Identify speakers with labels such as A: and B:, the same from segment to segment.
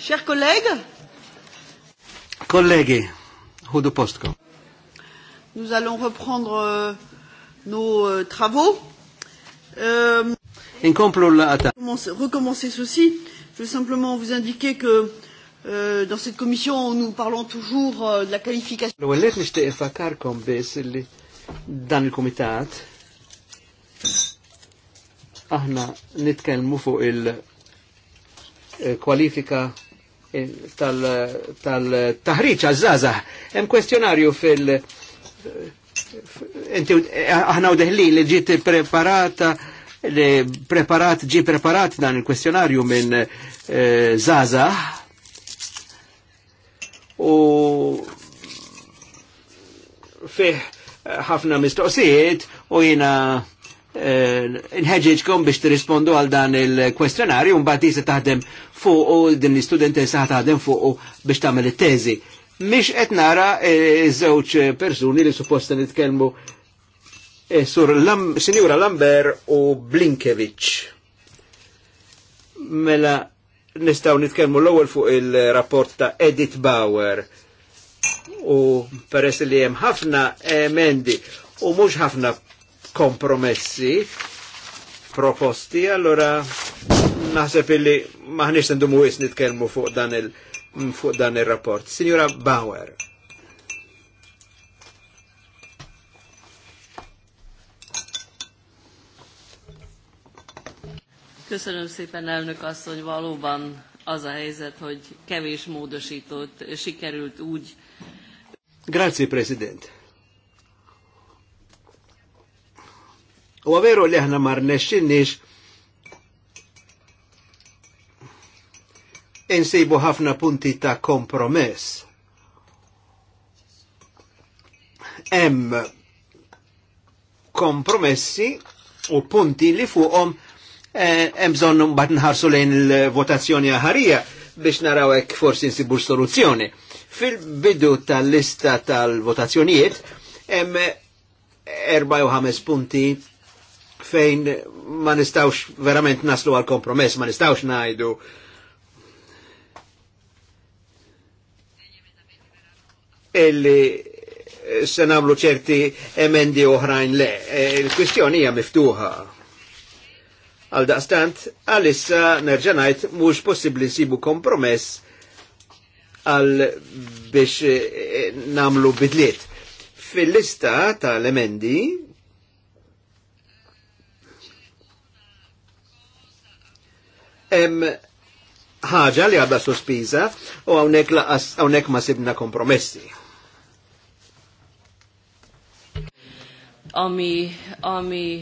A: Chers collègues,
B: Kollegi, hudu postkom.
A: Nous allons reprendre euh, nos euh, travaux. Euh,
B: Inkomplu l-għata.
A: Recommencer ceci. Je veux simplement vous indiquer que euh, dans cette commission, nous parlons toujours euh, de la qualification.
B: L-għallet nishtiq fakarkom bis li dan il-komitat aħna nitkelmu fuq il-kwalifika il eh, kwalifika il qualifica tal-taħriċ għazzaza. Hemm kwestjonarju fil- Inti aħna u deħli li ġiet preparata li preparat ġi preparat dan il-kwestjonarju minn eh, Zaza u fih ħafna mistoqsijiet u jina eh, nħeġġiġkom biex t-rispondu għal dan il-kwestjonarju un bat taħdem fuq u din l-istudenti saħat għadem fuq biex tagħmel it-teżi. Mhix qed nara eh, żewġ persuni li supposta nitkellmu eh, sur Sinjura Lambert u Blinkevich. Mela nistgħu nitkellmu l-ewwel fuq il-rapport ta' Edith Bauer u peress li hemm ħafna emendi u mhux ħafna kompromessi proposti, allora naħseb illi maħniex nindumu wis nitkelmu fuq dan il fuq dan il-rapport. Signora Bauer.
A: Köszönöm szépen, elnök asszony, valóban az a helyzet, hogy kevés módosított sikerült úgy.
B: Grazie, President. U għaveru li ħna mar nexxinniex insejbu ħafna punti ta' kompromess. Hemm kompromessi u punti li fuqhom eh, hemm bżonn mbagħad nħarsu lejn il-votazzjoni aħarija biex naraw hekk forsi nsibu soluzzjoni. Fil-bidu tal-lista tal-votazzjonijiet hemm erba' ħames punti fejn ma nistawx verament naslu għal kompromess, ma nistawx najdu illi eh, se nagħmlu ċerti emendi oħrajn le. Eh, il-kwistjoni hija miftuħa. Għal daqstant, għalissa nerġanajt mhux possibbli sibu kompromess għal biex eh, namlu bidliet. Fil-lista tal-emendi hemm ħaġa li għadha sospiża u hawnhekk hawnhekk ma sibna kompromessi.
C: ami,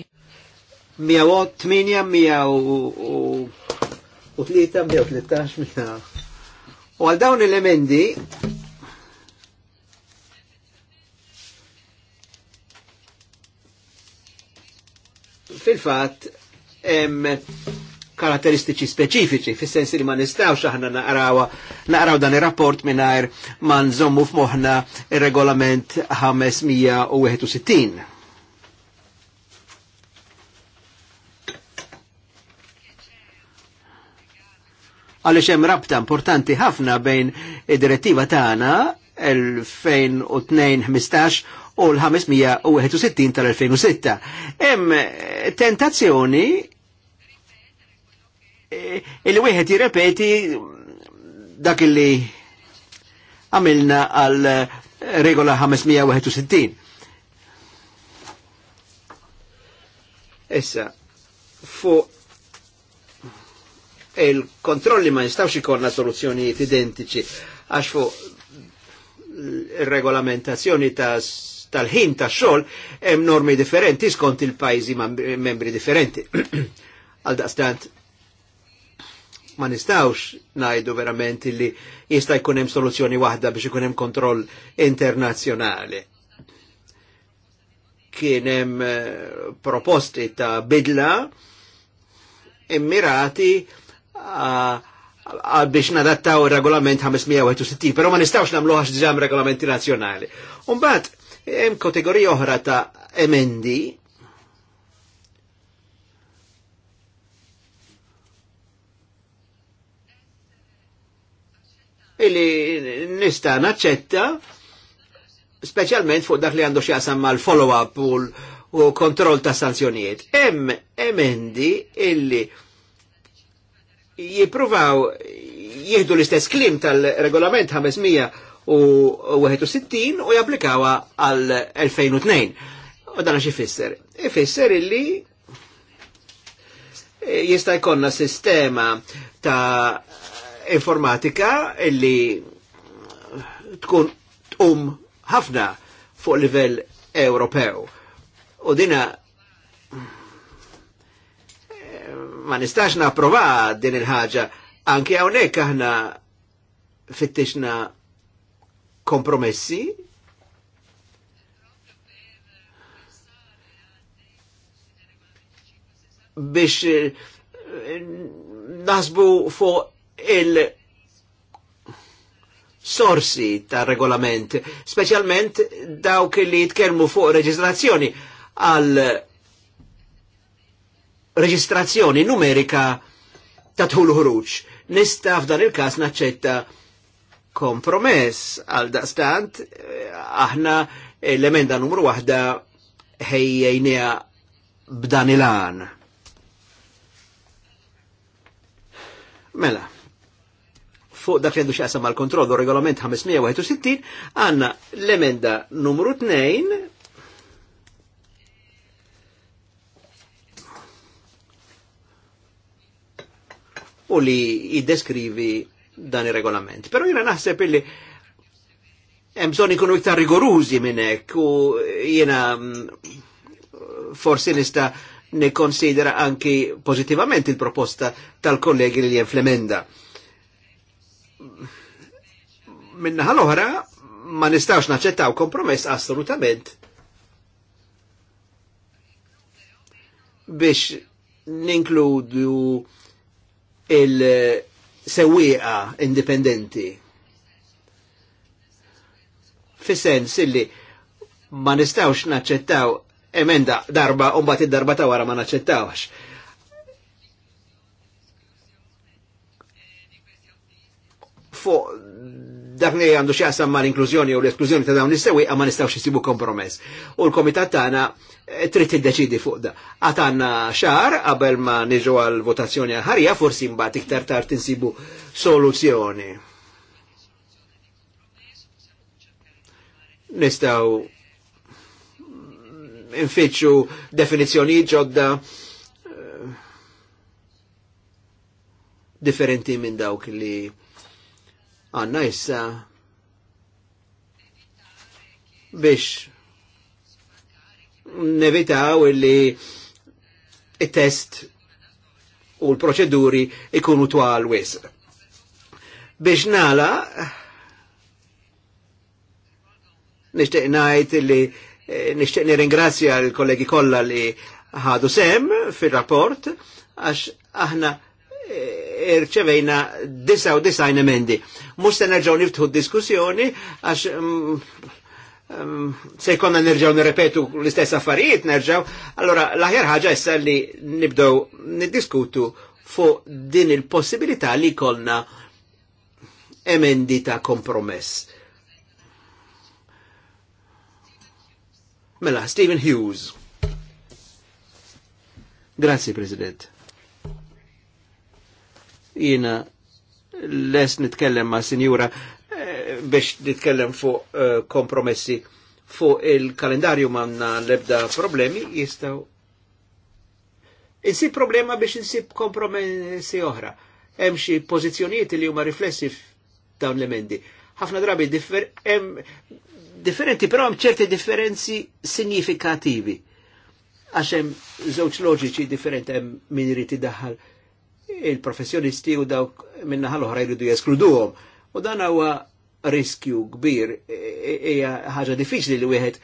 B: u 108, 113 minna. U għal dawn l-emendi, fil-fat, karatteristiċi speċifiċi, fis sensi li ma nistawx aħna naqrawa, naqraw dan ir-rapport mingħajr ma nżommu f'moħħna ir-regolament 561. għaliex hemm rabta importanti ħafna bejn id-direttiva tagħna 2002-15 u l-561 tal-2006. Hemm tentazzjoni eh, il-wieħed jirrepeti dak li għamilna għal eh, regola 561. Issa, fuq il-kontrolli ma jistawx ikolna soluzzjonijiet identiċi għax fuq regolamentazzjoni tal-ħin ta' xol hemm normi differenti skont il-pajzi membri differenti. Għal daqstant ma nistawx najdu verament li jista' jkun hemm soluzzjoni waħda biex ikun hemm kontroll internazzjonali. Kien hemm eh, proposti ta' bidla immirati Ah, biex nadattaw il-regolament 561, pero ma nistawx namluħax ġam regolamenti nazjonali. Umbat, jem kategorija oħra ta' emendi, illi nista naċċetta, specialment fuq dak li għandu xjaqsam mal follow-up u kontroll ta' sanzjonijiet. Hemm emendi illi jipruvaw jihdu l-istess klim tal-regolament 561 u japplikawa għal 2002. U dan xi fisser? Ifisser illi jista' jkollna sistema ta' informatika illi tkun tqum ħafna fuq livell Ewropew. U dina ma nistax napprova din il-ħaġa anki hawnhekk aħna fittixna kompromessi biex eh, nasbu fuq il sorsi ta' regolament, specialment dawk li jitkelmu fuq reġistrazzjoni għal reġistrazzjoni numerika ta' tħul ħruġ. Nista f'dan il-każ naċċetta kompromess għal daqstant eh, aħna l-emenda numru waħda ħejjejnija b'dan il-għan. Mela, fuq dak li għandu xaqsam għal kontrollu regolament 561 għanna l-emenda numru 2 u li jiddeskrivi dan il-regolament. Pero jena naħseb illi hemm bżonn ikunu iktar rigorużi minn hekk u jiena mm, forsi nista nikkonsidera anki pożittivament il-proposta tal-kollegi li jen fl-emenda. Minnaħa l-oħra ma nistax naċċettaw kompromess assolutament biex ninkludu il sewiqa indipendenti. Fisens illi ma nistawx naċċettaw emenda darba, umbat id-darba ta' wara ma naċċettawx. Fuq dak li għandu xaqsam ma l-inklużjoni u l-esklużjoni ta' dawn is għamma ma xisibu kompromess. U l-komitat tagħna eh, trid tiddeċidi fuq da. Għad għandna xahar qabel ma niġu għal votazzjoni għal ħarija forsi mbagħad iktar tard insibu soluzzjoni. Nistgħu infittxu definizjoni ġodda eh, differenti minn dawk li għanna issa biex nevitaw li il-test u l-proċeduri ikunu twal wis. Biex nala, nishtiq najt li eh, nishtiq nirringrazzja l-kollegi kolla li ħadu sem fil rapport għax aħna Eh, irċevejna 99 emendi. Mux se nerġaw niftħu diskussjoni għax mm, mm, se jkonna nerġaw nirrepetu l-istess affarijiet nerġaw, allora laħjar ħagġa ħaġa issa li nibdow niddiskutu fuq din il-possibilità li kolna emendi ta' kompromess. Mela, Stephen Hughes. Grazie, President jina les nitkellem ma' sinjura eh, biex nitkellem fuq eh, kompromessi fuq il-kalendarju manna lebda problemi jistaw insib problema biex insib kompromessi oħra. Hemm xi pożizzjonijiet li huma riflessi dawn l-emendi. Ħafna drabi differ, hemm differenti, però hemm ċerti differenzi signifikativi. Għaxem hemm żewġ loġiċi differenti hemm min irid il-professjonisti u dawk minnaħal oħra jridu jeskluduhom. U dan huwa riskju kbir, hija e-, e-, e-, ħaġa diffiċli li wieħed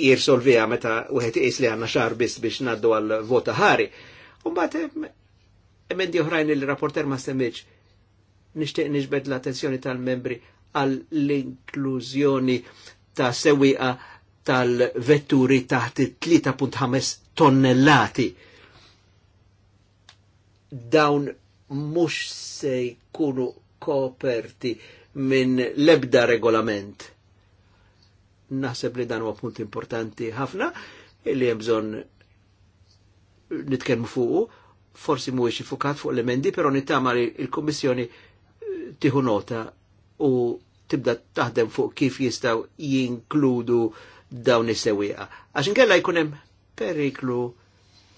B: jirsolvija meta wieħed iqis li għandna xahar biss biex ngħaddu għal vota ħari. U mbagħad emendi oħrajn li rapporter ma semmitx nixtieq niġbed l-attenzjoni tal-membri għall l-inklużjoni ta' sewiqa tal-vetturi taħt 3.5 tonnellati dawn mhux se jkunu koperti minn lebda regolament. Naħseb li dan huwa punt importanti ħafna illi hemm bżonn nitkellmu fuqu, forsi mhuwiex ifukat fuq l-emendi, però nittama li l-Kummissjoni tieħu nota u tibda taħdem fuq kif jistgħu jinkludu dawn is-sewwieqa. Għax inkella jkun hemm periklu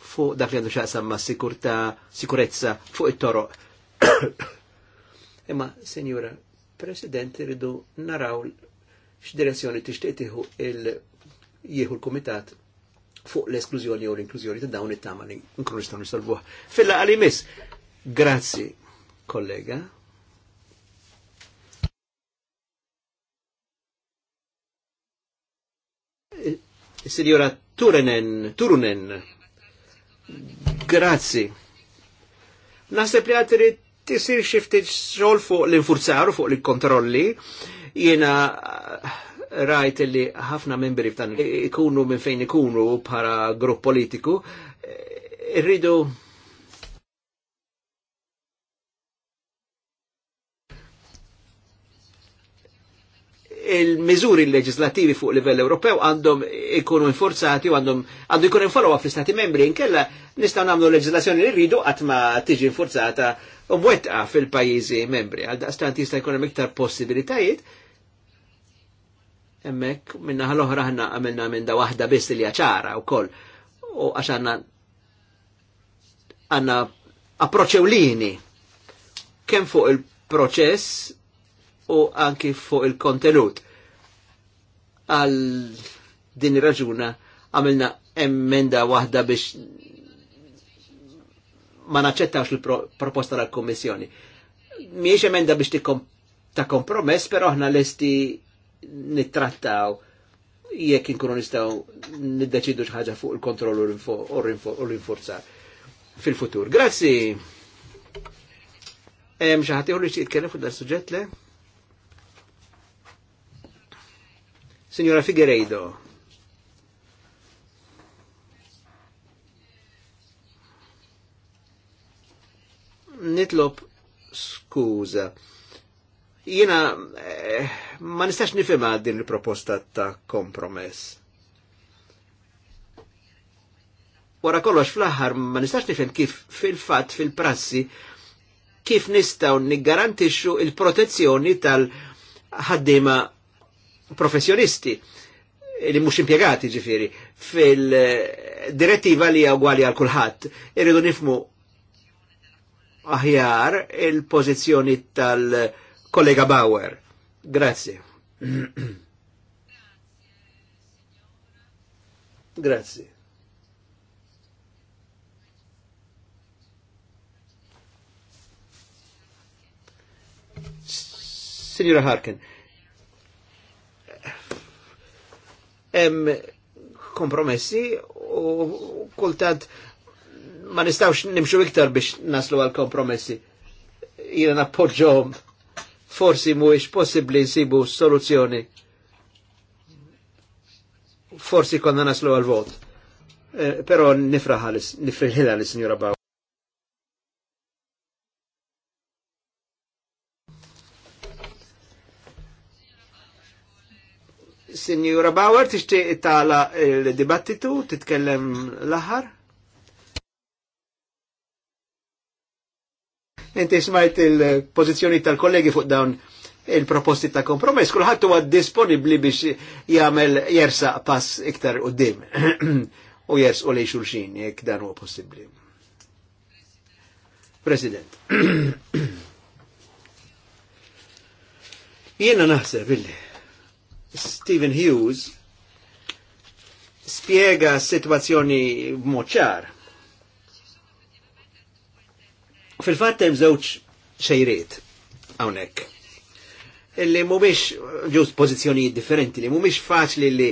B: fuq dak li għandu xaqsamma sikurta, sikurezza fuq it-toroq. Imma, Senjura, President, rridu naraw x'direzzjoni tixtieq tieħu il jieħu l komitat fuq l-esklużjoni u l-inklużjoni ta' dawn it-tama li nkunu nistgħu nisolvuh. Filla għali Grazzi, kollega. Eh, signora Turenen, Turunen, Grazzi. Naħseb li għatri tisir xifti xol fuq l-infurzar, fuq l-kontrolli, jena eh, rajt li ħafna membri f'dan ikunu minn fejn ikunu para grupp politiku, eh, irridu il-miżuri leġislativi fuq livell Ewropew għandhom ikunu inforzati u għandhom għandu jkun infollowa fl-Istati membri inkella nistgħu nagħmlu leġislazzjoni li rridu qatt ma tiġi infurzata u mwettqa fil-pajjiżi membri. Għal daqstant jista' jkun hemm iktar possibilitajiet hemmhekk min-naħa l-oħra ħna għamilna minn da waħda biss li ċara wkoll u għax għandna għandna lini. kemm fuq il-proċess u anki fuq il-kontenut. Għal din raġuna għamilna emmenda wahda biex ma naċċettawx il-proposta tal kommissjoni Miex emenda biex ta' kompromess, pero aħna lesti nittrattaw jekk inkunu nistgħu niddeċidu xi ħaġa fuq il-kontroll u l fil-futur. Grazzi! Hemm xi ħadd li jitkellem fuq dan suġġett le? Signora Figueiredo. Nitlob skuża. Jiena eh, ma nistax nifhimha din il-proposta ta' kompromess. Wara kollox fl-aħħar ma nistax nifhem kif fil-fatt fil-prassi kif nistgħu niggarantixxu il-protezzjoni tal-ħaddiema professjonisti li mux impiegati ġifiri fil-direttiva li għagwali għal kulħadd. Irridu nifmu aħjar il pozizjoni tal-kollega Bauer. Grazie. Grazie. Signora Harkin, hemm kompromessi u kultant ma nistawx nimxu iktar biex naslu għal kompromessi. Jina nappoġġom forsi mhuwiex possibbli nsibu soluzzjoni. Forsi konna naslu għal vot. Eh, però pero nifraħa Signora l Baw. Signora Bauer, tixtieq tala il-dibattitu, titkellem l-aħħar? Inti smajt il-pożizzjoni tal-kollegi fuq dawn il-proposti ta' kompromess, kulħadd huwa disponibbli biex jagħmel jersa pass iktar qudiem u jers u lej xulxin jekk dan huwa possibbli. President. Jiena naħseb illi Stephen Hughes spiega situazzjoni moċar. Fil-fatt hemm żewġ xejriet hawnhekk. Illi mhumiex ġust pożizzjonijiet differenti li mhumiex faċli li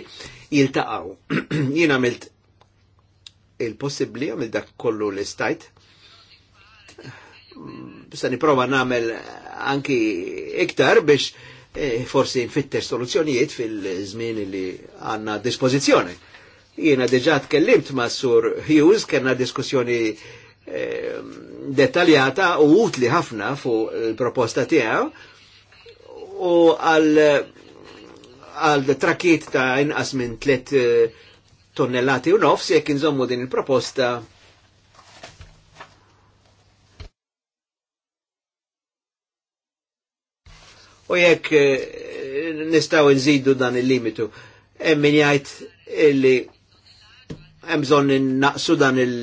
B: jiltaqgħu. Jien għamilt il-possibbli għamilt dak kollu li stajt. Sa niprofa nagħmel anki iktar biex E forsi nfitter soluzzjonijiet fil-żmien li għanna dispożizzjoni. Jiena deġa tkellimt ma' Sur Hughes kellna diskussjoni e, dettaljata u utli ħafna fuq il-proposta tiegħu u għal għal trakiet ta' inqas minn 3 e, tonnellati u nofs jekk inżommu din il-proposta u jekk eh, nistaw nżidu dan il-limitu. Emmin jajt illi emżon bżonn naqsu dan il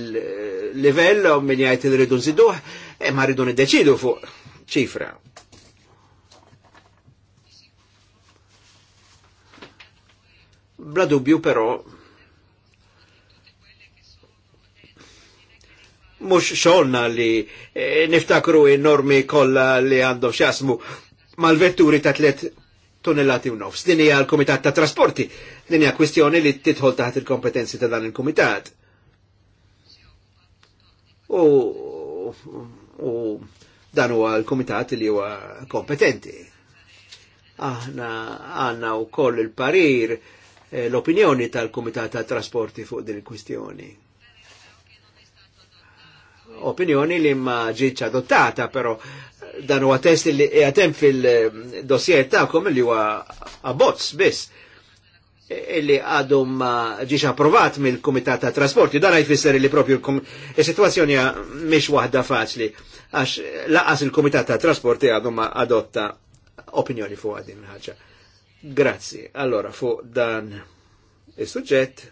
B: level u min jgħid irridu nżiduh, emma rridu niddeċidu fuq ċifra. Bla dubju però mux xolna li eh, niftakru il normi kolla li għandhom xasmu mal-vetturi ta' tlet tonnellati u nofs. Din hija l-Kumitat ta' Trasporti. Din hija kwistjoni li tidħol taħt il-kompetenzi ta' dan il-Kumitat. U, u dan huwa l-Kumitat li huwa kompetenti. Aħna għandna wkoll il-parir eh, l-opinjoni tal-Kumitat ta' Trasporti fuq din il-kwistjoni. Opinjoni li ma ġietx adottata, però dan huwa test li għatem fil-dossier ta'kom li huwa abbozz biss illi e, għadu ma approvat mill-Kumitat ta' Trasporti. Dan jfisser li propju il-situazzjoni mhix waħda faċli għax laqas il-Kumitat ta' Trasporti għadu ma adotta opinjoni fuq għadin ħaġa. Grazzi. Allora, fuq dan is-suġġett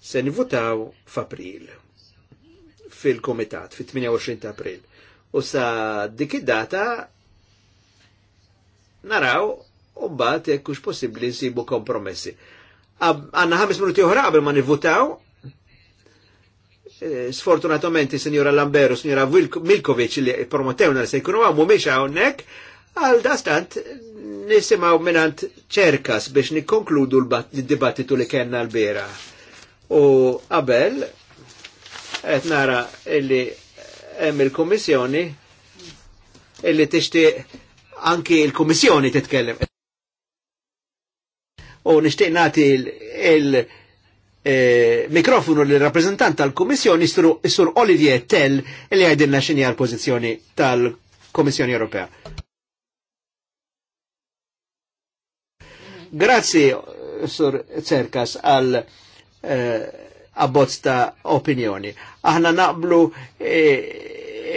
B: se nivutaw f'April fil-Kumitat fit-28 ta' April. U sa dik id-data naraw u bat jekk hux possibbli nsibu kompromessi. Għanna ħames minuti oħra għabel ma nivvutaw. Eh, sfortunatamente, Signora Lambero, Signora Milkovic li promotewna li se jkunu għamu miex hawnhekk, għal dastant nisimaw minant ċerkas biex nikkonkludu l-dibattitu li kena l-bera. U qabel, et nara illi hemm il kommissjoni illi tixtieq anki l kummissjoni titkellem. U nixtieq nagħti il-mikrofonu eh, l rappreżentant tal-Kummissjoni sur Olivier Tell illi għajdilna x'inhi l-pożizzjoni tal-Kummissjoni Ewropea. Grazzi, Sur Cerkas, għal eh, abbozz ta' opinjoni. Aħna naqblu e,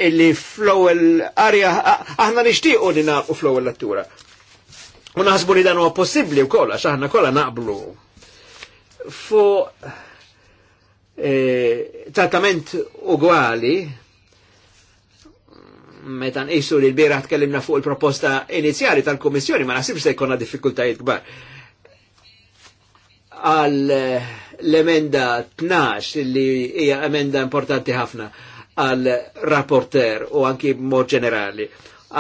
B: illi flow l arja aħna nixtiequ li naqblu flow l lettura. U li dan huwa possibbli wkoll għax aħna kollha naqblu Fu E, trattament uguali meta isu li l-bieraħ tkellimna fuq il-proposta inizjali tal-Kummissjoni ma nasibx se jkollna diffikultajiet kbar għal eh, l-emenda 12 li hija emenda importanti ħafna għal rapporter u anki mod ġenerali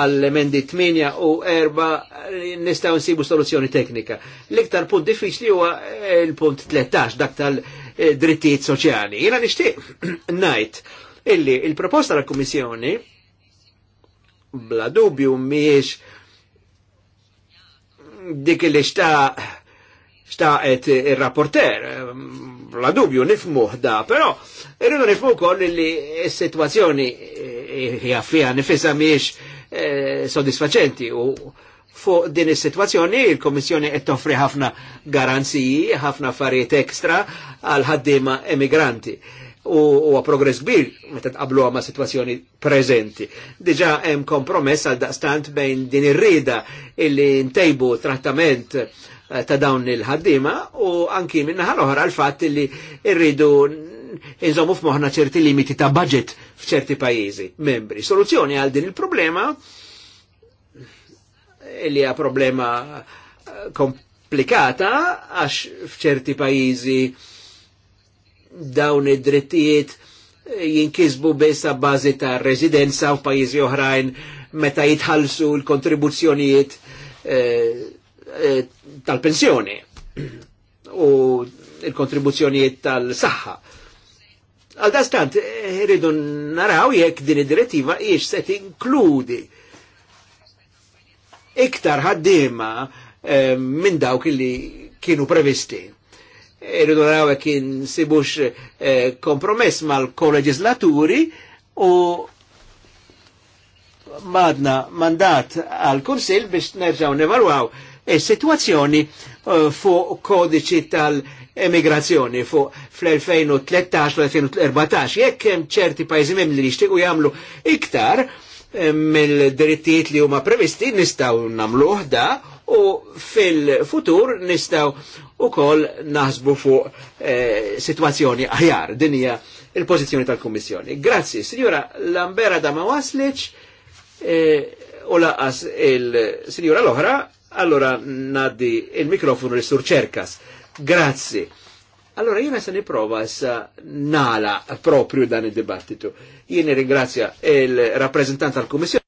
B: għal emendi 8 u 4 eh, nistaw nsibu soluzzjoni teknika. L-iktar punt diffiċli huwa eh, il-punt 13 dak tal-drittijiet soċjali. Jiena nixtieq najt illi il-proposta tal kummissjoni bla dubju miex dik li xta' xtaqet il-rapporter, ehm, la dubju nifmuh da, però irridu nifmu koll li s-situazzjoni eh, hija fija nifisa miex eh, sodisfaċenti u fuq din is-sitwazzjoni il komissjoni qed toffri ħafna garanziji, ħafna affarijiet ekstra għal ħaddiema emigranti u huwa progress kbir meta tqabluha ma' sitwazzjoni preżenti. Diġà hemm kompromess għal daqstant bejn din ir-rieda illi ntejbu trattament Eh, ta' dawn il-ħaddima u anki minnaħal oħra l fat li irridu inżomu f'moħna ċerti limiti ta' budget f'ċerti pajjiżi membri. Soluzzjoni għal din il-problema li hija problema eh, komplikata għax f'ċerti pajjiżi dawn id-drittijiet jinkisbu biss bażi ta' residenza u pajizi oħrajn meta jitħallsu l-kontribuzzjonijiet eh, Eh, tal-pensjoni u il-kontribuzzjonijiet tal-saħħa. Għal dastant, eh, rridu naraw jekk din id-direttiva ix se tinkludi iktar ħaddiema eh, minn dawk li kienu previsti. Rridu naraw jekk insibux kompromess mal-koleġislaturi u madna mandat għal-Kunsil biex nerġaw nevalwaw e sitwazzjoni eh, fuq kodiċi tal- emigrazzjoni fuq fl-2013-2014, jekk hemm ċerti pajjiżi mem li jixtiequ jagħmlu iktar eh, mill-drittijiet li huma previsti nistgħu nagħmluh da u fil-futur nistgħu ukoll naħsbu fuq eh, sitwazzjoni aħjar. Din hija il-pożizzjoni tal-Kummissjoni. Grazzi, Sinjura Lambera Dama Waslic, eh, u laqas il-Sinjura l-oħra Allora naddi il-mikrofonu sur surċerkas. Grazie. Allora io se ne provo a nala da dan dibattito. Io ne ringrazio il rappresentante tal Commissione.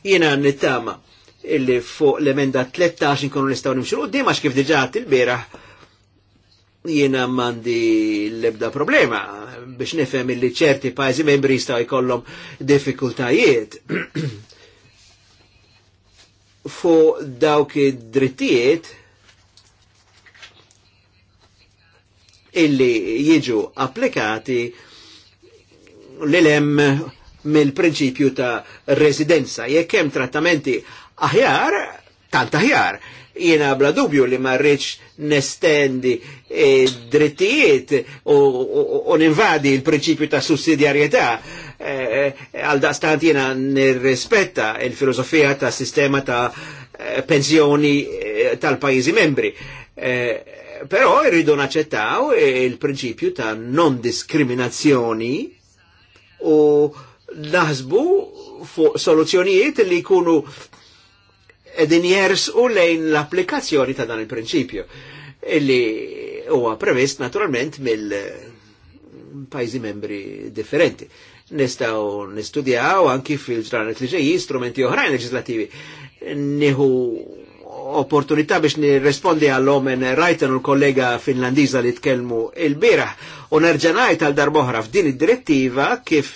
B: Jiena nittama illi fuq l-emenda 13 nkunu nistgħu nimxu qudiem għax kif diġà il-bieraħ jiena mandi l-ebda problema biex nifhem li ċerti pajzi membri jistgħu jkollhom diffikultajiet. Fuq dawk id-drittijiet illi jiġu applikati l-lem mill-prinċipju ta' residenza. Jekk hemm trattamenti aħjar, tant aħjar. Jiena għabla dubju li marriċ nestendi e, drittijiet u ninvadi il-prinċipju ta' sussidjarjetà eh, eh, għal e, daqstant jiena nirrispetta il-filosofija ta' sistema ta' pensjoni tal pajizi membri. E, però irridu naċċettaw il-prinċipju ta' non diskriminazzjoni u naħsbu fuq soluzzjonijiet li jkunu edin jers u lejn l-applikazzjoni ta' dan il-prinċipju illi huwa previst naturalment mill-pajzi eh, membri differenti. Nistaw nistudjaw anki fil-ġranet li ġeji strumenti oħrajn leġislativi. Nihu opportunità biex nirrespondi għall-omen rajten u l-kollega finlandiza li tkelmu il-biraħ. U nerġanaj tal-darboħra f'din id-direttiva kif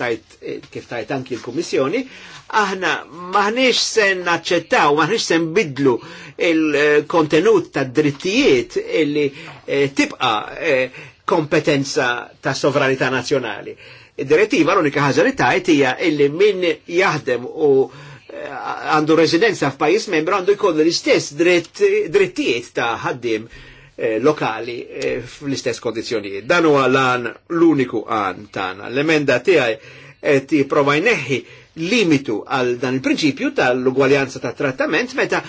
B: tajt, kif tajt anki il komissjoni aħna maħniex sen naċċettaw, maħniex sen bidlu il-kontenut ta' drittijiet illi eh, tibqa eh, kompetenza ta' sovranità nazjonali. Id-direttiva l-unika ħaġa li tajt hija illi min jaħdem u eh, għandu residenza f'pajjiż membru għandu jkollu l-istess drittijiet ta' ħaddim lokali fl-istess kondizjonijiet. Dan huwa l-an l-uniku għan tagħna. L-emenda tiegħi qed jipprova jneħħi limitu għal dan il-prinċipju tal-ugwaljanza ta' trattament meta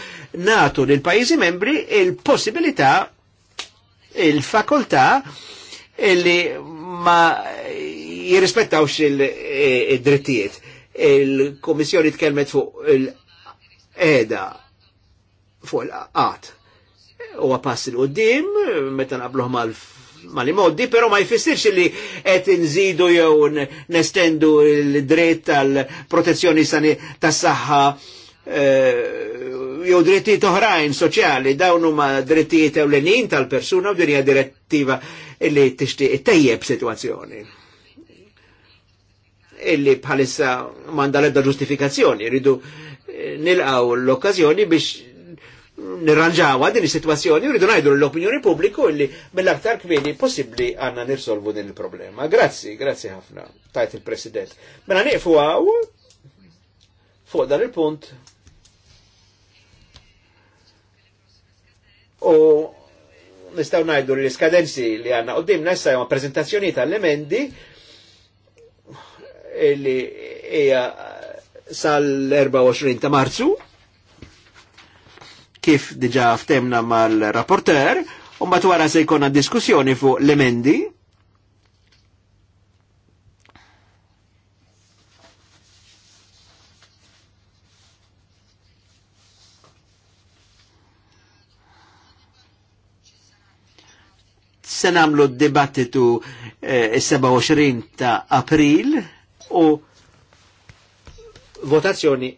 B: natu nil pajjiżi membri il-possibilità il-fakultà li ma jirrispettawx il-drittijiet. Eh, Il-Komissjoni tkellmet fuq il-eda fuq il-qat. Huwa pass il-qoddim, meta naqbluh mal ma li moddi, pero ma jfissirx li qed nżidu jew nestendu l-dritt tal protezzjoni sani tas-saħħa eh, jew drittijiet oħrajn soċjali dawn huma drittijiet ewlenin tal-persuna u din direttiva li tixtieq tejjeb sitwazzjoni. Illi bħalissa m'għandha l-ebda ġustifikazzjoni, rridu eh, nilqaw l okkazjoni biex nirranġawa din is-sitwazzjoni u rridu ngħidu l-opinjoni pubbliku li mill-aktar kmieni possibbli għandna nirsolvu din il-problema. Grazzi, grazzi ħafna, tajt il-President. Mela nieqfu għaw fuq dan il-punt. U nistaw ngħidu li skadenzi iskadenzi li għandna qudiemna issa huma preżentazzjoni tal-emendi li hija sal-24 ta' Marzu kif diġa ftemna mal-rapporter, u mbagħad wara se jkollna diskussjoni fuq l-emendi. Se nagħmlu d-dibattitu eh, il 27 ta' April u votazzjoni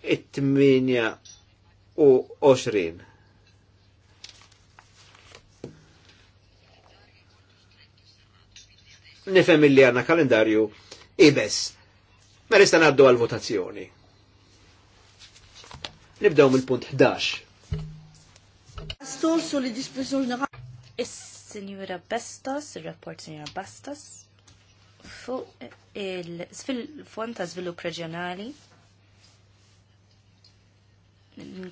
B: it-8 u 20. Nifem li għanna kalendarju ibes. Ma mela nista naddu għal-votazzjoni. Nibdaw mill-punt 11.
A: Bastos su li disposizjoni
C: ġenerali. Is-Sinjura Bastos, il-rapport Sinjura Bastos, fuq il-Fond ta' Zvilupp Reġjonali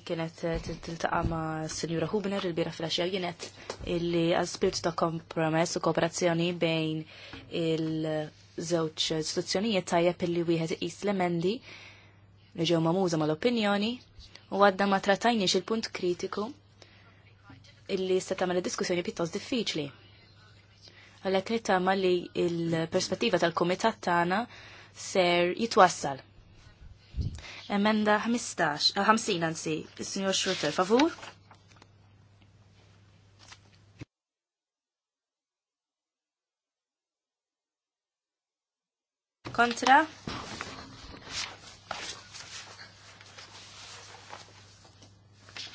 C: kienet eh, tiltaqa ma' Sinjura Hubner il-bira fil-axja jienet illi għal-spirit ta' kompromess u kooperazzjoni bejn il-żewġ istituzzjonijiet tajjeb illi wieħed iqis l-emendi li ġew mamuża mal-opinjoni u għadda ma tratajniex il-punt kritiku illi se tagħmel diskussjoni pjuttost diffiċli. Għalhekk nittama li l-perspettiva tal-kumitat tagħna ser jitwassal Emenda 15, 50 eh, anzi, il-Signor Schroeter, favur? Kontra?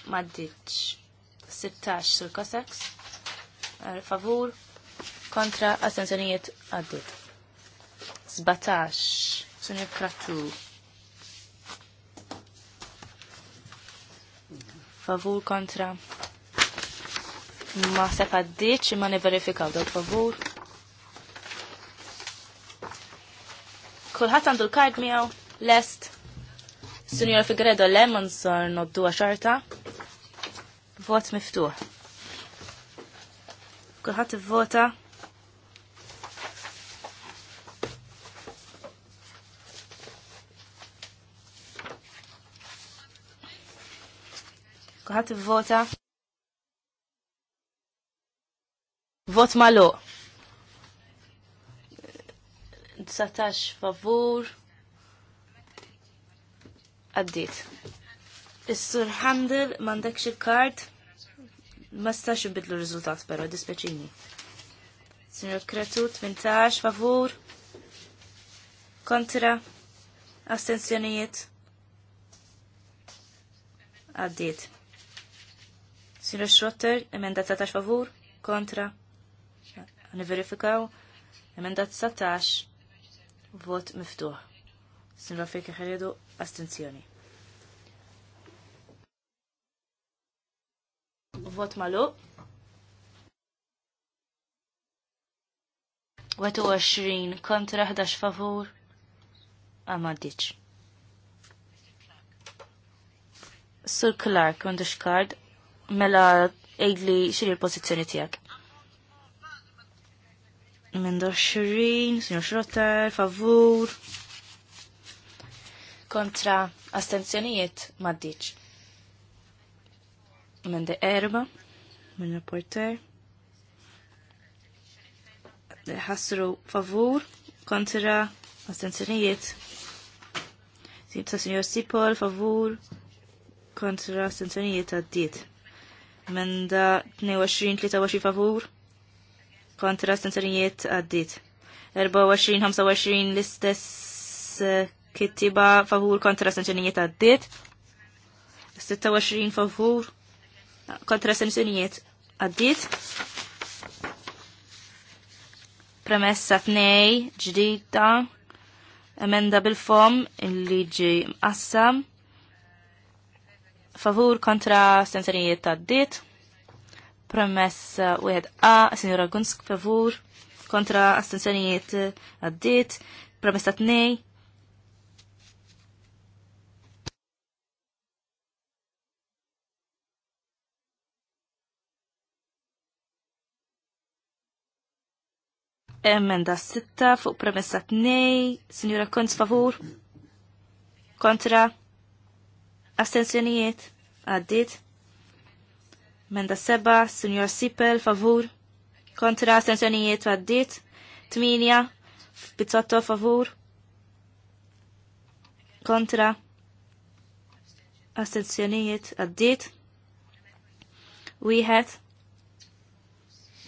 C: Maddiċ. 16 sul Cossacks. Favur. Kontra astenzjonijiet għaddit. 17. Sunir Kratu. favur kontra ma sepad ma niverifikaw dal favur. Kulħadd għandu l-kard miegħu lest. Sinjora Figredo Lemon sar noddu xarta. Vot miftuħ. Kulħadd ivvota. vota Kuħat vota. Vot malo. 19 favur. Għaddit. Is-sur handel mandekx il kart Ma stax nbidlu r-riżultat però, dispeċini. Signor Kretu, 18 favur. Kontra. Astenzjonijiet. Għaddit. Sinu Schrotter, emenda 19 favur, kontra. Niverifikaw, emenda 19, vot miftuħ. Sinu Rafik Ħeredu, astenzjoni. Vot malu. 21 kontra 11 favur. Amaddiċ. Ah, Sur Clark, għandu xkard, mela ejdli xiri l-pozizjoni tijak. Mendo xirin, signor Schrotter, favur. Kontra astenzjonijiet maddiċ. Mende erba, minn porter. Ħassru favur, kontra astenzjonijiet. Sibta signor Sipol, favur, kontra astenzjonijiet għaddiet da 22-23 favur kontra sensorijiet għaddit. 24-25 l-istess eh, kittiba favur kontra sensorijiet għaddit. 26 favur kontra sensorijiet għaddit. Premessa 2 ġdida emenda bil-fom il-liġi qassam favur kontra ta' dit. Promess wieħed A, Sinjura Gunsk favur kontra astenzjonijiet uh, dit. Promess ta' tnej. Emenda sitta fuq premessa tnej. Signora Kunz favur, kontra Astenzjonijiet għaddit. Menda seba, Signor Sipel, favur. Kontra astenzjonijiet għaddit. Tminja, Pizzotto, favur. Kontra. Astenzjonijiet għaddit. Wieħed.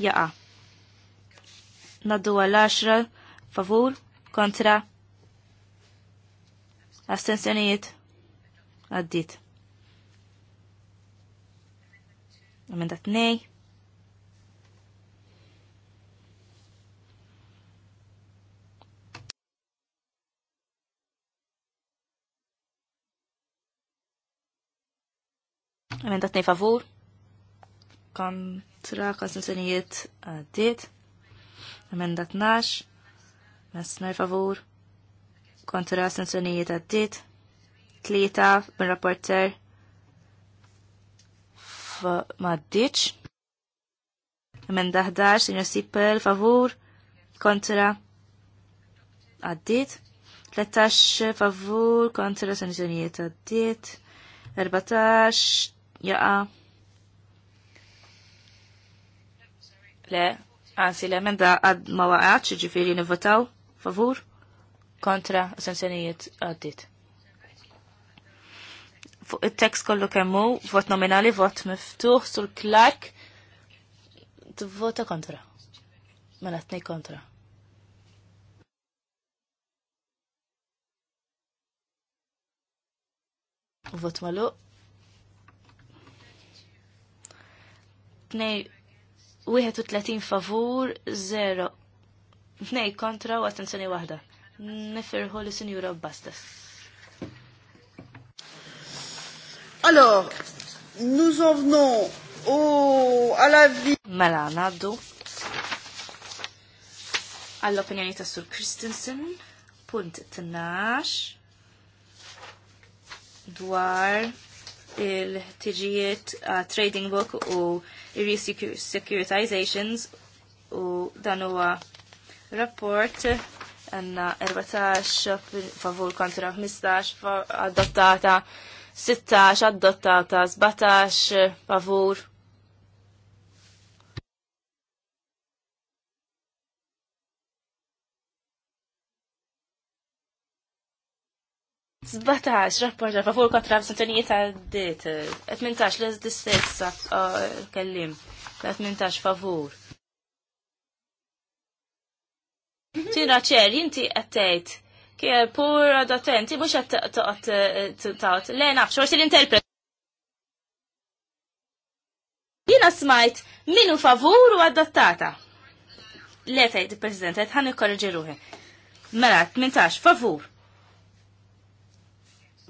C: Jaqa. Naddu għal-10, favur. Kontra. Astenzjonijiet Għaddit. Emenda 2. Emenda nej favur. Kontra konsultanijiet għaddit. Emenda 12. Mesnar favur. Kontra sanzjonijiet għaddit tlieta minn rapporter f'Maddiċ. Minn daħdar, Sinjor Sipel, favur, kontra, għaddit. 13, favur, kontra, sanzjonijiet għaddit. 14, jaqa. Le, għansi le, emenda għad ma waqqaċ ġifiri nivotaw, favur, kontra, sanzjonijiet għaddit fuq il-tekst kollu kemmu, vot nominali, vot miftuħ, sul klak, t-vota kontra. Mela t kontra. Vot malu. Tnej, 30 favur, 0. Tnej kontra u attenzjoni wahda. Nifirħu li sinjura Bastas.
A: Alors, nous en venons au, à la vie. Mela, naddu. Għall-opinjoni ta' Sur Christensen,
C: punt 12, dwar il-ħtiġijiet uh, trading book u re-securitizations u dan huwa rapport għanna 14 favur kontra 15 adottata 16 adottata, 17 favur. Zbatax, rapporta, favur kontra absentanijiet għaddit. 18, les distessa, kellim. 18, favur. Mhm. Tina ċer, jinti għattajt kie pur adotenti, mux għat t-tat, le naf xo l-interpret. Jina smajt minu favur u adottata. Le fejt, President, għet għan ikkorġi ruħi. Mela, 18, favur.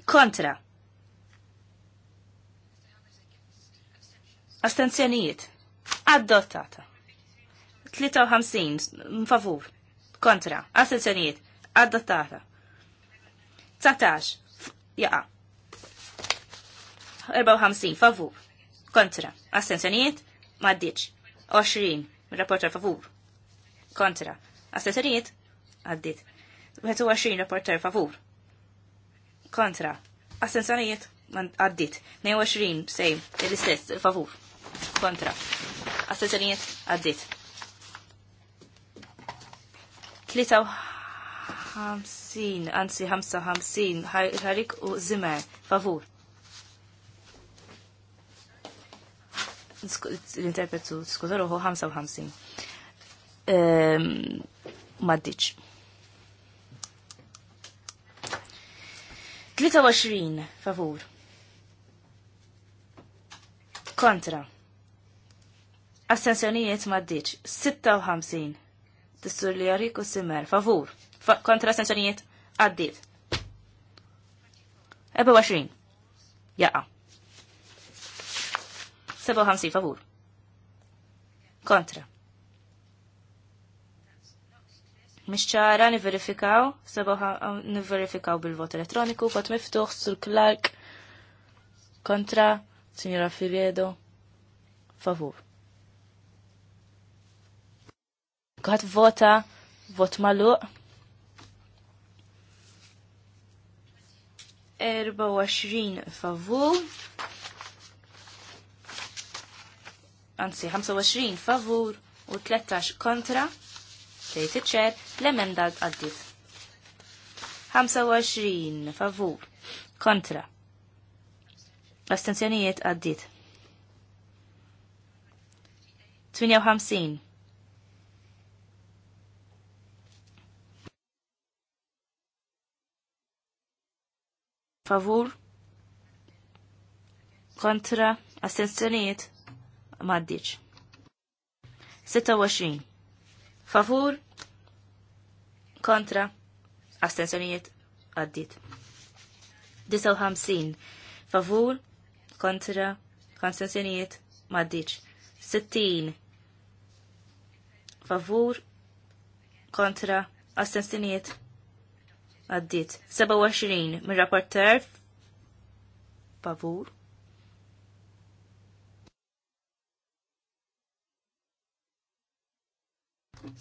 C: Kontra. Astenzjonijiet. Adottata. 53, favur. Kontra. Astenzjonijiet adottata. 19 jaqa. 54 favur kontra Astenzjoniet, maddiċ. 20 rapporter favur kontra Astenzjoniet, għaddit. 21 rapporter favur kontra Astenzjoniet, għaddit. 22 sejm il istess favur kontra Astenzjoniet, għaddit. 50, anzi Hamsin, Harik u Zimmer, favur. L-interpretu, Hamsa u Hamsin. Ehm, maddiċ. 23, favur. Kontra. Astensjonijiet maddiċ. 56. Tissur li għarik u Zimmer, favur kontra sanzjonijiet għaddit. 24. Jaqa. 57 favur. Kontra. Mixċara niverifikaw, niverifikaw bil-vot elettroniku, vot miftuħ sul Clark kontra Signora Firiedo favur. Kħat vota, vot maluq, 24 favur, anzi 25 favur u 13 kontra, tejt iċer, l-emenda għaddit. 25 favur kontra. L-astenzjonijiet għaddit. 58 favur kontra astenzjoniet, maddiċ. 26 favur kontra astenzjoniet, għaddit. 59 favur kontra astenzjoniet, maddiċ. 60 favur kontra astensjonijiet għaddit. 27 mir rapporter favur.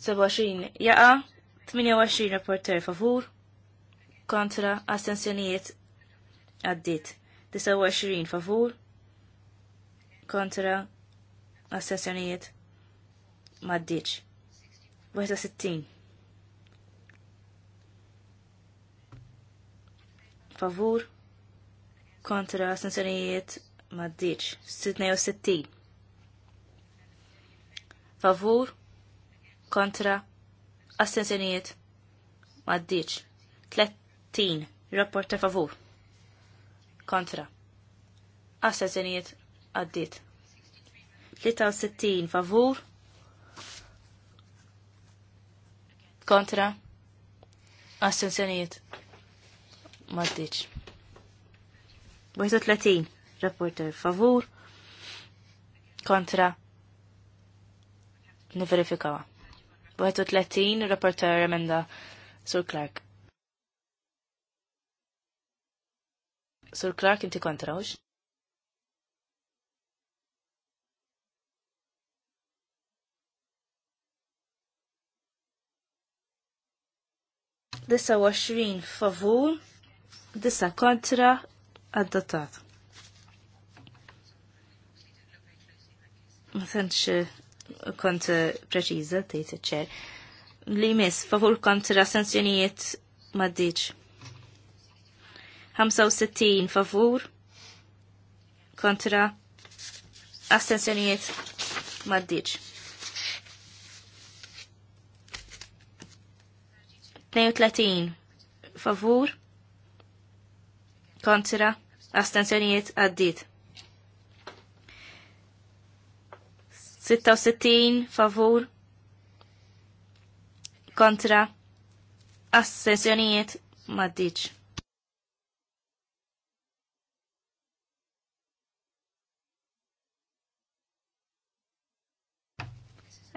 C: Seba jaqa, 28 rapporter favur, kontra astensjonijiet għaddit. 29 favur, kontra astensjonijiet maddiċ. 61 favur kontra astensjonijiet maddiċ 66 favur kontra astensjonijiet maddiċ 30 rapport ta' favur kontra astensjonijiet għaddit 63 favur kontra astensjonijiet maddiċ. 31 rapporter favur kontra niverifikawa. 31 rapporter emenda Sur Clark. Sur Clark inti kontra ux? Dissa 20 favur disa kontra adottat. Ma sentx eh, kont eh, preċiża tgħid ċer Li mis, favur kontra sanzjonijiet maddiċ. 65 favur kontra astensjonijiet maddiċ. 32 favur kontra astenzjonijiet għaddit. 66 favur kontra astenzjonijiet maddiċ.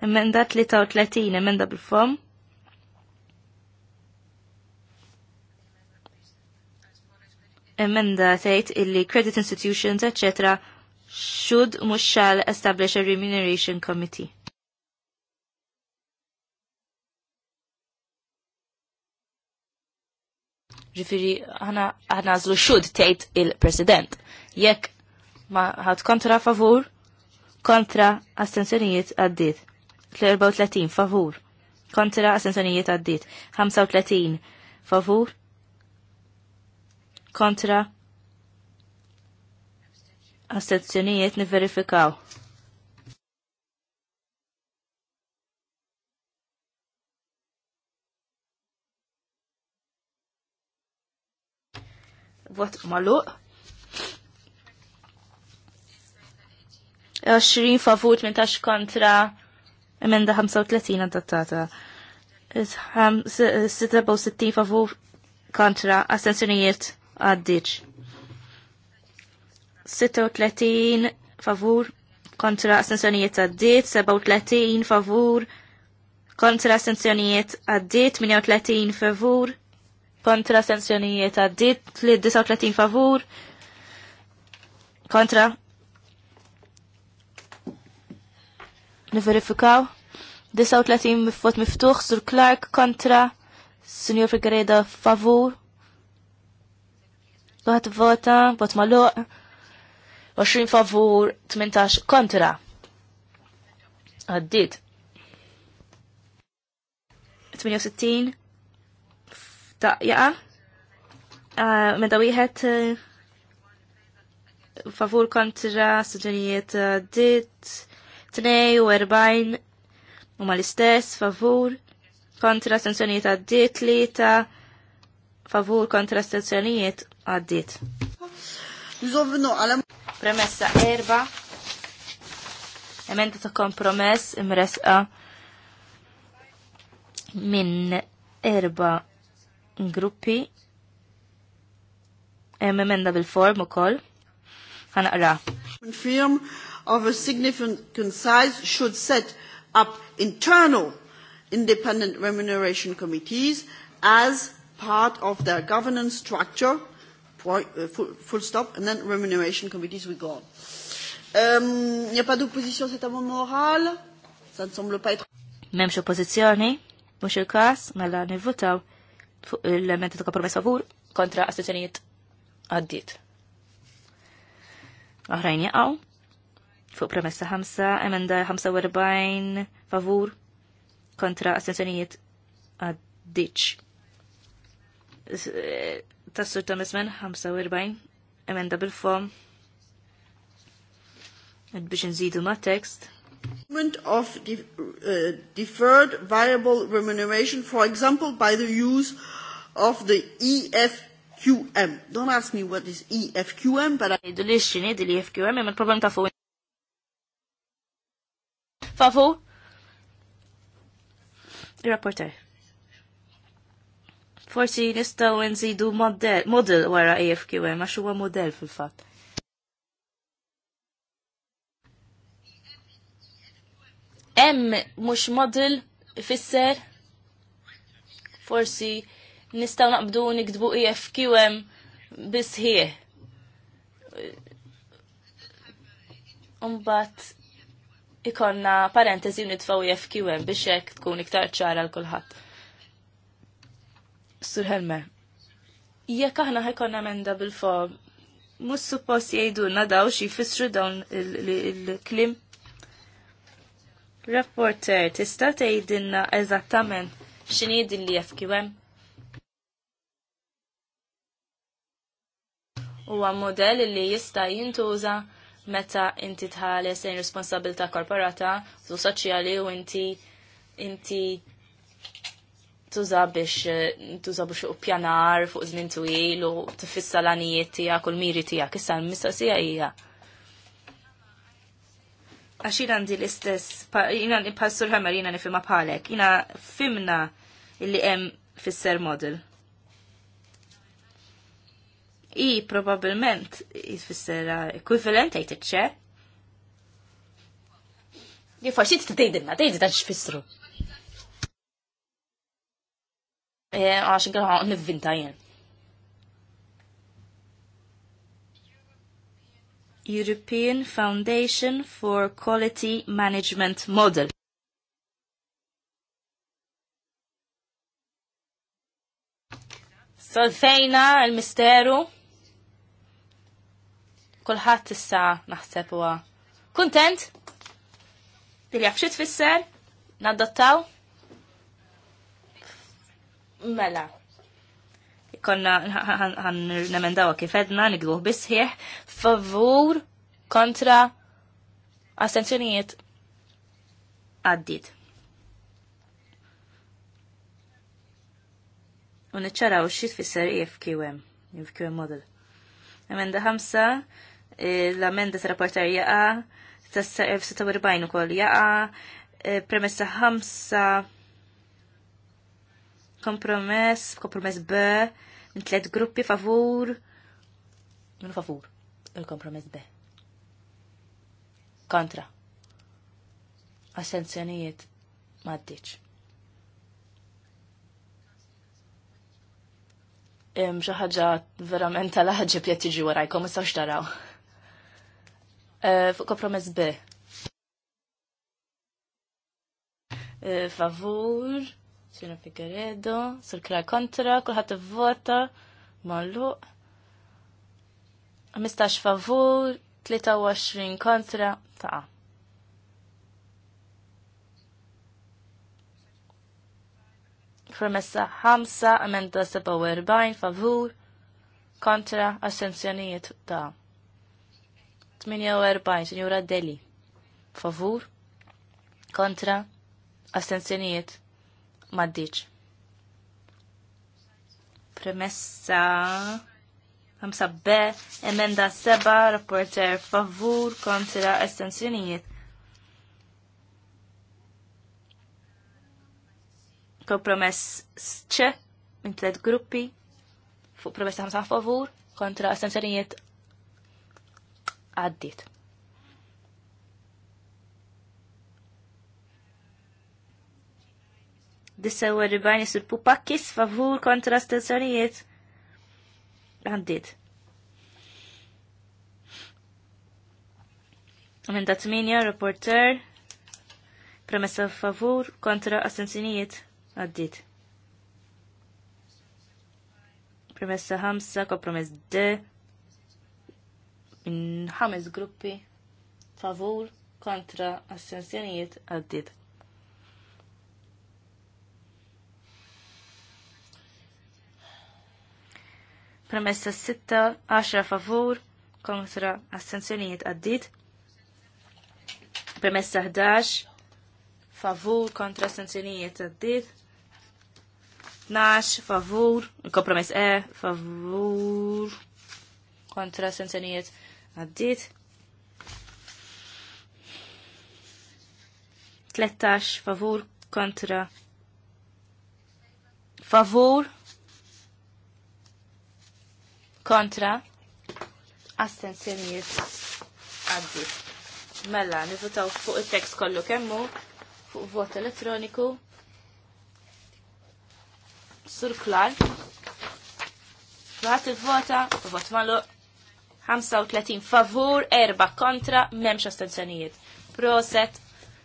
C: Emenda 33, emenda bil-fom. emenda tgħid illi credit institutions, etc. should mhux shall establish a remuneration committee. Ġifiri, ħana għażlu xud tgħid il-President. Jekk ma ħadd kontra favur, kontra astensjonijiet għaddit. 34 favur, kontra astensjonijiet għaddit. 35 favur, kontra astenzjonijiet niverifikaw. Vot maluq. 20 favur 18 kontra emenda 35 adattata. 66 favur kontra astenzjonijiet għaddiċ. 36 favur kontra assenzjonijiet għaddiċ, 37 favur kontra assenzjonijiet għaddiċ, 38 favur kontra astensjonijiet għaddiċ, 39 favur kontra Niverifikaw. 39 mifot miftuħ sur Clark kontra Senior Figueredo favur Għat vota, vot maluq, 20 favur, 18 kontra. Għaddit. 68 ta' jaqa. Meda wieħed eh, favur kontra suġenijiet eh, għaddit. 42 u ma l-istess favur kontra sanzjonijiet għaddit li ta' favur kontra staġunijiet għaddit. Nżovnu għala. Premessa erba. Emenda ta' kompromess imresqa minn erba gruppi. Emenda bil-form u koll.
A: Għanaqra. Firm of a significant size should set up internal independent remuneration committees as part of their governance structure Euh, full, stop, and then remuneration committees we go on. Il euh, n'y a pas d'opposition à cet amendement oral Ça ne semble pas être...
C: Memx oppożizzjoni, mhux il-każ, mela nivvutaw fuq elementi ta' kompromess favur kontra astenzjonijiet għaddiet. Oħrajn jaqgħu fuq promessa 5, emenda 45 favur kontra astenzjonijiet għaddiċ eh, tas ta' mismen, 45 emenda bil-fom
A: biex nżidu ma' tekst. Payment of de uh, deferred variable remuneration, for example, by the use of the EFQM. Don't ask me what is EFQM, but I... Idu
C: li xini di li EFQM, imma problem ta' fuq. Fafu? Rapporter. Forsi nistaw nżidu model wara AFQM, għax huwa model fil-fatt. M mhux model ifisser forsi nistaw naqbdu nikdbu EFQM hie. Umbat ikonna parentesi nitfaw EFQM biex hekk tkun iktar ċara l kulħadd. Sur Helme, jekk aħna ħajkonna emenda bil fo mhux suppost jgħidulna nadaw xi jfissru dawn il-klim. Rapporter, tista' tgħidilna eżattament x'inhi din li jefkiwem? Huwa modell li jista' jintuża meta inti tħares in responsabilta korporata, u soċjali u inti inti tuża biex eh, tuża biex u pjanar fuq żmien twil u tifissa l-anijiet tiegħek u l-miri tiegħek. Issa l-mistoqsija hija għax jina għandi l-istess, jina passul ħamar jina nifima bħalek, jina fimna illi hemm fisser model. I probabilment jifissera equivalent għajt iċċe. Li forsi t-tejdinna, tejdinna x'fissru. E, għax għan nivvinta jen. European Foundation for Quality Management Model. Solfejna il-misteru. Kulħadd issa naħseb huwa kuntent. Dilja f'xi tfisser? Naddottaw? Mela. Konna għan nemendawa kifedna, nigduħ bisħieħ, favur kontra astenzjonijiet għaddit. Unniċċaraw xit fisser IFQM, e IFQM e model. Amenda ħamsa, eh, l-amenda t-rapportar jaqa, tassa eh, 46 u koll jaqa, eh, premessa ħamsa kompromess, kompromess B, minn tlet gruppi favur. Minn favur, il-kompromess B. Kontra. Assenzjonijiet maddiċ. Im xaħġa verament tal-ħagġib jett tiġi warajkom, issa xtaraw. Eh, fuq kompromess B. Eh, favur Sina Figueredo, sirkla kontra, kulħat vota, malluq. Mistax favur, 23 kontra, ta' Promessa ħamsa, amenda 47, favur, kontra, assenzjonijiet ta' 48, signora Deli, favur, kontra, assenzjonijiet maddiċ. Premessa 5 B, emenda Seba rapporter favur kontra estensjonijiet. Kompromess C, minn tlet gruppi, fuq promessa 5 favur kontra estensjonijiet għaddit. disewa ribajn jisir pupakkis favur kontra stazzjonijiet. Għandit. Amenda 8, reporter, premessa favur kontra astenzjonijiet. Għaddit. Premessa 5, kompromess D, minn ħames gruppi favur kontra astenzjonijiet għaddit. Premessa 6, 10 favur kontra astenzjonijiet għaddit. Premessa 11, favur kontra astenzjonijiet għaddit. 12, favur, kompromess E, favur kontra astenzjonijiet għaddit. 13 favur kontra favur kontra astenzjonijiet Għaddi. Mella, nivutaw fuq il-tekst kollu kemmu, fuq vot elettroniku, sur klar, Fħat il-vota, vot malu, 35 favur, 4 kontra, memx astenzjonijiet. Proset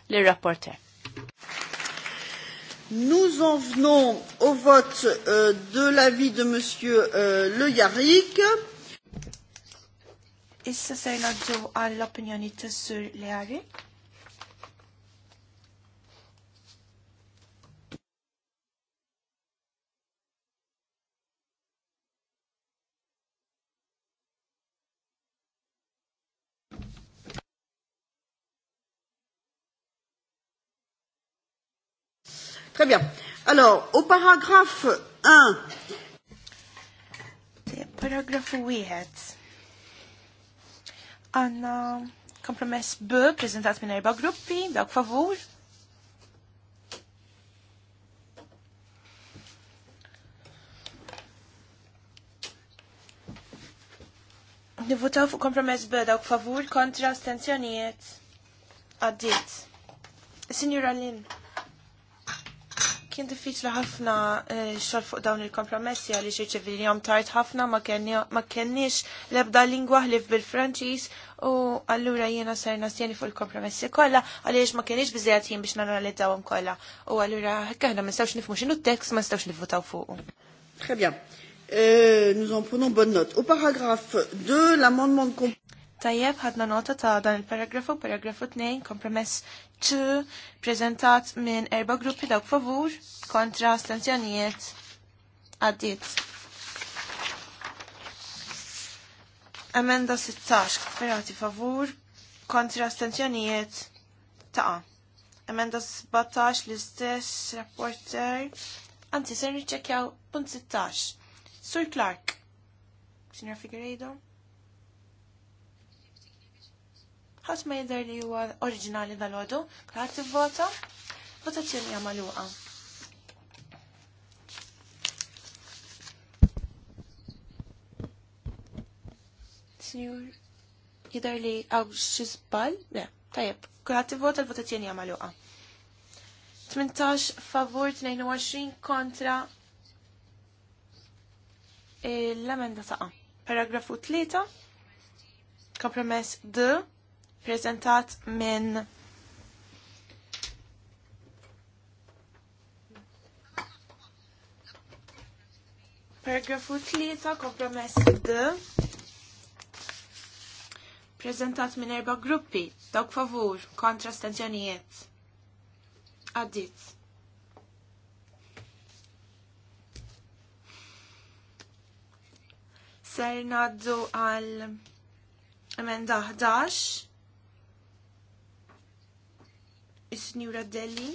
A: l-rapporter. Nous en venons au vote euh, de l'avis de Monsieur euh, Le Yarrick. Issa
D: sejna ġew għall-opinjoni tas-sur Leari.
A: Très bien. Alors, au paragraphe 1.
D: Paragrafu 1. Għanna kompromess B, prezentat minn erba gruppi, dawk favur. Nivvotaw fuq kompromess B, dawk favur, kontra astenzjonijiet. Għaddit. Signora Lynn. Kien diffiċli ħafna eh, xogħol fuq dawn il-kompromessi għaliex irċevili jom tard ħafna ma kenniex l-ebda lingwa ħlif bil-Franċiż u allura jiena s-sieni fuq il-kompromessi kollha għaliex ma kienx biżejjed jien biex nanalizzawhom kollha. U allura hekk ma nistawx nifmu xinu t-tekst ma nistawx nifvotaw fuq. Très bien. Euh, nous en prenons bonne note. Au paragraphe 2, l'amendement de compromis. Tajjeb, ħadna nota ta' dan il-paragrafu, paragrafu 2, kompromess 2, prezentat minn erba gruppi dawk favur kontra stanzjonijiet għaddit. Emenda 16, ferati favur kontra stanzjonijiet ta' emenda 17 l-istess rapporter. Anzi, ser nirċekjaw punt 16. Sur Clark. Signor Figueiredo. ħadd ma jidher li huwa oriġinali dal ħodu klar tivvota, votazzjoni hija magħluqa. Signor, jidher li għaw xisbal, Le, tajjeb, kulħadd tivvota l-votazzjoni hija magħluqa. 18 favur 22 kontra l-emenda taqa. Paragrafu 3, kompromess D, prezentat minn Paragrafu 3, kompromess D. Prezentat minn erba gruppi, dawk favur, kontra staġġanijiet. Addit Ser naddu għal emenda 11. Is-Sinjura Delli.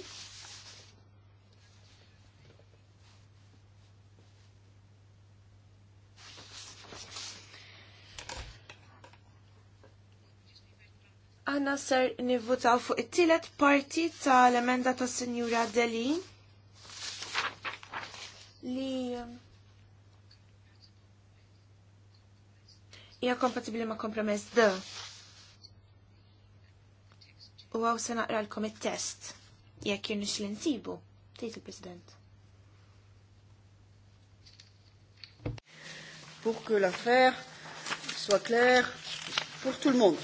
D: Aħna ser nivvutaw fuq it-tielet parti tal-emenda ta' Sinjura Deli li um, hija kompatibbli ma' kompromess D. U għaw se naqralkom il-test, jekk jirni l-insibu, tejt il-President.
A: Pour que l'affaire soit claire pour tout le monde.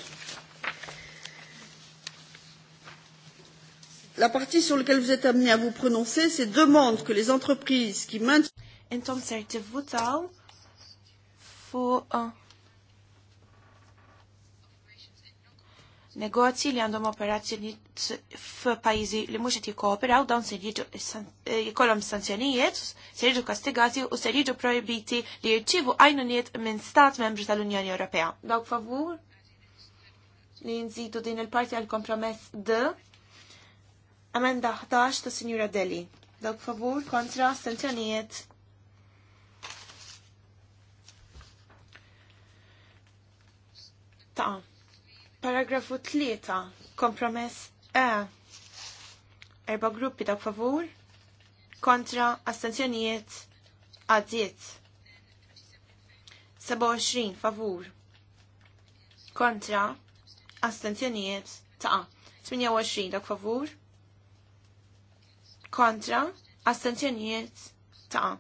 A: La partie sur laquelle vous êtes amené à vous prononcer, c'est demande que les entreprises qui maintiennent. Intom ser
D: tivvutaw fuq ah, negozji li għandhom operazzjonijiet f'pajjiżi li mhux qed jikkooperaw dawn se jiġu eh, jkollhom sanzjonijiet, se jiġu kastigati u se jiġu projbiti li jirċievu għajnuniet minn stat membri tal-Unjoni Ewropea. Dawk favur li nżidu din il-parti għal kompromess D. Amenda 11 ta' Signora Deli. Dawk favur kontra sanzjonijiet. Ta' Paragrafu 3. Kompromess E. Erba gruppi ta' favur kontra astenzjonijiet għadziet. 27 favur kontra astenzjonijiet ta' 28 dak favur kontra astenzjonijiet ta'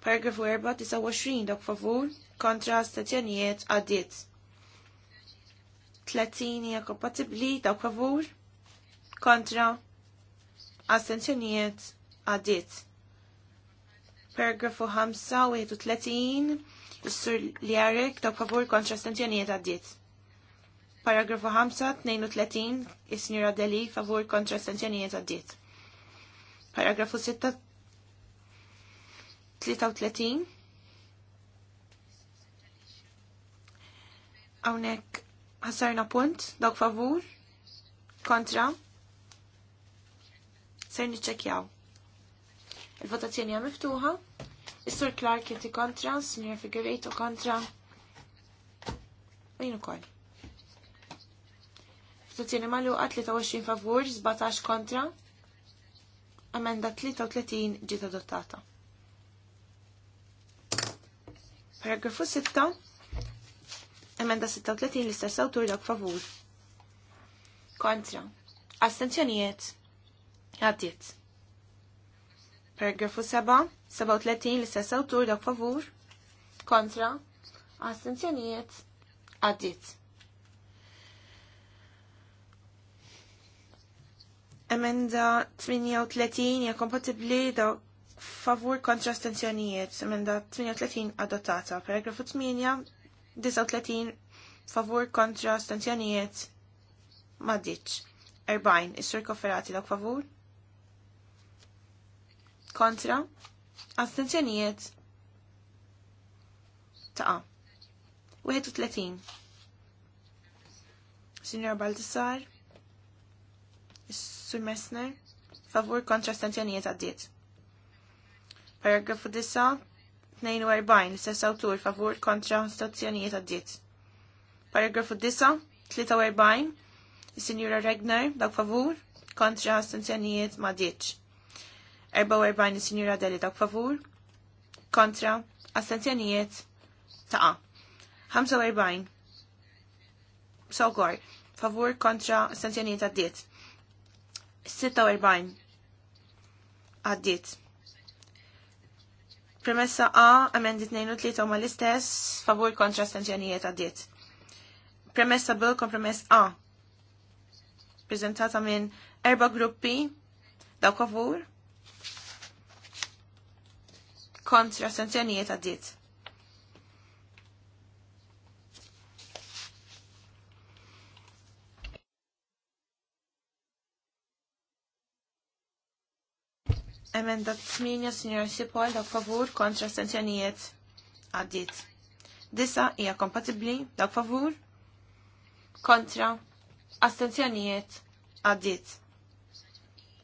D: paragrafu 4 29 dak favur kontra stazzjonijiet għaddiet. 30 hija kompatibbli dawk favur kontra astenzjonijiet għaddiet. Paragrafu 35 is-sur li għarek daw favur kontra astenzjonijiet għaddiet. Paragrafu 5, 32, is-Sinjura Deli, favur kontra astenzjonijiet għaddiet. Paragrafu 6, 33, Hawnhekk ħasarna punt, dawk favur, kontra, ser niċċekjaw. Il-votazzjoni hija miftuħa. Is-Sur Clark inti kontra, Sr. Figueredo kontra. Min ukoll. Votazzjoni magħluqa 23 favur, 17 kontra. Amenda 33 ġiet adottata. Paragrafu 6 Emenda 36 l-istess autur dak favur. Kontra. Astenzjonijiet. Għaddiet. Paragrafu 7, 37 l-istess autur, dak favur. Kontra. Astenzjonijiet. Għaddiet. Emenda 38 hija kompatibbli da favur kontra astenzjonijiet. Emenda 38 adottata. Paragrafu 8 39 favur kontra stanzjonijiet maddiċ. 40 is-sur kofferati dak favur kontra astenzjonijiet ta' 31 Signor Baldassar Sur Messner favur kontra stanzjonijiet għaddit. Paragrafu 42 l-istess awtur favur kontra stazzjonijiet għaddiet. Paragrafu 9, 43, il-Sinjura Regner, dak favur, kontra stazzjonijiet ma ditx. 44 il-Sinjura Deli, dak favur, kontra stazzjonijiet ta'. 45, Sogor, favur kontra astenzjonijiet għaddiet. 46, għaddiet. Premessa A, amendi 2 u 3 ma l-istess, favur kontra stenzjonijiet għaddit. Premessa B, kompromess A. Prezentata minn erba gruppi, daw favur, kontra stenzjonijiet għaddit. Emenda 8, Signor Sipol, da favur kontra astenzjonijiet għaddit. Disa hija kompatibbli da favur kontra astenzjonijiet għaddit.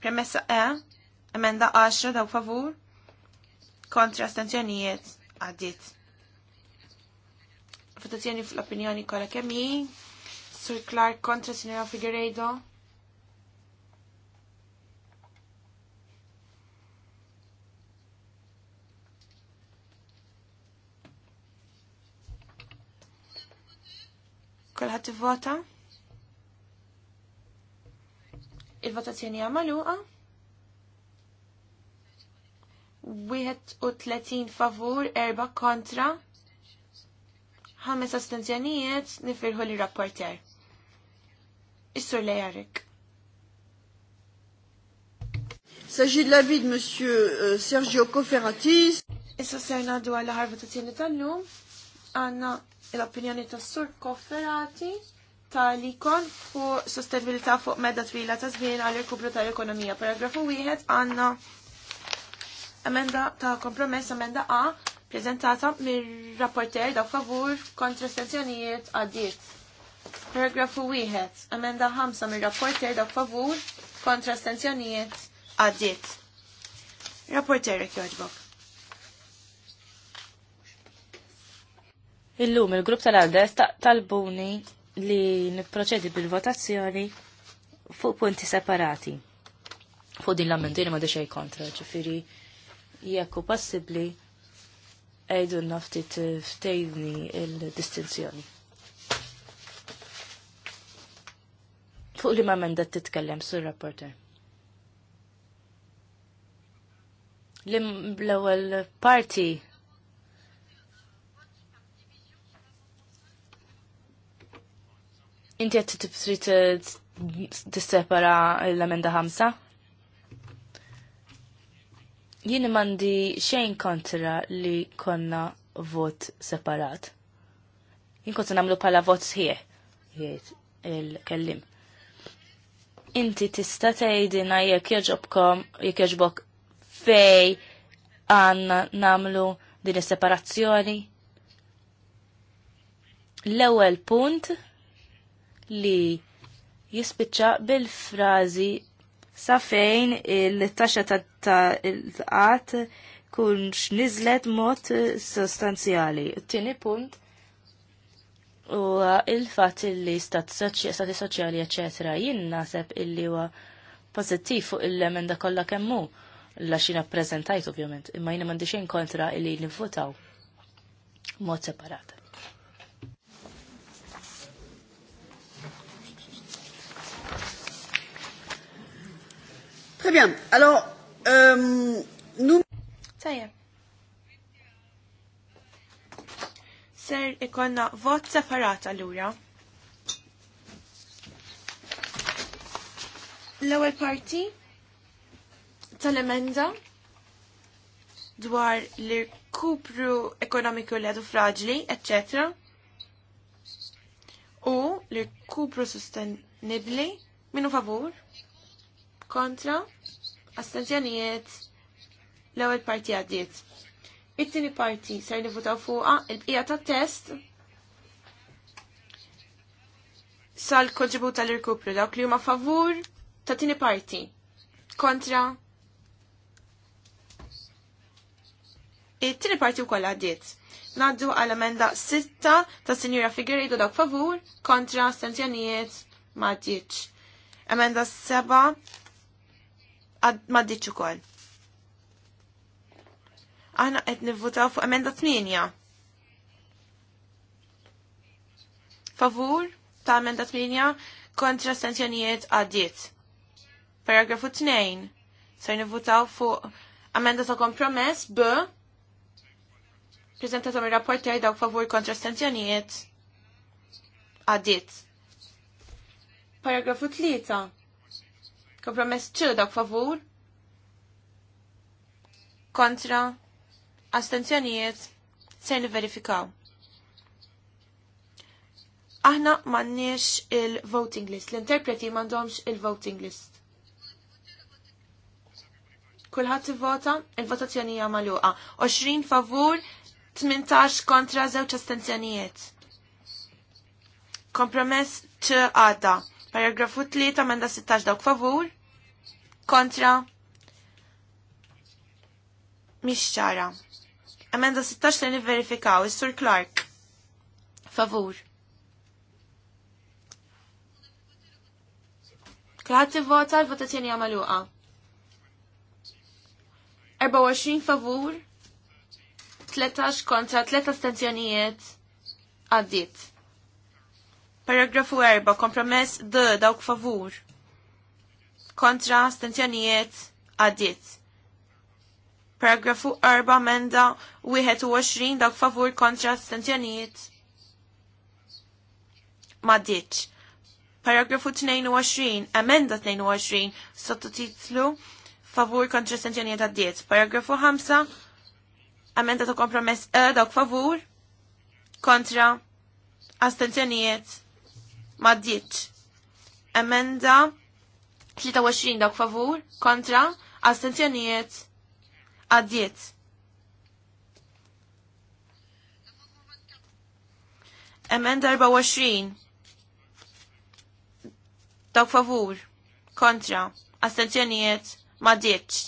D: Premessa E, emenda 10 da favur kontra astenzjonijiet għaddit. Votazzjoni fl-opinjoni kolla kemmi, Sir Clark kontra Signora Figueiredo t-vota. Il-votazzjoni hija magħluqa. Wieħed u 30 favur, erba' kontra. Ħames astenzjonijiet nifirħu li rapporter. Is-sur Lejarik.
A: S'agit de l'avis Monsieur euh,
D: Sergio Koferatis. Issa ser ngħaddu għal ħar votazzjoni tal-lum għanna l-opinjoni ta' sur kofferati tal-ikon fuq sostenibilità fuq medda twila ta' żmien għal irkubru tal-ekonomija. Paragrafu wieħed għandna emenda ta' kompromess emenda A prezentata mir-rapporter da' favur kontra stenzjonijiet għaddiet. Paragrafu wieħed emenda ħamsa mir-rapporter da' favur kontra stenzjonijiet għaddiet. Rapporter jogħġbok. Illum
C: il-grupp tal-Aldes talbuni li nipproċedi bil-votazzjoni fuq punti separati. Fuq din l ammendini ma xej kontra, ġifiri jekku possibli għajdu naftit ftejni il-distinzjoni. Fuq li ma menda titkellem sur rapporter. L-ewwel parti Inti għed trid tissepara l-emenda ħamsa? Jien mandi xejn kontra li konna vot separat. Jien kont namlu pala vot sħie, jiet il-kellim. Inti tista' tgħidilna jekk jogħġobkom jek jogħġbok fej għanna namlu din is-separazzjoni? L-ewwel punt li jispiċċa bil-frażi sa fejn il-taxxa ta' il-qat kunx niżlet mod sostanzjali. Tieni punt u il-fatt li stati soċjali eċetera jien naħseb illi huwa pożittiv fuq il-lemenda kollha kemm hu la xina prezentajt ovvjament, imma jina mandi xejn kontra illi nivvotaw mod separat.
A: Très bien. Alors, euh, nous...
D: Ça y est. Ser ikonna vot separat allura. L-ewwel parti tal-emenda dwar l-kupru ekonomiku ledu fragili, etc. U l-kupru sostenibli minu favur kontra astenzjonijiet l-ewwel parti għaddiet. It-tieni parti ser nivutaw fuqha il-bqija tat-test sal-kontribut tal-irkupru dawk li huma favur ta' tini parti kontra it-tieni parti wkoll għaddiet. Naddu għal emenda 6 ta' Sinjura Figueredo dawk favur kontra astenzjonijiet ma' Emenda 7 maddiċ ukoll. Aħna qed nivvutaw fuq emenda 8. Favur ta' emenda 8 kontra sanzjonijiet għaddiet. Paragrafu 2. Sar nivvutaw fuq emenda ta' kompromess B. Prezentatom il-rapporter dawk favur kontra sanzjonijiet għaddiet. Paragrafu 3 Kompromess ċu dak favur. Kontra. Astenzjonijiet. li verifikaw. Aħna mannix il-voting list. L-interpreti mandomx il-voting list. Kulħat vota il-votazzjoni hija magħluqa. 20 favur, 18 kontra żewġ astenzjonijiet. Kompromess ċ Paragrafu 3 amenda 16 dawk favur kontra mhix ċara. Emenda 16 li nivverifikaw, is-Sur Clark. Favur. Klaħat vota l-votazzjoni għamaluqa. 24 favur, 13 kontra, 3 astenzjonijiet għaddit. Paragrafu 4, kompromess d dawk favur kontra stenzjonijiet għaddiet. Paragrafu 4 menda 21 dak favur kontra stenzjonijiet maddiċ. Paragrafu 22, emenda 22, sottotitlu favur kontra stenzjonijiet għaddiet. Paragrafu 5, amenda ta' kompromess e dak favur kontra astenzjonijiet maddiċ. Emenda 23 dawk favur, kontra, astenzjonijiet, għaddiet. Emenda 24. Dawk favur, kontra, astenzjonijiet, maddiet.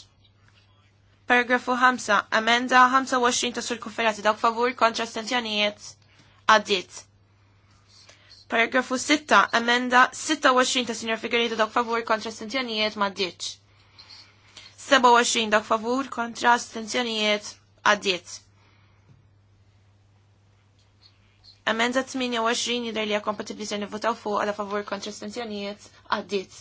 D: Paragrafu 5. Emenda 25 ta' sur konferati dawk favur kontra astenzjonijiet, għaddiet. Paragrafu 6, emenda 26 ta' Signor Figueredo dak favur kontra stenzjonijiet ma' 10. 27 dak favur kontra stenzjonijiet għaddiet. Emenda 28 jidher li kompatibli se nivvotaw fuq għala favur kontra stenzjonijiet għaddiet.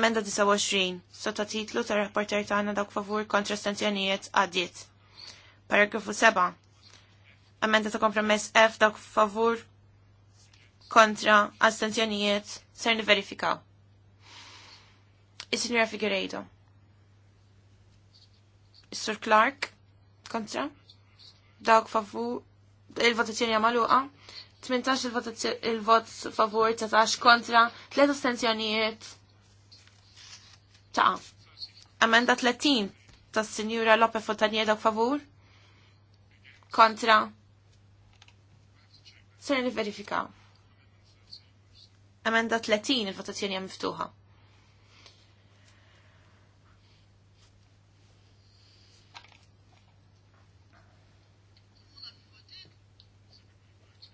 D: Emenda 29, sotto titlu ta' rapporter tagħna dak favur kontra stenzjonijiet għaddiet. Paragrafu 7. Emenda ta' kompromess F dak favur kontra astenzjonijiet ser niverifikaw. Is-Sinjora Figueiredo. Is-Sur Clark kontra. Dawk favur il-votazzjoni għamaluqa. 18 il-vot favur, 19 kontra, 3 astenzjonijiet. Ta' Amenda 30 tas Sinjura Lope Fontanier dawk favur. Kontra. Ser niverifikaw. verifikaw Emenda 30 il-votazzjoni hija miftuħa.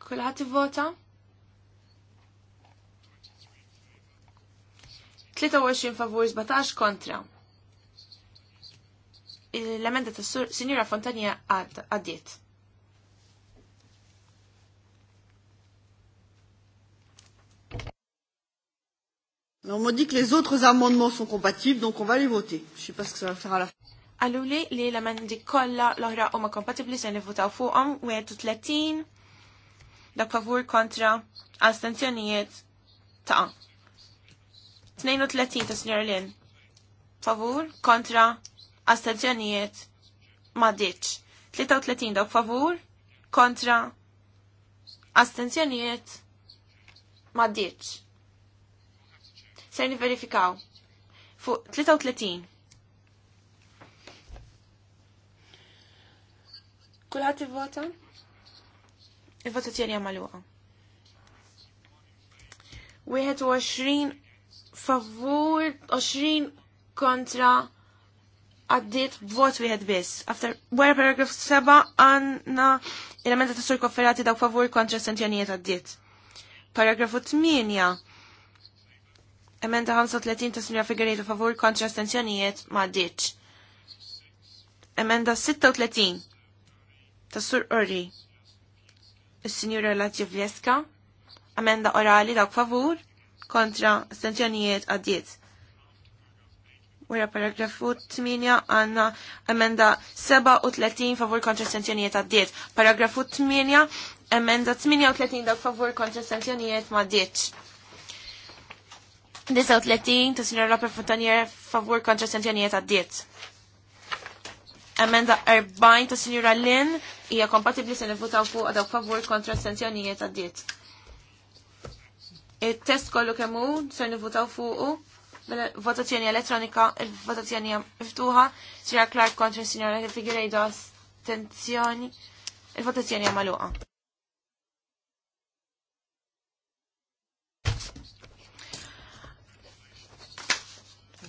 D: Kulħadd ivvota? 23 favur 17 kontra. L-emenda tas-Sinjura Fontania għaddiet.
A: On m'a dit que les autres amendements sont compatibles, donc on va les voter. Je ne sais pas ce que ça va faire à la fin.
D: Għalluli li l-amendi kolla l-ohra huma kompatibli se nivvotaw fuqhom 31 dak favur kontra astenzjonijiet ta' 32 ta' Sr. Lin. Favur kontra astenzjonijiet ma' ditx. 33 dak favur kontra astenzjonijiet ma' ditx se niverifikaw. Fuq 33. Kulħadd ivvota? il vota hija magħluqa. 21 favur, 20 kontra għaddit vot wieħed biss. After wara paragraf 7 għandna il-emenda ta' sur kofferati daw favur kontra sentjonijiet għaddit. Paragrafu 8 Emenda 35 ta' Sinja Figueredo favur kontra astenzjonijiet ma' ditx. Emenda 36 ta' Sur Uri. Is-Sinjura Vlieska. Emenda orali dawk favur kontra astenzjonijiet għaddiet. Wera paragrafu 8 għanna emenda 37 favur kontra astenzjonijiet għaddiet. Paragrafu 8 emenda 38 dawk favur kontra astenzjonijiet ma' ditx 39 ta' Sinjor Lopez Fontanier favur kontra sanzjonijiet għaddiet. Emenda 40 ta' Sinjora Lin hija kompatibbli se nivvutaw fuq għadaw favur kontra sanzjonijiet għaddiet. Il-test kollu kemmu se nivvutaw fuqu mela, votazzjoni elettronika, il-votazzjoni miftuħa, Sinjora Clark kontra Sinjora Figueiredo astenzjoni, il-votazzjoni għamaluqa.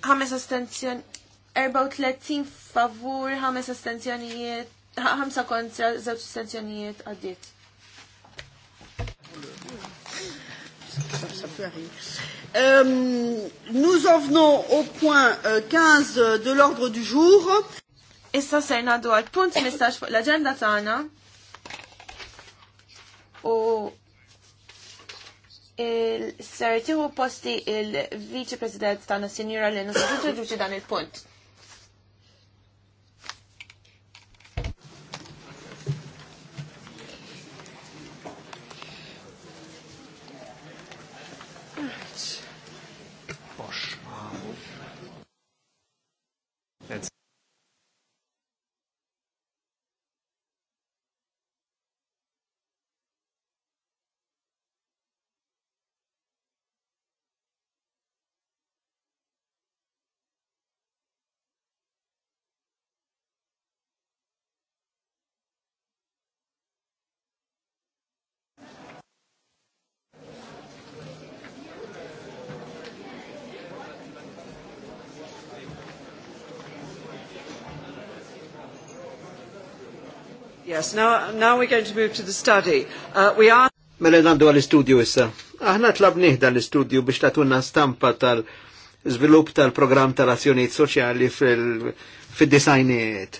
D: ħames astenzjoni 34 favur, ħames astenzjonijiet, ħamsa kontra, żewġ astenzjonijiet għaddiet. Euh,
A: nous en venons au point euh, 15 de l'ordre du jour.
D: Et Issa serna dwar punt 15 fuq l-agenda tagħna. Oh il-sertiħu posti il-Viċi President tagħna Sinjura Lena se dan il-punt.
A: Yes, now, now we're going to move to the study. Uh, we are...
B: Mele nandu għal-istudju issa. Aħna tlab nieħda l-istudju biex tatunna stampa tal-żvilupp tal-programm tal-azzjonijiet soċjali fil-disajnijiet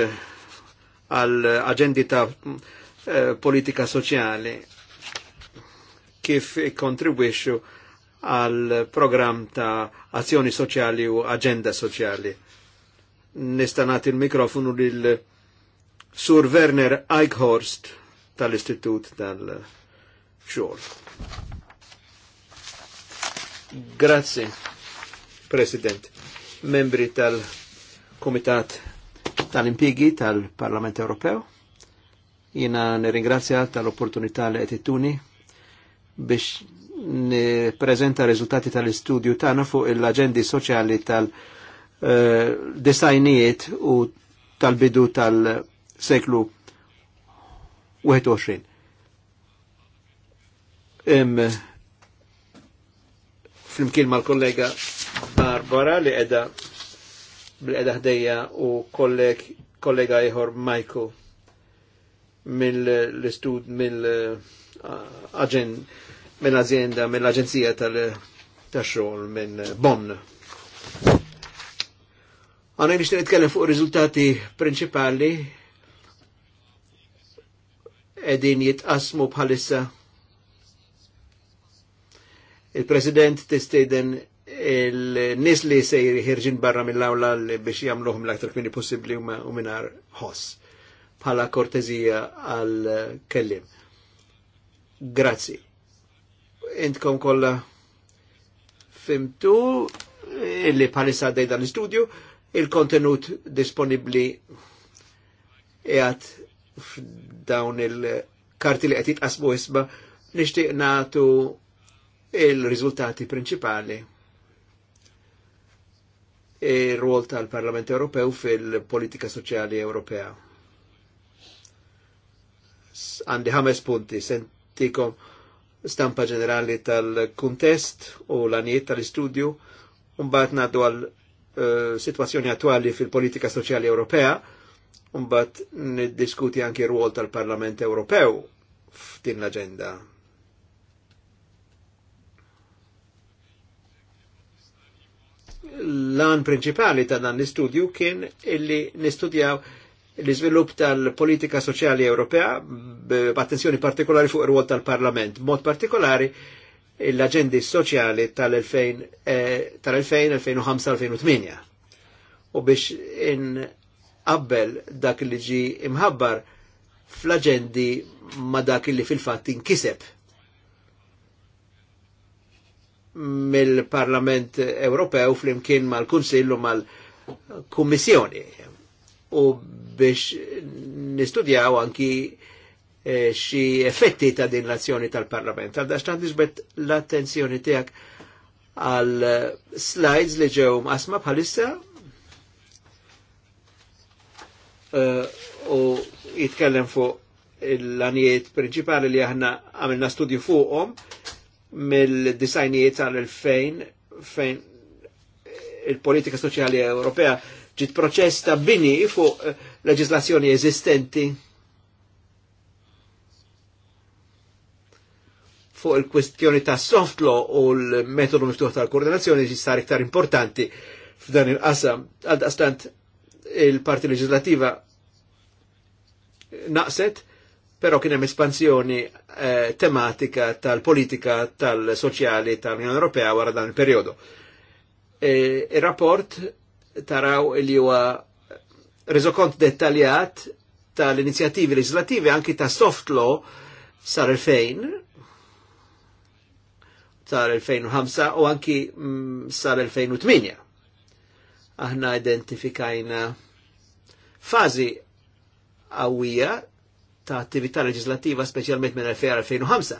B: eh, għal-aġendi ta' eh, politika soċjali kif kontribwixxu għal programm ta' azzjoni soċjali u agenda soċjali. Nista' nagħti il-mikrofonu lil Sur Werner Eichhorst tal-Istitut tal xol Grazie, President, membri tal-Komitat tal-Impigi tal-Parlament Ewropew. Jina nirringrazzja tal-opportunità li għetituni biex prezenta rizultati tal-istudju tana fuq l agendi soċjali tal-disajnijiet eh, u tal-bidu tal-, -bidu tal seklu 21. Im, flimkien mal-kollega Barbara li edha bl edha ħdejja u kolleg, kollega jħor Michael mill-istud mill azienda mill agenzija tal-xogħol minn Bonn. Għana nixtieq nitkellem fuq riżultati prinċipali edin jitqasmu bħalissa. Il-President tistejden il-nis li sejri ħirġin barra mill-awla biex jamluħum l-aktar kmini possibli u minar ħoss bħala kortezija għal kellim. Grazzi. Intkom kolla fimtu illi bħalissa dejda l-studio il-kontenut disponibli jgħat f'dawn il-karti li qed asbu isba nixtieq nagħtu il rizultati principali il rol tal-Parlament Ewropew fil-politika soċjali Ewropea. Għandi ħames punti, sentikom stampa ġenerali tal-kuntest u l-anijiet tal-istudju, un-bat naddu għal uh, eh, situazzjoni attuali fil-politika soċjali Ewropea, Umbat niddiskuti anki r-rwol tal-Parlament Ewropew f'din l-agenda. L-an principali ta' dan l-istudju kien illi nistudjaw l-izvilup tal-politika soċjali Ewropea b'attenzjoni partikolari fuq ir-rwol tal-Parlament, mod partikolari l-agendi soċjali tal-2000-2005-2008. Eh, u biex qabbel dak li ġi imħabbar fl-aġendi ma dak li fil-fatt inkiseb mill-Parlament Ewropew flimkien mal-Kunsill u mal-Kummissjoni. U biex nistudjaw anki e, xi effetti ta' din l-azzjoni tal-Parlament. Għadda daċtan nisbet l-attenzjoni tiegħek għal slides li ġew asma bħalissa Eh, u jitkellem fuq l-anijiet principali li aħna għamilna studju fuqhom mill-disajnijiet għal-2000 fejn il-politika soċjali Ewropea ġit proċesta bini fuq leġislazzjoni eżistenti fuq il-kwestjoni ta' soft law u l-metodu miftuħ tal-koordinazzjoni ġi sar iktar importanti f'dan il-qasam. Għal-daqstant il-parti leġislativa naqset, pero kien hemm espansjoni eh, tematika tal-politika tal-soċjali tal-Unjoni Ewropea wara dan il periodu e, Il-rapport taraw li huwa rezokont dettaljat tal inizjativi leġislativi anki ta' soft law sar fejn sar fejn u anki mm, sar 2008 aħna identifikajna fazi għawija ta' attività legislativa specialment minn 2005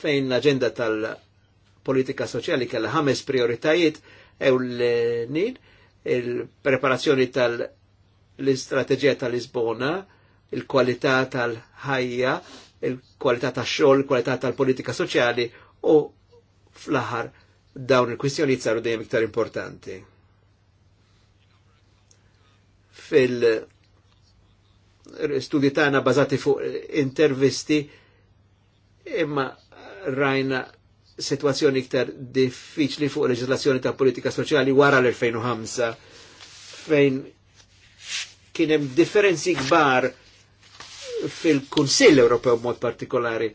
B: fejn l-agenda tal-politika soċjali kella ħames prioritajiet ew l-nin il-preparazzjoni tal-istrateġija tal-Lisbona, il-kwalità tal-ħajja, il-kwalità tax-xogħol, il-kwalità tal-politika soċjali u fl-aħħar dawn il-kwistjoni saru dejjem iktar importanti. Fil studi tagħna bażati fuq intervisti imma rajna situazzjoni iktar diffiċli fuq leġislazzjoni ta' politika soċjali wara l-2005 fejn kien hemm differenzi kbar fil-Kunsill Ewropew mod partikolari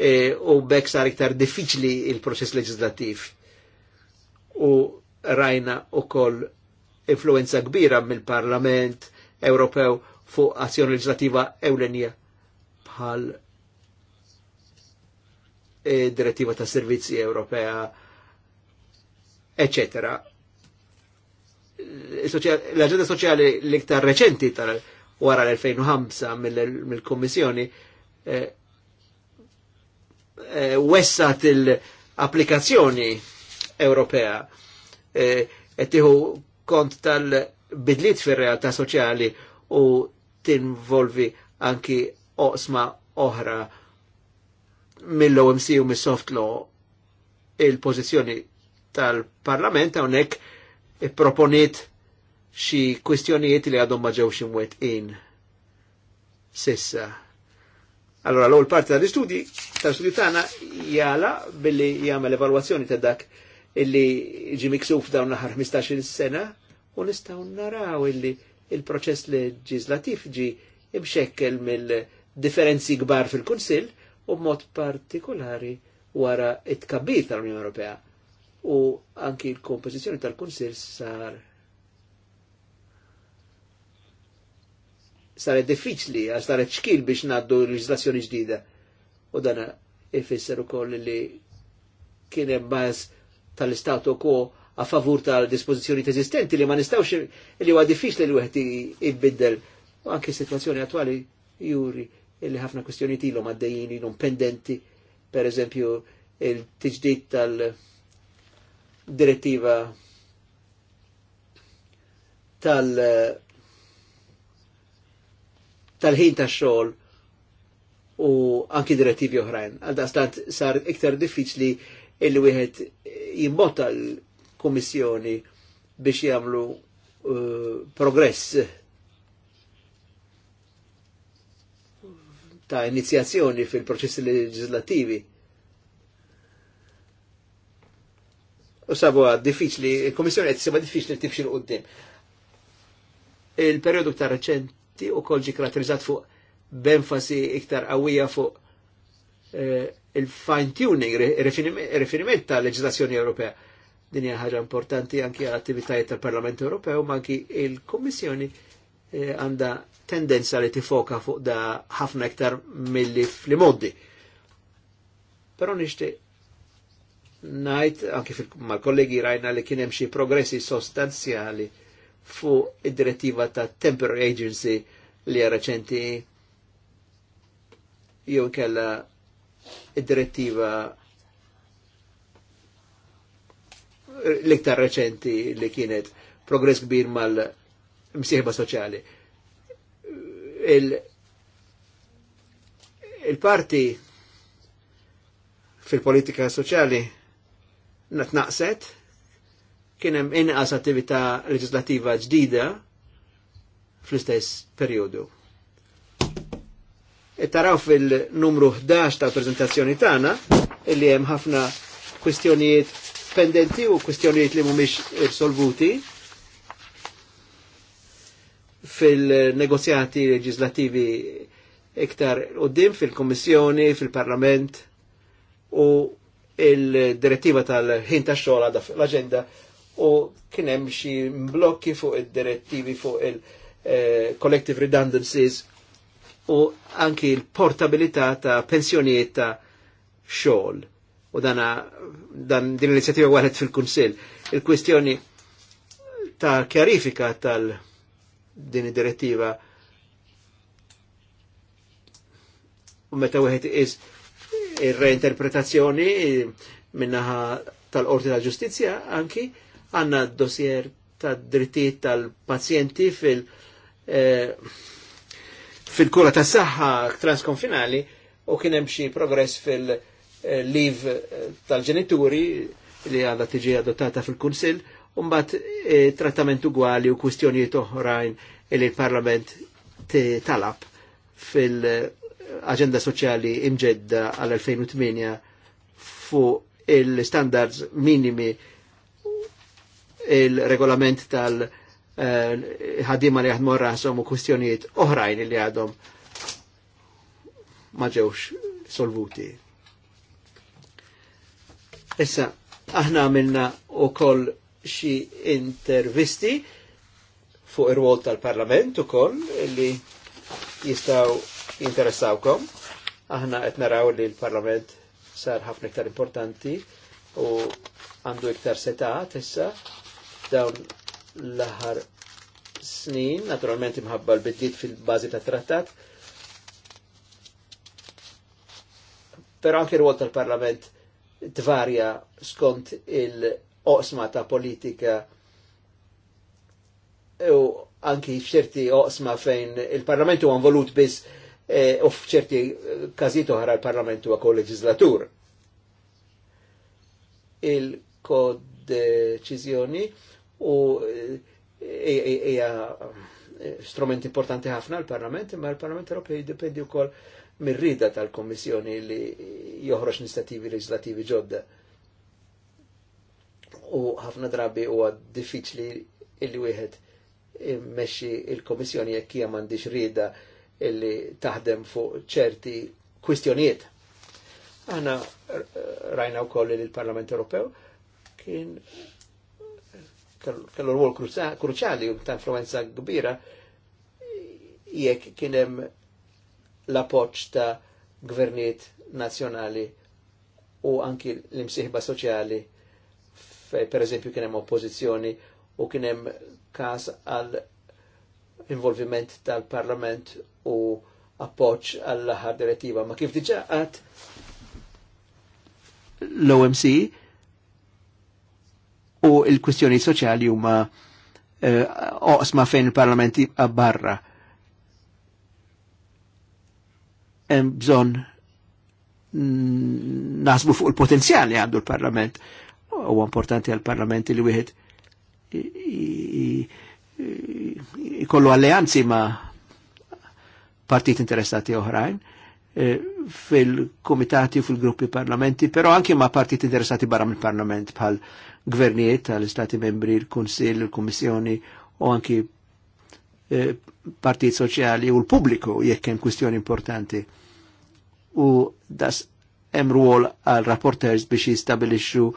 B: Eh, u bekk sar iktar diffiċli il-proċess leġislattiv. U rajna u koll influenza kbira mill-Parlament Ewropew fuq azzjoni leġislativa ewlenija bħal eh, direttiva ta' servizzi Ewropea, eccetera. Eh, l-agenda soċjali l-iktar reċenti tal wara l-2005 mill-Kommissjoni eh, wessat il-applikazzjoni Ewropea qed eh, e kont tal-bidliet fir-realtà soċjali u tinvolvi anki oqsma oħra mill-OMC u mis-soft law il-pożizzjoni tal-Parlament hawnhekk proponiet xi kwistjonijiet li għadhom ma ġewx imwetqin sissa Allora, l għol parti tal studi tal studi tagħna jala billi jagħmel evalwazzjoni ta' dak illi ġi miksuf dawn naħar 15-il sena u nistgħu naraw illi il-proċess leġislattiv ġi imxekkel mill-differenzi kbar fil kunsil u b'mod partikolari wara it-kabbir tal-Unjoni Ewropea u anki l-kompożizzjoni tal-Kunsill sar saret diffiċli, għax saret xkil biex naddu leġislazzjoni ġdida. U dana ifisser ukoll li kien hemm tal-istatu ukoll a favur tal-dispożizzjoni eżistenti li ma nistawx li huwa diffiċli li wieħed jibbiddel. U anke situazzjoni attwali juri li ħafna kwestjoni tilhom għaddejjin ilhom pendenti, per eżempju il-tiġdid tal-direttiva tal-, -direttiva tal tal-ħin tax-xogħol u anki direttivi oħrajn. Għaldaqstant sar iktar diffiċli illi wieħed jimbotta l-Kummissjoni biex jagħmlu eh, progress ta' inizjazzjoni fil-proċessi leġislativi. U sabu diffiċli, il-Komissjoni għed seba diffiċli tifxil qoddim. Il-periodu ta' reċent ti u kolġi karatterizzat fuq b'enfasi iktar għawija fuq eh, il-fine tuning, il-refiniment ta' leġislazzjoni Ewropea. Din hija ħaġa importanti anki għal attivitajiet tal-Parlament Ewropew, ma anki il kommissjoni eh, għandha eh, tendenza li tifoka fuq da ħafna iktar milli fl-moddi. Però nixtieq najt, anki mal-kollegi rajna li kien hemm xi progressi sostanzjali fuq id-direttiva ta' temporary agency li reċenti jew kella id-direttiva l-iktar reċenti li kienet progress kbir mal-msieħba soċjali. Il-parti il fil-politika soċjali natnaqset kien hemm inqas attività legislativa ġdida fl-istess periodu. E taraw fil-numru 11 ta' prezentazzjoni tagħna illi hemm ħafna kwistjonijiet pendenti u kwistjonijiet li mhumiex irsolvuti fil-negozjati legislativi iktar qoddim fil-Kommissjoni, fil-Parlament u il-direttiva tal-ħin tax-xogħol l-aġenda u kien hemm xi mblokki fuq id-direttivi fuq il-collective eh, redundancies u anki l-portabilità ta' pensjonijiet ta' xogħol. U dana dan din l-inizjattiva walet fil-Kunsill. Il-kwistjoni ta' kjarifika tal din id-direttiva u meta wieħed is ir-reinterpretazzjoni minnaħa tal-Qorti tal-Ġustizzja anki Għanna dosier ta' drittijiet tal-pazjenti fil- eh, fil-kura ta' saħħa transkonfinali u kien hemm xi progress fil-liv eh, eh, tal-ġenituri li għadha tiġi adottata fil-Kunsill u mbagħad trattament ugwali u kwistjonijiet oħrajn li l-Parlament talab fil-Aġenda Soċjali imġedda għal-2008 fuq il-standards minimi il-regolament tal-ħadima li għadmor rasom u kustjoniet oħrajn li għadhom maġewx solvuti. Issa, aħna għamilna u koll xi intervisti fuq ir wol tal-Parlament ukoll li jistaw jinteressawkom. Aħna qed naraw li l-Parlament sar ħafna iktar importanti u għandu iktar setat issa dawn l-aħħar snin, naturalment imħabba l-biddiet fil-bazi ta' trattat, pero anke r tal-Parlament tvarja skont il-oqsma ta' politika u anki f'ċerti oqsma fejn il-Parlament huwa involut biss eh, u f'ċerti eh, każijiet oħra l-Parlament huwa kol-leġislatur. Il-kodeċiżjoni u hija eh, eh, eh, strument importanti ħafna l-Parlament, imma l-Parlament Europej jiddependi wkoll mir-rida tal-Kommissjoni li joħroġ nistativi leġislativi ġodda. U ħafna drabi huwa diffiċli illi wieħed immexxi il-Kommissjoni jekk hija m'għandix rida illi taħdem fuq ċerti kwistjonijiet. Aħna rajna wkoll li l-Parlament Ewropew kien kellu rwol kruċali u ta' influenza kbira jek kienem l-appoċ ta' gvernijiet nazjonali u anki l-imsiħba soċjali fej per eżempju kienem oppozizjoni u kienem kas għal involviment tal-parlament u appoċ għall ħar direttiva. Ma kif diġa għat l-OMC u il-kwistjoni soċjali huma eh, oqsma fejn il-parlamenti barra. Hemm bżonn nasbu fuq il-potenzjali għandu l-parlament. U importanti għal-parlament li wieħed ikollu alleanzi ma' partit interessati oħrajn eh, fil-komitati u fil-gruppi parlamenti, però anke ma' partit interessati barra mill-parlament bħal gvernijiet tal-Istati membri, l kunsill l-Kommissjoni u anki eh, partijiet soċjali u l publiku jekk hemm kwistjoni importanti. U das hemm rwol għal rapporters biex jistabilixxu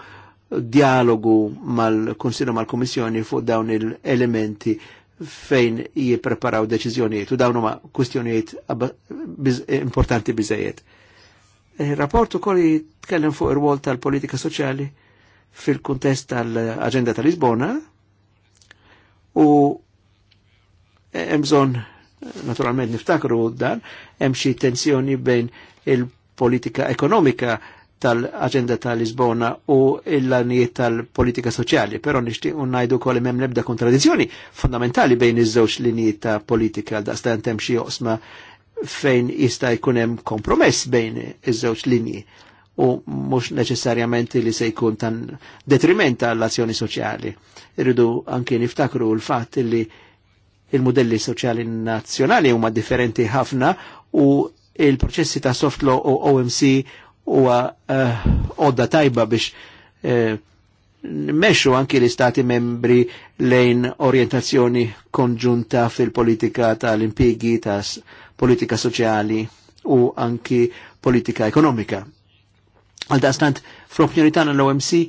B: dialogu mal-Kunsillu mal kommissjoni fuq dawn il-elementi fejn jippreparaw deċiżjonijiet u dawn huma kwistjonijiet importanti biżejjed. Il-rapport eh, ukoll jitkellem fuq ir-rwol tal-politika soċjali fil-kuntest tal-Aġenda tal-Lisbona u hemm bżonn naturalment niftakru dan hemm xi tensjoni bejn il-politika ekonomika tal-Aġenda tal-Lisbona u l-għanijiet tal-politika soċjali, però nixtieq u ngħidu wkoll hemm nebda kontradizzjoni fundamentali bejn iż-żewġ linijiet ta' politika daqstant hemm xi oqsma fejn jista' jkun hemm kompromess bejn iż-żewġ linji u mhux neċessarjament li se jkun tan detriment l azzjoni soċjali. Irridu anki niftakru l-fatt li il-modelli soċjali nazjonali huma differenti ħafna u il-proċessi ta' soft law u OMC huwa uh, tajba biex uh, eh, meċu anki l-istati membri lejn orientazzjoni konġunta fil-politika tal-impigi, ta' politika soċjali u anki politika ekonomika. Għaldaqstant, fl-opinjoni tagħna l-OMC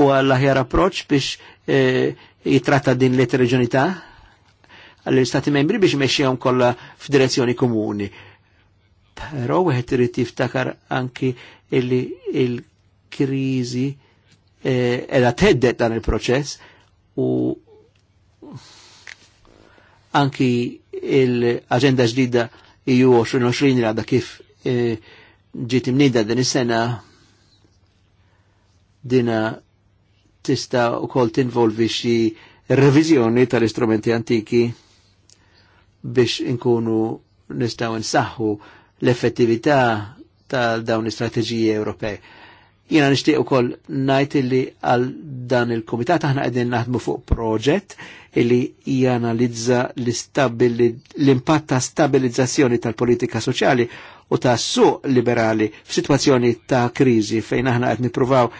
B: u għall-aħjar approċ biex eh, jitratta din l-eterogenità għall-Istati membri biex meċċijom kollha f'direzzjoni komuni. Però wieħed irid jiftakar anki illi il-kriżi eh, edha teddet dan il-proċess u anki il-agenda ġdida EU 2020 għadha kif eh, ġiet imnida din is-sena dina tista u kol tinvolvi xi revizjoni tal-istrumenti antiki biex inkunu nistaw nsaħħu l-effettività tal-dawn l-istrateġiji Ewropej. Jina nishtiq u koll najt illi għal dan il-komitat aħna għedin naħdmu fuq proġett illi janalizza l-impatt ta' stabilizzazzjoni tal-politika soċjali u ta' suq liberali f'sitwazzjoni ta' krizi fejn aħna qed nippruvaw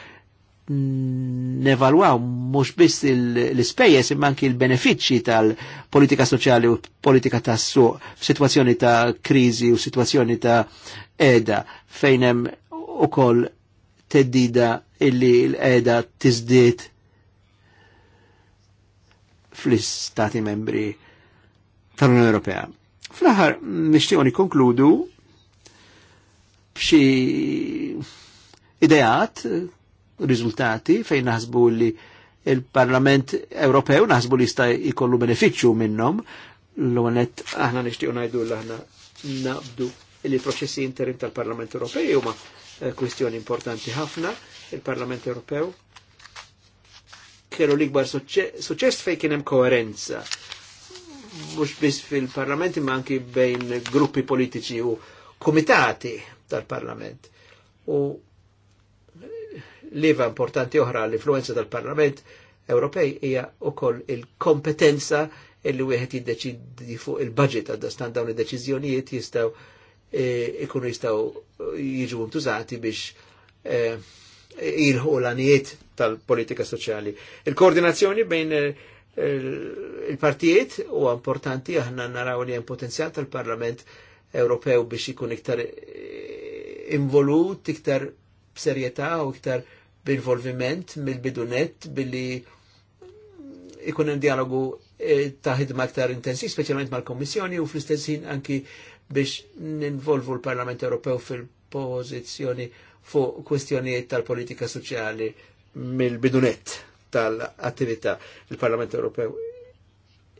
B: nevalwaw mhux biss l-ispejjeż imma anki l-benefiċċji tal-politika soċjali u politika ta' suq f'sitwazzjoni ta' kriżi u sitwazzjoni ta' edha fejn hemm ukoll teddida illi l edha tiżdied fl-istati membri tal-Unjoni Ewropea. Fl-aħħar nixtiequ nikkonkludu bxie ideat riżultati fejn naħsbu li il-Parlament Ewropew naħsbu li jista' jkollu benefiċċju minnhom l-għonet aħna nixtiequ ngħidu l aħna nabdu li l-proċessi interim tal-Parlament Ewropej huma eh, kwistjoni importanti ħafna il-Parlament Ewropew kellu l-ikbar suċċess fejn kien hemm koerenza mhux biss fil-Parlament imma anki bejn gruppi politiċi u komitati tal-Parlament. U liva importanti oħra l-influenza tal-Parlament Ewropej hija ukoll il-kompetenza illi wieħed jiddeċidi fuq il-budget għadda stand dawn id-deċiżjonijiet jistgħu e, ikunu jistgħu jiġu ntużati biex e, jilħu l-anijiet tal-politika soċjali. Il-koordinazzjoni bejn e, il-partijiet u importanti aħna naraw li hemm potenzjal tal-Parlament Ewropew biex ikun iktar involut, iktar b'serjetà u iktar b'involviment mill-bidunet billi ikun hemm dialogu eh, ta' ħidma aktar intensiv, speċjalment mal-Kommissjoni u fl-istess ħin anki biex ninvolvu l-Parlament Ewropew fil-pożizzjoni fuq kwestjonijiet tal-politika soċjali mill-bidunet tal-attività. Il-Parlament Ewropew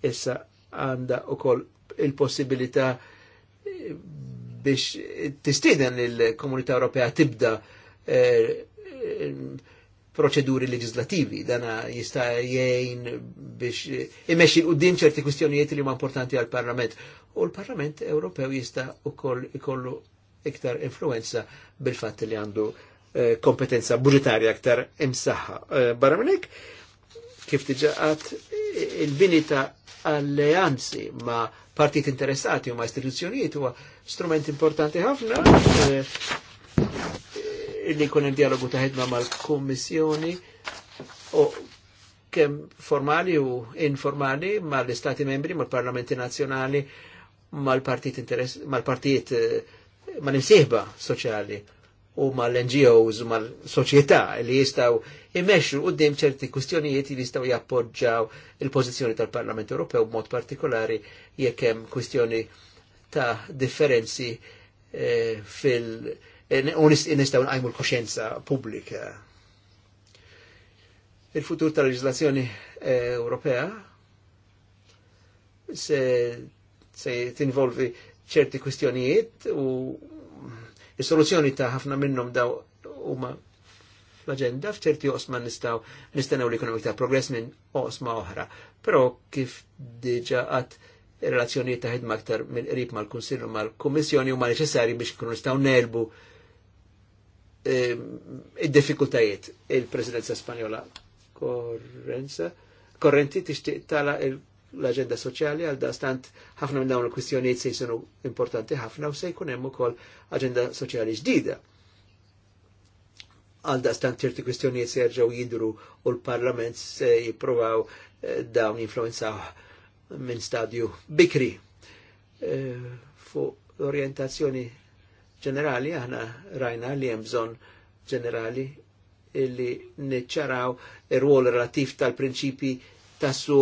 B: issa għanda u koll il-possibilità biex tistiden il-Komunità Ewropea tibda eh, proċeduri leġislativi. Dana jista' jgħin biex imexxi qudiem ċerti kwistjonijiet li huma importanti għal parlament U l-Parlament Ewropew jista' ukoll ikollu iktar influenza bil-fatt li għandu eh, kompetenza budgetarja aktar imsaħħa. Eh, barra minn kif tiġaqat il-bini ta' alleanzi ma' partit interessati u ma' istituzzjonijiet huwa strument importanti ħafna eh, li kun dialogu ta' ħidma mal-Kommissjoni u kemm formali u informali mal-Istati membri, mal-Parlamenti nazjonali, mal-partijiet interess, mal-partijiet eh, mal-imsieħba soċjali u mal-NGOs u mal-soċjetà li jistaw immexxu qudiem ċerti kwistjonijiet li jistaw jappoġġaw il-pożizzjoni tal-Parlament Ewropew b'mod partikolari jekk hemm kwistjoni ta' differenzi eh, fil- u nistaw nqajmu l-koxjenza pubblika. Il-futur tal-leġislazzjoni eh, Ewropea se, se tinvolvi ċerti kwistjonijiet u il-soluzzjoni ta' ħafna minnhom daw huma l-agenda f'ċerti osma nistaw nistennew li jkunu iktar progress minn osma oħra. Però kif diġa għat relazzjonijiet ta' ħidma aktar mill qrib mal-Kunsillu mal-Kummissjoni huma neċessarji biex ikunu nistgħu nelbu id-diffikultajiet eh, il-presidenza spanjola korrenza korrenti tixtiq tala l-aġenda soċjali għal dastant ħafna minn dawn il-kwistjonijiet se jisunu importanti ħafna u se jkun hemm ukoll aġenda soċjali ġdida. Għal dastant ċerti kwistjonijiet se jerġgħu jidru u l-Parlament se jippruvaw eh, dawn jinfluenzaw minn stadju bikri. Eh, fuq orientazzjoni ġenerali aħna rajna li hemm bżonn ġenerali illi niċċaraw ir-rwol relativ tal-prinċipi tassu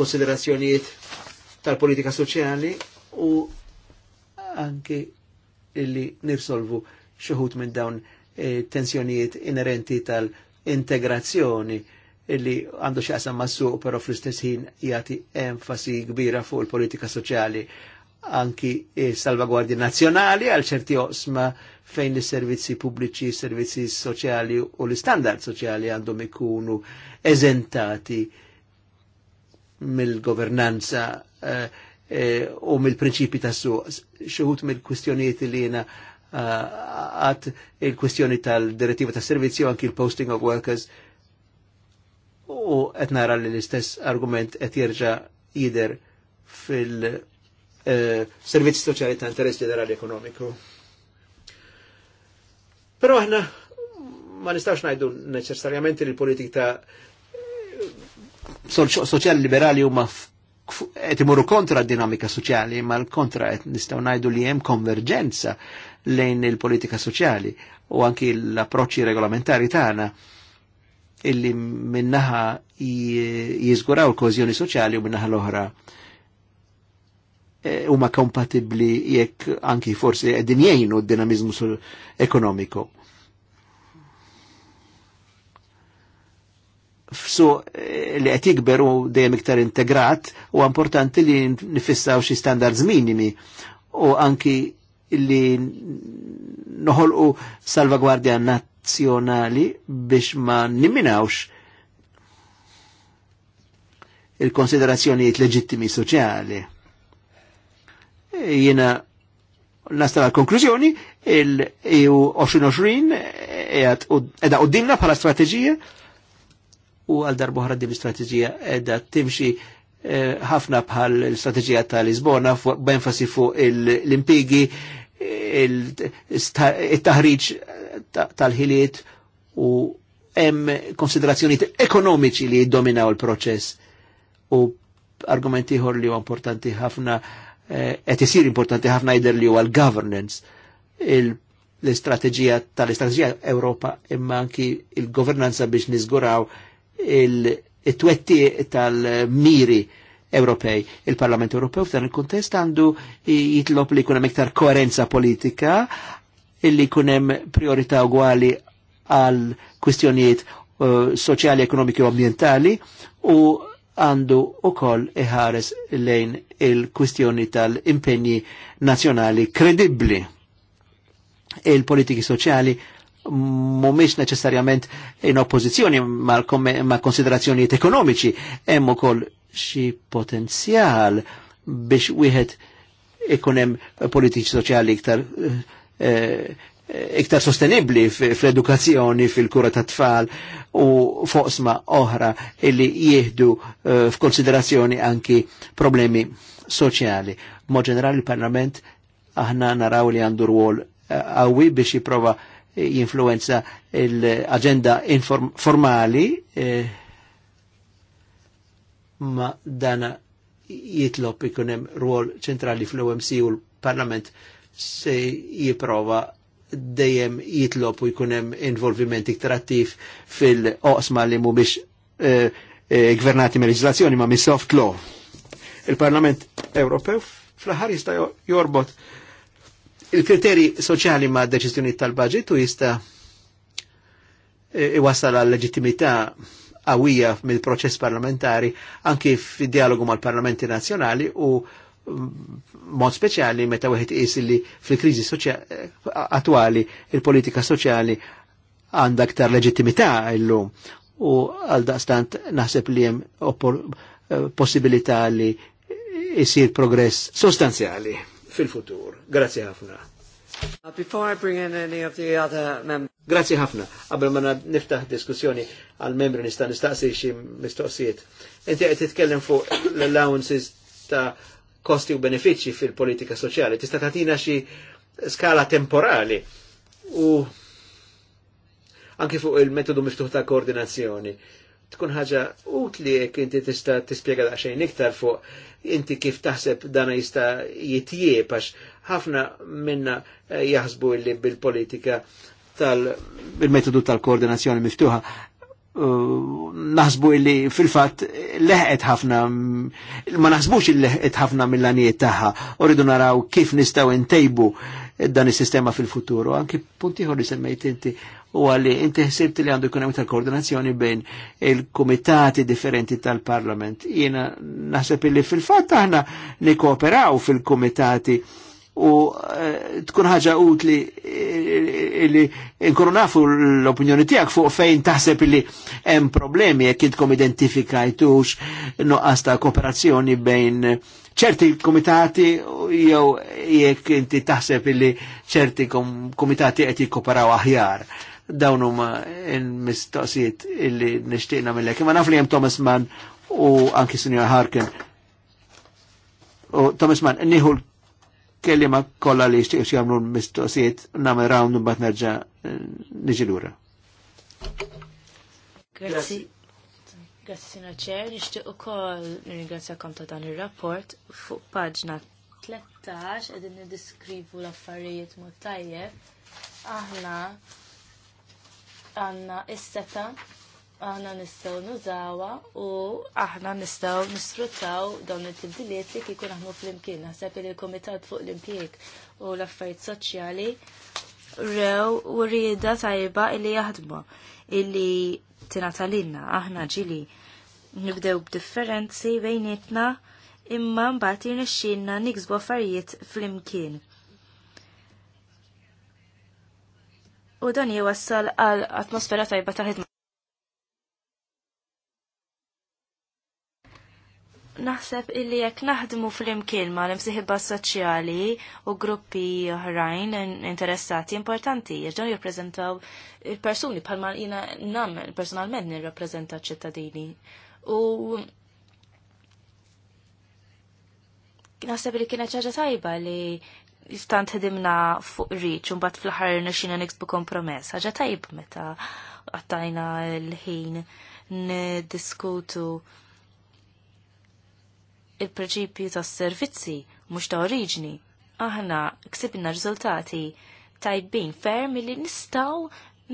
B: konsiderazzjonijiet tal-politika soċjali u anke illi nirsolvu xuħut minn dawn e, tensjonijiet inerenti tal-integrazzjoni illi għandu xaqsam massu pero fl-istess ħin jati enfasi kbira fuq il-politika soċjali anki eh, salvaguardi nazzjonali għal ċerti osma fejn is-servizzi pubbliċi, servizzi soċjali u l standard soċjali għandhom ikunu eżentati mill-governanza eh, eh, u mill-prinċipi ta' suq Xuħut mill-kwistjonijiet li jena għat il-kwistjoni tal-direttiva ta' servizzi u anki il-posting of workers u qed li l-istess argument qed jirġa jider fil- eh, servizzi soċjali ta' interess ġenerali ekonomiku. Però aħna ma nistax ngħidu neċessarjament li l-politik ta' eh, soċjali liberali huma qed imorru kontra d-dinamika soċjali, ma l-kontra qed nistgħu ngħidu li hemm konverġenza lejn il-politika soċjali u anki l-approċċi regolamentari tagħna illi minnaħa jizguraw il kozjoni soċjali u minnaħa l-oħra huma kompatibbli jekk anki forsi qegħdin jgħinu d dinamizmu ekonomiku. F'su eh, li qed jikber u dejjem iktar integrat u importanti li nifissaw xi standards minimi u anki li noħolqu salvagwardja nazzjonali biex ma nimminawx il-konsiderazzjonijiet leġittimi soċjali. Jiena nasta l-konklużjoni il-EU 2020 edha u dimna bħala strategija u għal ħra din strategija edha timxi eh, ħafna bħal strategija tal-Lisbona b'enfasi fuq l-impigi il-taħriġ tal-ħiliet u hemm konsiderazzjonijiet ekonomiċi li jiddominaw il-proċess u argumenti ħor li importanti ħafna Eh, qed isir importanti ħafna jidher li huwa l-governance l-istrateġija tal-istrateġija Ewropa imma anki il-governanza biex niżguraw il-twetti tal-miri Ewropej. Il-Parlament Ewropew f'dan il-kontest għandu jitlob li kunem iktar koerenza politika illi kunem priorità ugwali għal kwistjonijiet eh, soċjali, ekonomiki u ambientali u għandu u koll iħares lejn il-kwistjoni tal-impegni nazjonali kredibli. Il-politiki soċjali mumiex neċessarjament in oppozizjoni ma', ma konsiderazzjonijiet ekonomiċi, hemm ukoll xi potenzjal biex wieħed ikun hemm politiċi soċjali iktar eh, iktar sostenibli fl-edukazzjoni, fil-kura ta' tfal u foqsma oħra illi jihdu eh, f'konsiderazzjoni anki problemi soċjali. Mod ġenerali il-Parlament aħna naraw li għandu rwol eh, għawi biex jiprofa jinfluenza l-agenda formali eh, ma dana jitlob ikunem rwol ċentrali fl-OMC u l-Parlament se jiprofa dejjem jitlob u jkun hemm involviment iktar attiv fil-oqsma li mhumiex eh, eh, gvernati me leġislazzjoni ma' mis soft law. Il-Parlament Ewropew fl-aħħar jista' jorbot il-kriteri soċjali ma' deċiżjonijiet tal-budget u jista' eh, iwassal għal leġittimità qawwija mill-proċess parlamentari anki fid-dialogu mal-parlamenti nazzjonali u mod speċjali meta wieħed is li fil-kriżi attwali il-politika soċjali għandha aktar leġittimità illum u għal daqstant naħseb li hemm eh, possibilità li jsir progress sostanzjali fil-futur. Grazzi ħafna. Uh, before I bring in any of the other members. Grazzi ħafna. Qabel ma niftaħ diskussjoni għal membri nista' nistaqsi xi mistoqsijiet. Inti qed titkellem fuq l-allowances ta' kosti u benefiċċji fil-politika soċjali. Tista' tagħtina xi skala temporali u anke fuq il-metodu miftuħ ta' koordinazzjoni. Tkun ħaġa utli jekk inti tista' tispjega daqsxejn iktar fuq inti kif taħseb dana jista' jitjieb għax ħafna minna eh, jaħsbu li bil-politika tal-metodu tal-koordinazzjoni miftuħa Eh, naħsbu illi fil-fat leħqet ħafna, ma naħsbux illi leħet ħafna mill-għaniet taħħa, rridu naraw kif nistaw intejbu dan is-sistema fil-futuru, anki puntiħor li semmejt inti u għalli inti ħsibt li għandu jkun hemm tal-koordinazzjoni bejn il-kumitati differenti tal-Parlament. Jiena naħseb illi fil-fatt aħna nikkooperaw fil-kumitati u eh, tkun ħaġa utli eh, li nkunu nafu l-opinjoni tijak fuq fejn taħseb li hemm problemi jek intkom identifikajtux noqqas ta' kooperazzjoni bejn ċerti komitati jew jekk inti taħseb li ċerti komitati qed jikkoperaw aħjar dawn huma l-mistoqsijiet illi nixtieq nagħmilek. Ma naf li hemm Thomas Mann u anki Sinjor Harkin. U Thomas Mann, kellima kolla li xtiq xjamlu mistoqsijiet namel round un nerġa niġi lura.
A: Grazzi.
C: Grazzi sina ċer, nishtiq u koll nirringrazzjakom ta' dan il-rapport fuq paġna 13 edin nidiskrivu l-affarijiet mod tajjeb. Aħna għanna is-seta aħna nistgħu nużawa u aħna nistgħu nisfruttaw dawn it-tibdiliet li kieku fl flimkien. Naħseb li l-Kumitat fuq l impjeg u l-affarijiet soċjali rew u rieda tajba illi jaħdmu illi tingħata aħna ġili nibdew b'differenzi bejnietna imma mbagħad jirnexxielna niksbu affarijiet flimkien. U dan jewassal għal atmosfera tajba ta' ħidma. naħseb illi jekk naħdmu fl-imkien ma l-imsiħibba soċjali u gruppi oħrajn interessati importanti, jġan jirprezentaw il-persuni bħalma jina nam personalment nirrappreżenta ċittadini. U naħseb li kienet ċaġa tajba li jistant ħedimna fuq riċ un bat fl-ħar nixina nixbu kompromess. ħaġa tajb meta għattajna l-ħin n-diskutu il-preċipju tas servizzi mhux ta' oriġni. Aħna ksibna riżultati tajbin ferm li nistaw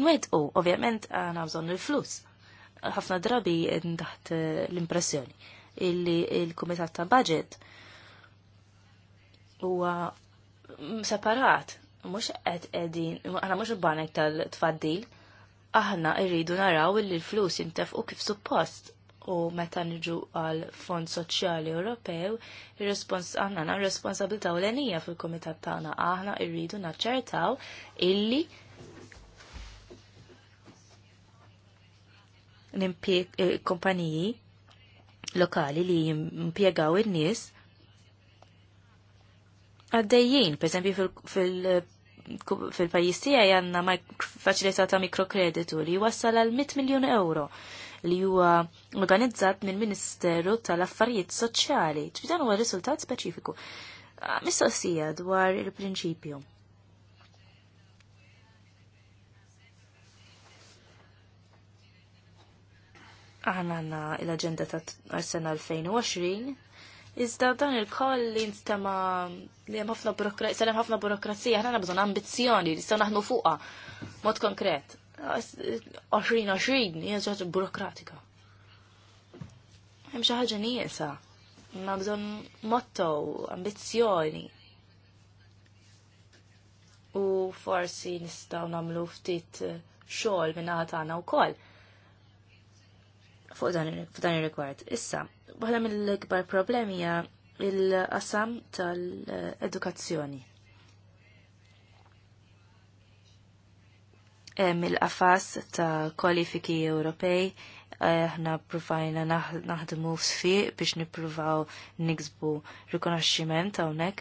C: nwedqu, ovvjament għana bżon il-flus. ħafna drabi taħt eh, l-impressjoni illi il-Kumitat ta' Budget huwa separat, mhux qed qegħdin, aħna mhux banek tal-tfaddil, aħna rridu naraw illi l-flus jintefqu kif suppost u meta niġu għal Fond Soċjali Ewropew, responsabilta u l-enija fil-kumitat tagħna aħna rridu naċċertaw illi eh, kumpaniji lokali li jimpiegaw in-nies għaddejjin, per fil fil-pajis tiegħi għandna faċilita ta' mikrokreditu li wassal għal 100 miljun euro li huwa organizzat minn Ministeru tal-Affarijiet Soċjali. Ġbidan huwa riżultat speċifiku. Ah, mistoqsija dwar il-prinċipju. Aħna għanna l-agenda ta' Arsenal 2020, iżda dan il-koll li nistema li hemm ħafna burokrazija, sellem ħafna burokrazija, aħna bżonn ambizzjoni li nistgħu naħnu fuqha mod konkret. 2020 ah, hija ġaġa burokratika hemm xi ħaġa nieqsa. Ma bżonn motto, ambizzjoni. U forsi nistgħu nagħmlu ftit eh, xogħol minn tagħna wkoll. Fuq dan ir-rigward. Issa, waħda mill-ikbar problemi hija il-qasam tal-edukazzjoni. Hemm il-qafas ta' kwalifiki Ewropej Eh, aħna provajna naħdmu f'sfiq biex nippruvaw niksbu rikonoxximent hawnhekk.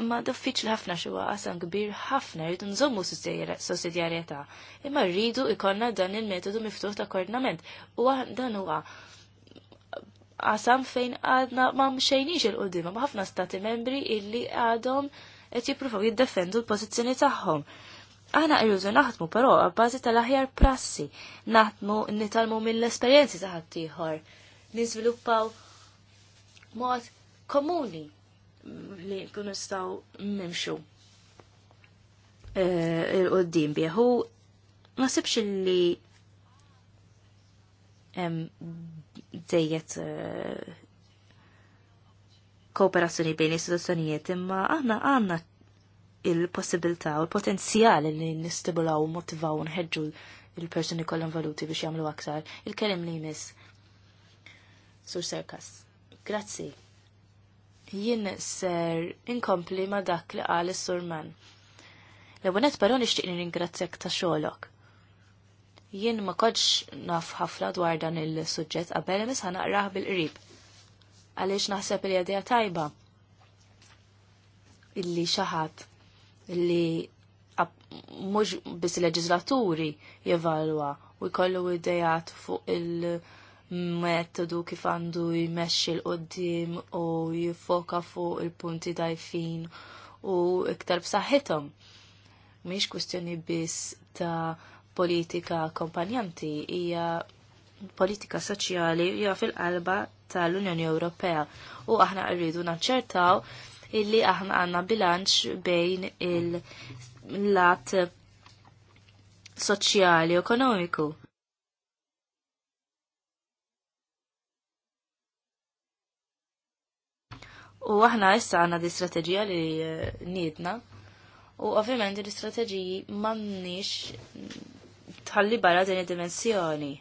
C: Imma diffiċli ħafna xi qasam kbir ħafna rridu nżommu sussidjarjetà. Imma rridu ikollna dan il-metodu miftuħ ta' koordinament. U dan huwa qasam fejn għadna ma mxejnix il-qudiem ma' ħafna stati membri illi għadhom qed jippruvaw jiddefendu l-pożizzjoni tagħhom. Aħna irruzu naħdmu però għabbażi tal-aħjar prassi, naħdmu nitalmu mill-esperjenzi ta' ħaddieħor, niżviluppaw mod komuni li kun nistaw nimxu eh, il-qoddim bieħu. Nasibx li dejjet eh, kooperazzjoni bejn istituzzjonijiet imma aħna għandna il-possibilità u l-potenzjal li nistibulaw u motivaw u nħedġu il-personi kollan valuti biex jamlu aktar. Il-kelim li jmiss. Sur Serkas. Grazzi. Jien ser inkompli ma dak li għal surman. L-għonet però nixtieq ringrazzjak ta' xolok. Jien ma kodx naf ħafna dwar dan il-suġġett qabel imis ħanaqrah bil-qrib. Għaliex naħseb li għadija tajba illi xaħat li mhux biss leġislaturi jevalwa u jkollu idejat fuq il-metodu kif għandu jmexxi l-qoddim u jifoka fuq il-punti dajfin u iktar b'saħħithom. Mhix kwistjoni biss ta' politika kompanjanti hija politika soċjali hija fil-qalba tal-Unjoni Ewropea u aħna rridu naċċertaw illi aħna għanna bilanċ bejn il-lat soċjali u ekonomiku. U aħna issa għanna di strategija li eh, nidna. U ovvjament l-istrateġiji mannix tħalli barra din id-dimensjoni.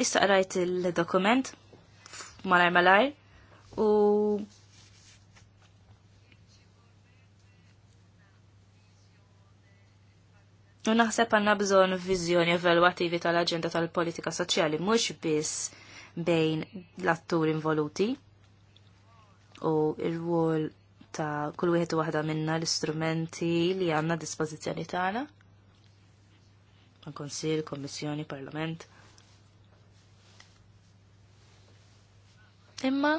C: issa qrajt il-dokument malaj malaj u U naħseb għanna bżon vizjoni evalwativi tal-agenda tal-politika soċjali mhux biss bejn l-attur involuti u r-wol ta' kull wieħed waħda minna l-istrumenti li għandna dispożizzjoni tagħna. konsil, kommissjoni, parlament. imma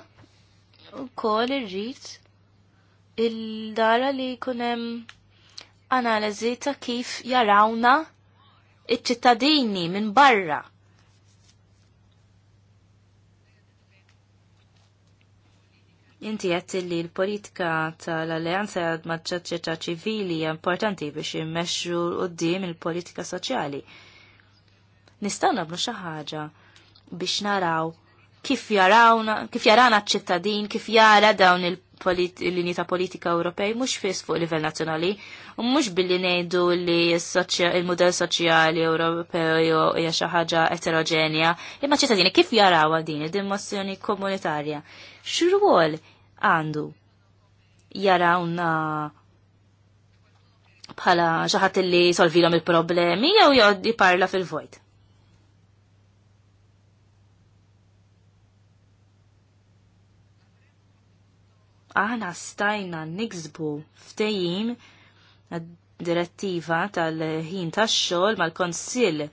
C: wkoll irrid il-dara li kunem analiżi ta' kif jarawna iċ-ċittadini minn barra. Inti għett li l-politika tal-alleanza maċċaċċa ċivili hija importanti biex u d-dim il-politika soċjali. Nistgħu nagħmlu xi ħaġa biex naraw kif jarawna, kif jarana ċittadin, kif jara dawn il-linji ta' politika Ewropej, mhux fis fuq livell nazzjonali, u mhux billi ngħidu li il mudell soċjali Ewropew hija xi ħaġa eterogenja, imma ċittadini kif jarawha din id-dimozzjoni komunitarja. X'rwol għandu jarawna bħala xi ħadd li solvilhom il-problemi jew jgħod jiparla fil-vojt. aħna stajna niksbu ftejim direttiva tal-ħin tax-xogħol mal-Konsill.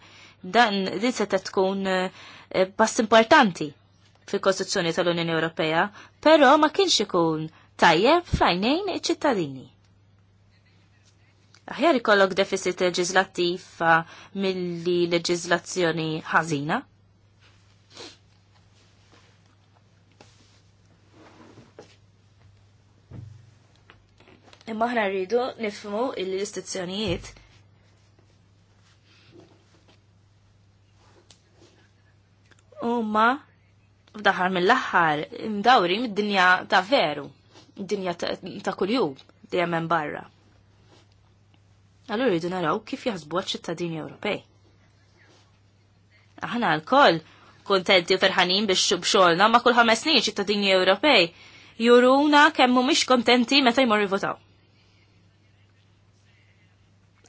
C: Dan din se tkun eh, pass importanti fil-Kostituzzjoni tal-Unjoni Ewropea, però ma kienx ikun tajjeb fajnejn iċ-ċittadini. Aħjar ikollok deficit leġislattiv milli leġislazzjoni ħażina. Imma ħna rridu nifmu l-istituzzjonijiet Umma f'daħar mill-aħħar mdawri mid-dinja ta' veru, dinja ta' kuljum dejjem hemm barra. Allura rridu naraw kif jaħsbu ċittadini Ewropej. Aħna l-koll kontenti u ferħanin biex xogħolna ma' kull ħames snin ċittadini Ewropej juruna kemm mhumiex kontenti meta jmorru votaw.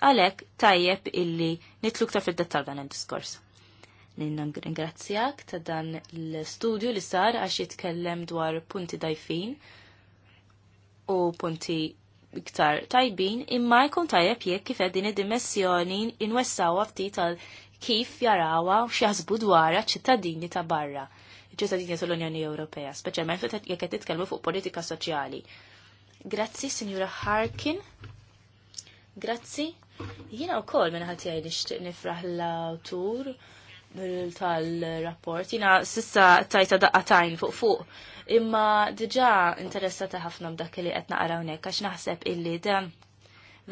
C: Għalek tajjeb illi nitluk ta' fil-dettal dan il-diskors. Ningrazzjak ta' dan l-studju li sar għax jitkellem dwar punti dajfin u punti iktar tajbin imma jkun tajjeb jekk kif din id-dimensjoni inwessawa ftit tal kif jarawa u xjaħsbu dwarha ċittadini ta' barra, ċittadini tal-Unjoni Ewropea, speċjalment jekk qed titkellmu fuq politika soċjali. Grazzi, Signora Harkin. Grazzi. Jiena wkoll minn ħadd jgħid nixtieq nifraħ l-awtur tal-rapport. Jiena sissa tajta daqqatajn fuq fuq imma diġa interessata ħafna b'dak li qed naqra hawnhekk għax naħseb illi dan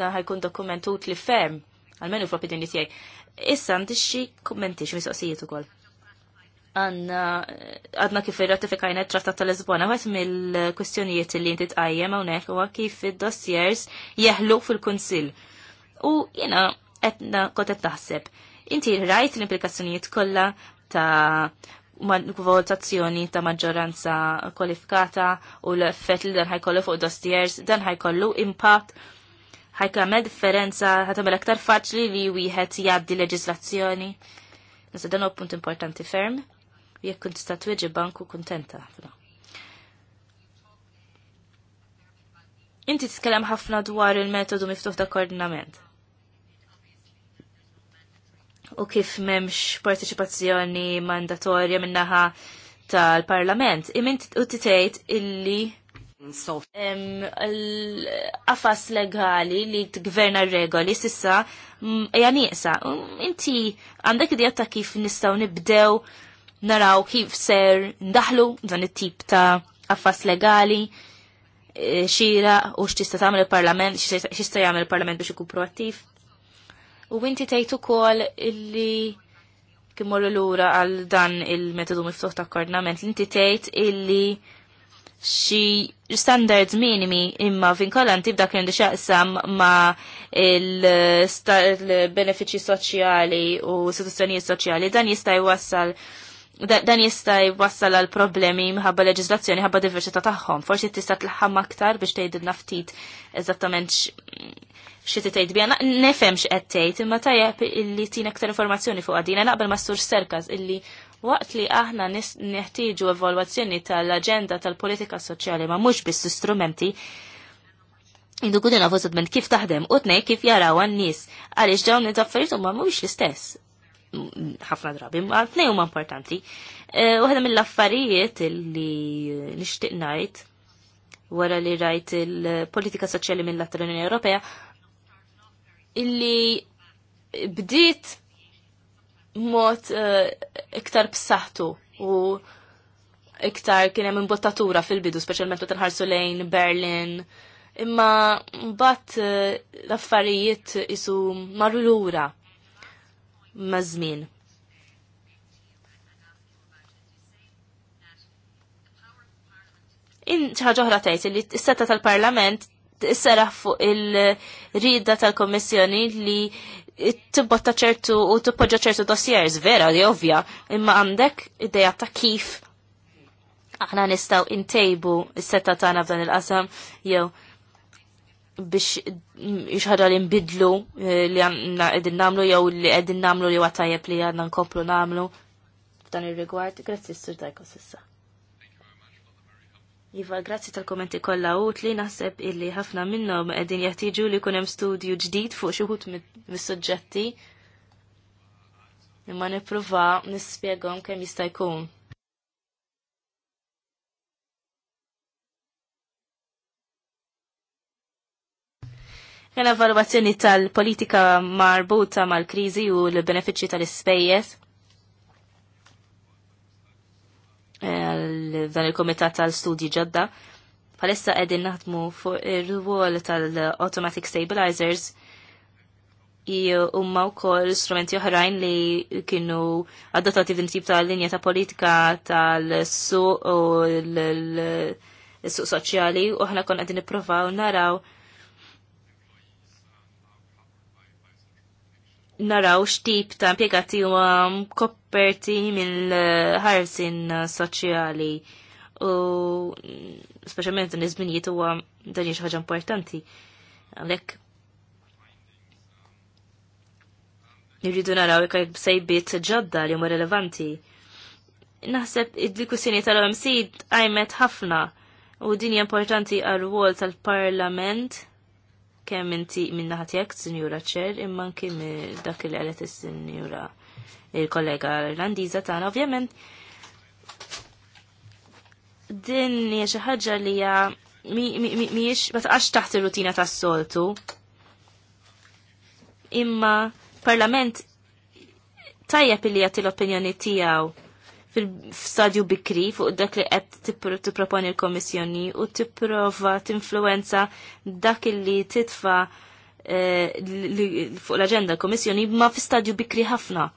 C: dan ħajkun dokument utli ferm għalmenu din li tijaj. Issa għandi xi kummenti mistoqsijiet ukoll. Għanna għadna kif irratifikajna t-trattat tal-Lisbona, għat mill kwistjonijiet li inti tqajjem hawnhekk huwa kif id-dossiers jeħlu fil-Kunsill U jena etna kotet taħseb. Inti rajt l-implikazzjonijiet kollha ta' votazzjoni ta' maġġoranza kwalifikata u l-effett li dan ħajkollu fuq dostiers, dan ħajkollu impatt ħajkamel differenza, ħatamel aktar faċli li wieħed jgħaddi leġislazzjoni. Nasa dan punt importanti ferm, jekk kunt tista' tweġi banku kuntenta ħafna. Inti tkellem ħafna dwar il-metodu miftuħ ta' koordinament u kif memx partiċipazzjoni mandatorja minnaħa tal-parlament. Imint u titejt illi l-qafas legali li t-gverna regoli sissa mm, hija nieqsa. Inti għandek idea ta' kif nistgħu nibdew naraw kif ser ndaħlu dan it-tip ta' qafas legali eh, xira u x'tista' tagħmel il-Parlament, x'ista' jagħmel il-Parlament biex ikun proattiv u inti tgħid ukoll illi kien morru lura għal dan il-metodu miftuħ ta' koordinament li inti tgħid illi xi standards minimi imma tibda kien di xaqsam ma il-benefiċi soċjali u istituzzjonijiet soċjali dan jista' jwassal dan jista' jwassal għal problemi minħabba leġiżlazzjoni ħabba diversità tagħhom. Forsi tista' tlaħħam aktar biex tgħidilna ftit eżattament xi tgħid biha. Nefhem x'qed tgħid, imma tajjeb illi tina aktar informazzjoni fuq għadina naqbel ma' sur serkas illi waqt li aħna neħtieġu evalwazzjoni tal-aġenda tal-politika soċjali ma mhux biss istrumenti Indu gudina fozzament kif taħdem u tnej kif jaraw għan-nies għaliex dawn id-affarijiet huma mhuwiex l-istess ħafna drabi, ma tnej huma importanti. E, waħda mill-affarijiet li nixtieq ngħid wara li rajt il-politika soċjali mill latra unjoni Ewropea illi bdiet mod e, iktar b'saħħtu u iktar kien hemm imbottatura fil-bidu, speċjalment meta nħarsu lejn Berlin. Imma mbagħad e, l-affarijiet isu marru lura mażmin. In ħaġoħra tgħid li s setta tal-Parlament tisseraħ fuq il-rida tal komissjoni li tibbotta ċertu u tibboġġa ċertu dossiers, vera li ovvja, imma għandek id-deja ta' kif aħna nistaw intejbu s-setta tagħna f'dan il-qasam jew biex xaġa li nbidlu eh, li għanna għedin namlu jew li għedin namlu li għatajab li għanna nkomplu namlu f'dan il-rigward. Grazzi s-sur sissa. Iva, grazzi tal-kommenti kollha u li naħseb illi ħafna minnhom qegħdin jattiġu li jkun hemm studju ġdid fuq xi mis-suġġetti. Imma niprofa nispjegahom kemm jista' jkun. Jena valwazzjoni tal-politika marbuta mal-krizi u l-benefiċi tal-ispejjes. Eh, dan il-komitat tal-studji ġodda. Palissa edin naħdmu fuq ir-rwol tal-automatic stabilizers umma u koll strumenti oħrajn li kienu adottati din tip linja ta' politika tal-suq u l-suq soċjali u ħna kon għadin niprofaw naraw naraw x'tip ta' impjegati huwa kopperti mill-ħarsin soċjali u speċjalment n iż-żminijiet huwa dan xi ħaġa importanti. Għalek. Nibridu naraw jekk sejbiet ġodda li huma relevanti. Naħseb id-dikussjoni tal-OMC għajmet ħafna u din importanti għal wol tal-Parlament kemm inti minn naħat jekk sinjura ċer imma anki dak il qalet is-sinjura il-kollega irlandiża tagħna ovvjament din hija xi ħaġa li hija mhijiex ma għax taħt ir-rutina tas-soltu. Imma parlament tajjeb li jagħti l-opinjoni tiegħu fil-stadju bikri fuq dak li qed tipproponi l-Komissjoni u tipprova tinfluenza dak li titfa eh, fuq l-aġenda l-Komissjoni ma fi stadju bikri ħafna.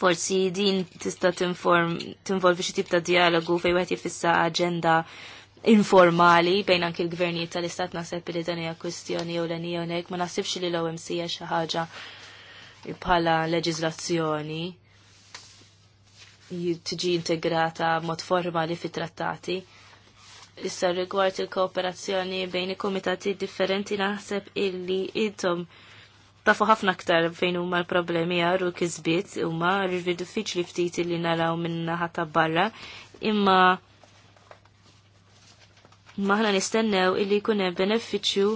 C: Forsi din tista' tinvolvi xi tip ta' dialogu fejn wieħed jifissa aġenda informali bejn anki l-gvernijiet tal-istat naħseb li dan hija kwistjoni jew lenijonek ma naħsibx li l-OMC hija xi ħaġa bħala leġiżlazzjoni tiġi integrata mod formali fit-trattati. Issa rigward il-kooperazzjoni bejn il-komitati differenti naħseb illi intom tafu ħafna aktar fejn huma l-problemi għar u kisbiet huma rridu diffiċli ftit li naraw minna ħata barra imma maħna nistennew illi jkun hemm benefiċċju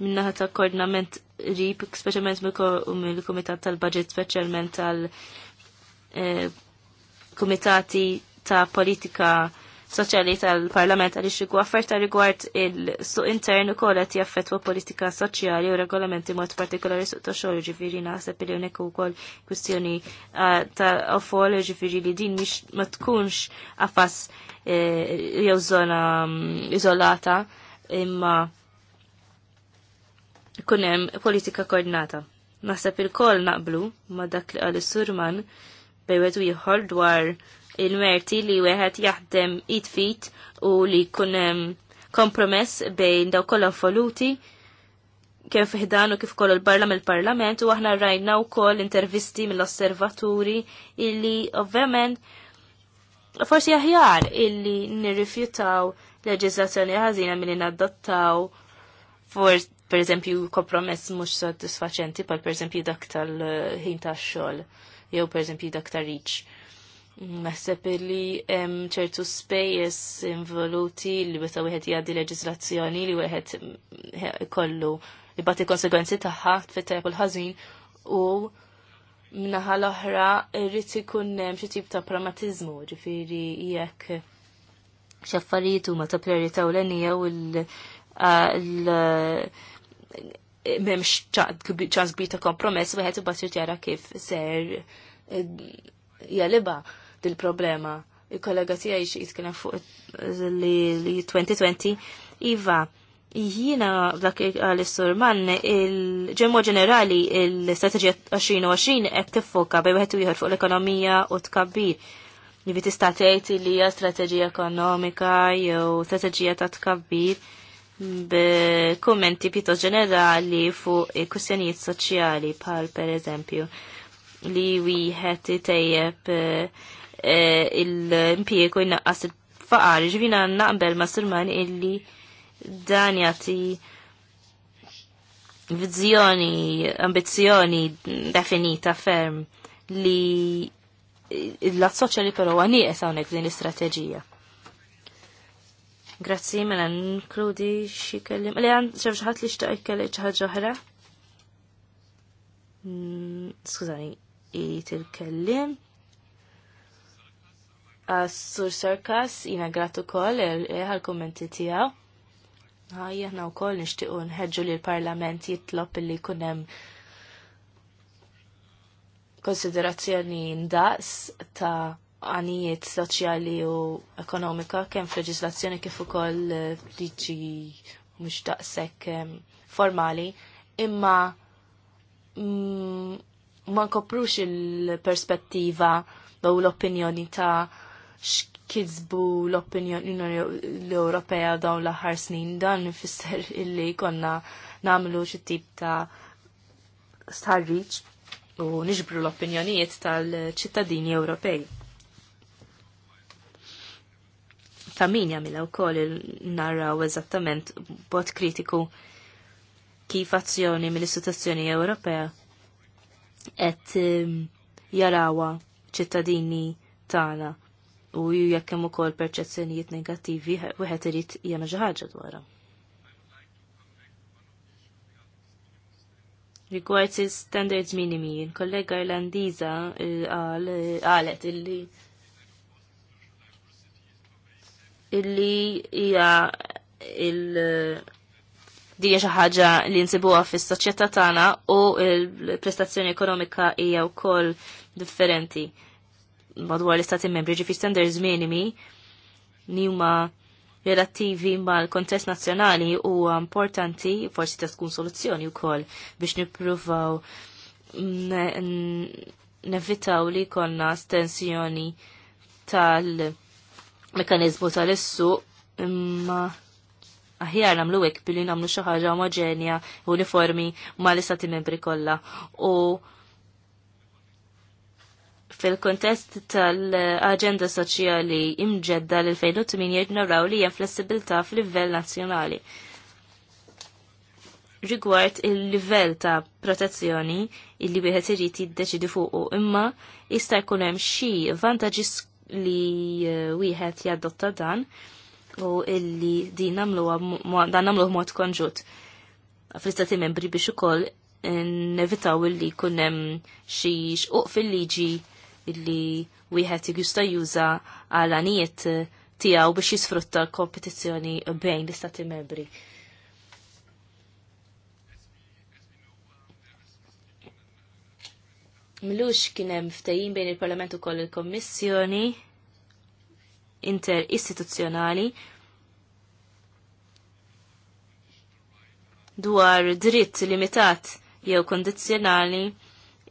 C: minna ħata koordinament rib, speċjalment mill-Kumitat tal-Budget, speċjalment tal-, tal eh, kumitati ta' politika soċjali tal-Parlament għaliex iku affarta rigward il-suq intern u kolet jaffetwa politika soċjali u regolamenti mod partikolari suq ta' xogħol ġifiri naħseb li u ukoll kwistjoni ta' ofol ġifiri li din mish ma tkunx qafas e, jew żona mm, iżolata imma kunem hemm politika koordinata. Naħseb il-koll naqblu ma dak li għal is-Surman bejwet u jħol dwar il-merti li wieħed jaħdem it-fit u li kunem kompromess bejn daw kollha voluti kien fiħdan u kif kollu il barlam il-parlament u aħna rajna u koll intervisti mill-osservaturi illi ovvjament forsi aħjar illi nirrifjutaw leġizzazzjoni ħażina minn nadottaw for per eżempju kompromess mhux sodisfaċenti pal per eżempju dak tal-ħin tax-xogħol jew pereżempju dak ta' riċ. Naħseb li hemm ċertu spejjeż involuti li meta wieħed jgħaddi leġiżlazzjoni li wieħed kollu li bagħti konsegwenzi tagħha tfittar kull ħażin u minnaħa l-oħra irrid ikun hemm xi tip ta' pragmatiżmu, ġifieri jekk x'affarijiet huma ta' priorità u l u l- memx ċans bi ta' kompromess, wieħed basir tjara kif ser eh, jaliba dil-problema. Il-kollega tija xi jitkina fuq li 2020 iva jina dak għal-istur man il-ġemmo ġenerali il-strategija 2020 qed tiffoka bej wieħed ieħor fuq l-ekonomija u tkabbir. Jivi tista' tgħid li hija strateġija ekonomika jew strateġija ta' tkabbir b'kummenti pito ġenerali fuq kwistjonijiet soċjali per pereżempju li wieħed itejjeb eh, il-impjieku jnaqqas il-faqar. Ġivina naqbel ma' Sulman illi dan jagħti vizjoni, ambizzjoni definita ferm li l-lat soċjali però għaniqes hawnhekk din l-istrateġija. Grazzi, mela nkludi xi kellim. Li għan xi li xtaq jkelli xi ħaġa mm, Skużani, jrid il-kellim. Ah, Sur Sarkas, jina gratu kol għal-kommenti eh, tijaw. Ah, Ħajja ħna wkoll nixtiequ nħeġġu li l-Parlament jitlob li jkun hemm konsiderazzjoni ndaqs ta' għanijiet soċjali u ekonomika kemm f'leġislazzjoni kif ukoll liġi eh, mhux daqshekk formali, imma mm, ma nkoprux il-perspettiva u l-opinjoni ta' x'kizbu l-opinjoni l-Ewropea dawn l-aħħar snin dan ifisser illi konna nagħmlu xi tip ta' starriċ u nixbru l-opinjonijiet tal-ċittadini Ewropej. ta' min jagħmilha wkoll narraw eżattament bot kritiku kif azzjoni mill-istituzzjoni Ewropea qed ehm, jarawha ċittadini tagħna u jekk hemm ukoll perċezzjonijiet negattivi wieħed irid jagħmel xi ħaġa dwarha. Rigward standards minimi, kollega Irlandiża qalet eh, illi illi hija il- dinja xi ħaġa li nsibuha fis-soċjetà tagħna u l-prestazzjoni ekonomika hija wkoll differenti madwar l-istati membri ġifi standards minimi li huma relattivi mal-kontest nazzjonali huwa importanti forsi ta' tkun soluzzjoni wkoll biex nippruvaw nevitaw li konna stensjoni tal- mekanizmu tal-issu imma aħjar namlu għek billi namlu xi ħaġa omogenja uniformi mal-istati membri kollha. U fil-kontest tal-Aġenda Soċjali imġedda l-2008 naraw li jem flessibilità fil-livell nazzjonali. Rigward il-livell ta' protezzjoni illi wieħed irid jiddeċidi fuqu imma jista' jkun hemm xi li eh, wieħed jadotta dan u illi din namluha dan namluh mod konġut fl-istati membri biex ukoll nevitaw illi hemm xi xquq fil-liġi illi wieħed jista' juża għal anijiet eh, tiegħu biex jisfrutta kompetizzjoni bejn l-istati membri. mlux kienem ftejim bejn il-Parlament u koll il-Kommissjoni interistituzzjonali dwar dritt limitat jew kondizzjonali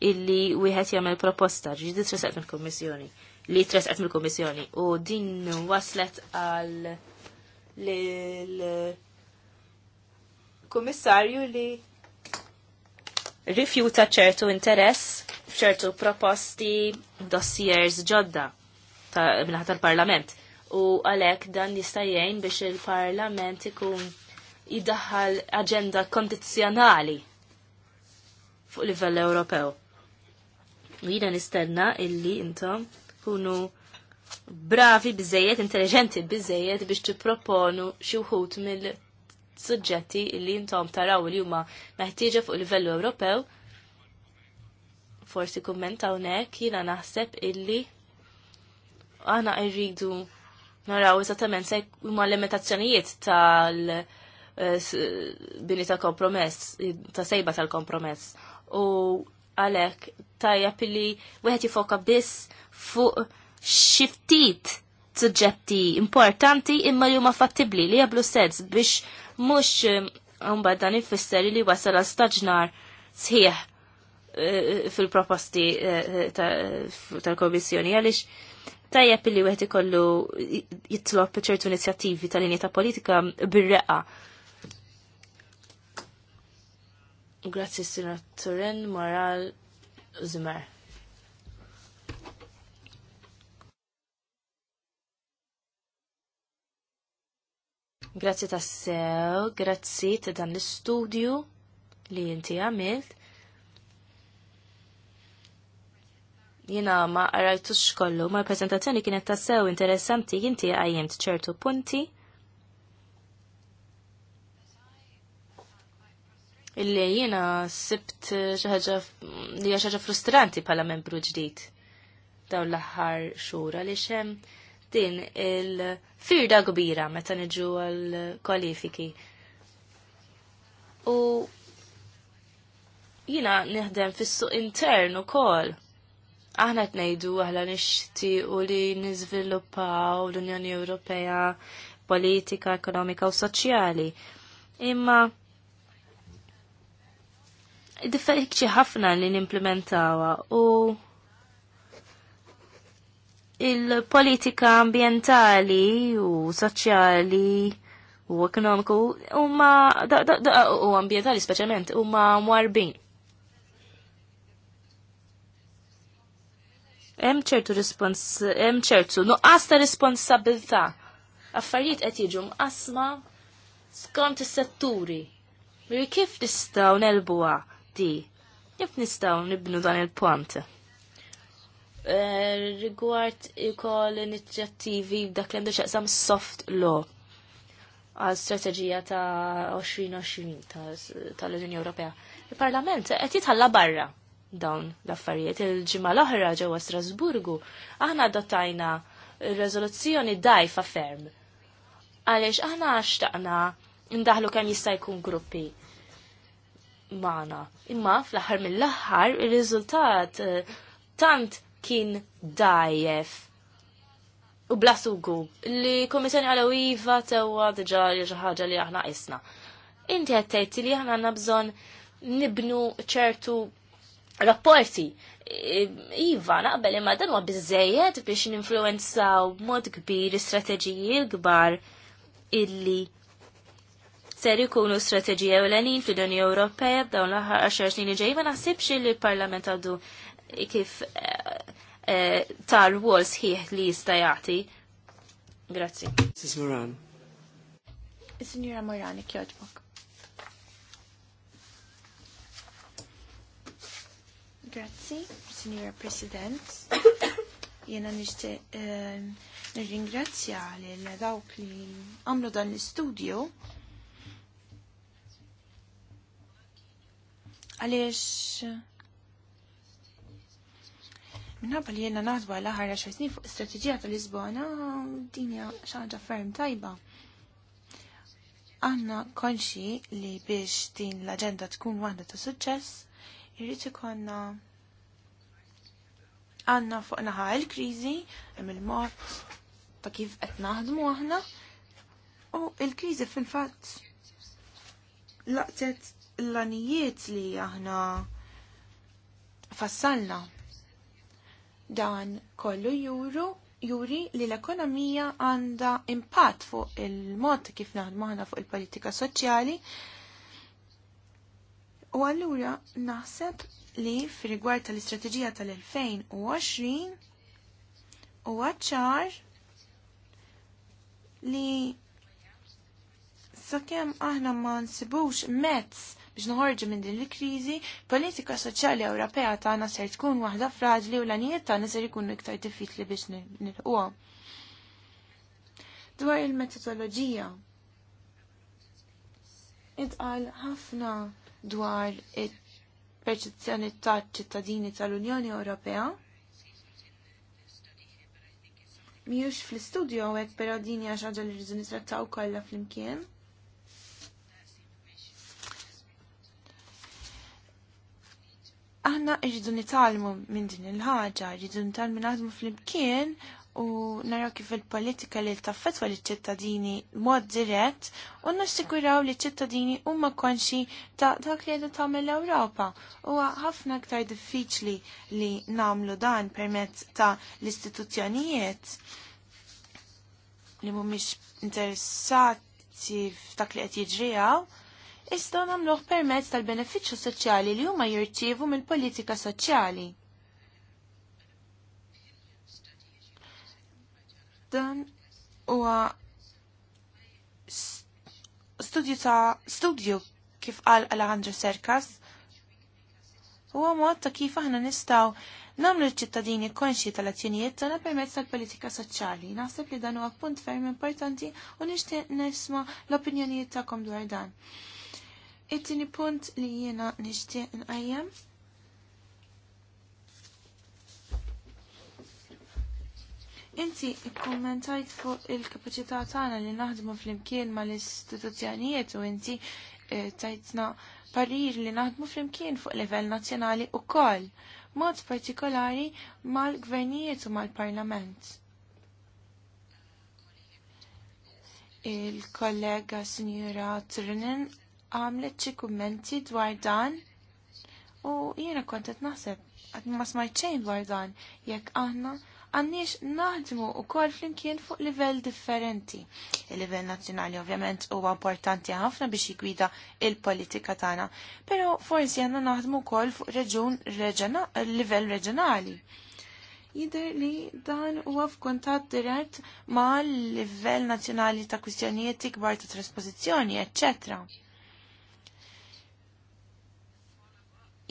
C: illi wieħed jagħmel proposta ġdid treset mill-Kummissjoni li treset mill-Kummissjoni u din waslet għal l-Kummissarju li rifjuta ċertu interess f'ċertu proposti dossiers ġodda minnaħat tal-parlament. U għalek dan jistajjen biex il-parlament ikun jidaħħal agenda kondizjonali fuq livell Ewropew. U jina nistenna illi intom kunu bravi bizzejiet, intelligenti bizzejiet biex tipproponu xi wħud mill- suġġetti li intom taraw li huma meħtieġa fuq livellu Ewropew. Forsi kummenta hawnhekk jiena naħseb illi aħna irridu naraw eżattament se huma limitazzjonijiet tal eh, bini ta' kompromess, ta' sejba tal-kompromess. U għalek tajjeb li wieħed jifoka biss fuq xiftit suġġetti importanti imma li huma fattibli li jablu sens biex mhux um, mbagħad dan ifisser li wasal għal staġnar sħiħ uh, fil-proposti uh, uh, tal-Komissjoni għaliex tajjeb li wieħed ikollu jitlob ċertu inizjattivi tal-linja ta' politika bir-reqqa. Grazzi Sinat Turen, Moral, Zmer. Grazzi ta' sew, grazzi ta' dan l-istudju li inti għamilt. Jina ma għarajtu xkollu, ma l-prezentazzjoni kienet sew interessanti jinti għajjimt ċertu punti. Illi jina sibt xaħġa li xaħġa frustranti pala membru ġdijt daw l-ħar xura li xem din il-firda kbira meta niġu għal-kwalifiki. U jina neħdem fis-suq intern ukoll. Aħna qed ngħidu aħna nixtiequ li niżviluppaw l-Unjoni Ewropea politika, ekonomika u soċjali. Imma differenti ħafna li nimplementawa u il-politika ambientali u soċjali u ekonomiku huma u ambientali speċjalment huma mwarbin. Hemm ċertu respons hemm ċertu nuqqas ta' responsabilità. Affarijiet qed jiġu mqasma skont is-setturi. Kif nistgħu nelbuha di? Kif nistgħu nibnu dan il-pont? Eh, rigward ikoll inizjattivi dak li għandu xaqsam soft law għal strategija ta' 2020 tal-Unjoni Ewropea. Il-Parlament qed jitħalla barra dawn l-affarijiet. Il-ġimgħa l-oħra ġewwa Strasburgu aħna adottajna r riżoluzzjoni dajfa ferm. Għaliex aħna xtaqna ndaħlu kemm jista' jkun gruppi magħna. Imma fl-aħħar mill-aħħar ir-riżultat eh, tant kien dajef u bla li komissjoni għal iva tewa diġa xi ħaġa li aħna isna. Inti qed li aħna għandna bżonn nibnu ċertu rapporti. Iva, naqbel imma dan huwa biex ninfluenzaw mod kbir istrateġiji l-kbar illi ser ikunu strateġija ewlenin fl-Unjoni Ewropea dawn l-aħħar 10 snin ġej ma naħsibx li l-Parlament għadu kif Eh, tal-wol sħiħ li jista' jagħti. Grazzi.
A: Mrs. Moran.
D: Signora Morani, kjoġbok. Grazzi, Signora President. Jena nishti eh, nirringrazzja li l-dawk li għamlu dan l-studio Għalix, Minħabba li jenna naħdba l-aħħar għaxar snin fuq strategija tal-Lisbona dinja xaġa ferm tajba. Għanna konxi li biex din l-aġenda tkun waħda ta' suċċess irrid konna għanna fuq naħa l-kriżi hemm il-mod ta' kif qed naħdmu aħna u l-kriżi fil-fatt laqtet l-anijiet li aħna fassalna Dan kollu juru juri li l-ekonomija għanda impatt fuq il-mod kif naħdmu ħana fuq il-politika soċjali. U allura naħseb li f'rigward tal-istrateġija tal-2020 u għacċar li sakemm aħna ma nsibux mezz biex noħorġu minn din il-kriżi, politika soċjali Ewropea tagħna ser tkun waħda fraġli u l-għanijiet tagħna ser ikunu iktar diffiċli biex nilħuha. Dwar il-metodoloġija. Itqal ħafna dwar il-perċezzjoni ta' ċittadini tal-Unjoni Ewropea Mijux fl-studio għek, pero dini għaxħaġa ħagġa li rridu nitrattaw kollha fl-imkien. Aħna irridu nitalmu minn din il-ħaġa, irridu nitalmu naħdmu fl-imkien u naraw kif il-politika li taffetwa li ċittadini mod dirett u nassiguraw li ċittadini huma konxi ta' dak li għedu tagħmel l-Ewropa. Huwa ħafna aktar diffiċli li namlu dan permezz ta' l-istituzzjonijiet li mhumiex interessati f'dak li qed jiġrijaw iżda nagħmluh permezz tal-benefiċċju soċjali li huma jirċievu mill-politika soċjali. Dan huwa studju ta' studju kif qal Alejandro Serkas huwa mod ta' kif aħna nistgħu Namlu l-ċittadini konxi tal-azzjonijiet tagħna permezz tal-politika soċjali. Naħseb li dan huwa punt ferm importanti u nixtieq nisma' l-opinjonijiet tagħkom dwar dan. It-tieni punt li jiena nixtieq nqajjem. Inti kommentajt fuq il-kapaċità tagħna li naħdmu flimkien mal-istituzzjonijiet u inti eh, tajtna parir li naħdmu flimkien fuq livell nazzjonali wkoll, mod partikolari mal-gvernijiet u mal-parlament. il-kollega Sinjura Trinin għamlet xi kummenti dwar dan u jiena kont qed naħseb għad ma smajt xejn dwar dan jekk aħna għanniex naħdmu u kol flimkien fuq livell differenti. Il-livell nazjonali ovvjament huwa importanti ħafna biex jigwida il-politika tagħna, pero forsi għandna naħdmu kol fuq reġun livell reġjonali. Jider li dan huwa f'kuntatt dirett ma' livell nazzjonali ta' kwistjonijiet ikbar ta' trasposizzjoni, eċċetera.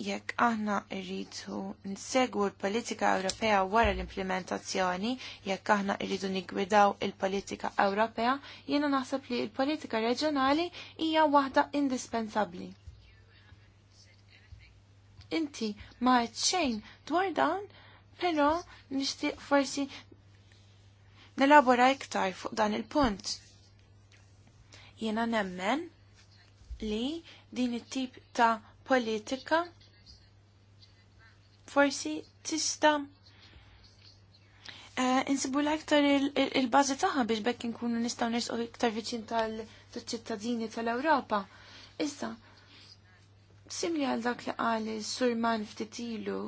D: jekk aħna rridu nsegwu l-politika Ewropea wara l-implementazzjoni, jekk aħna rridu nigwidaw il-politika Ewropea, jiena naħseb li l-politika reġjonali hija waħda indispensabbli. Inti ma xejn dwar dan, però nixtieq forsi nelabora iktar fuq dan il-punt. Jiena nemmen li din it-tip ta' politika forsi tista eh, insibu l-aktar il-bazi il taħħa biex bekk nkunu nistaw nisqu iktar viċin tal-ċittadini tal-Ewropa. Issa, simli għal dak li għal surman ftitilu,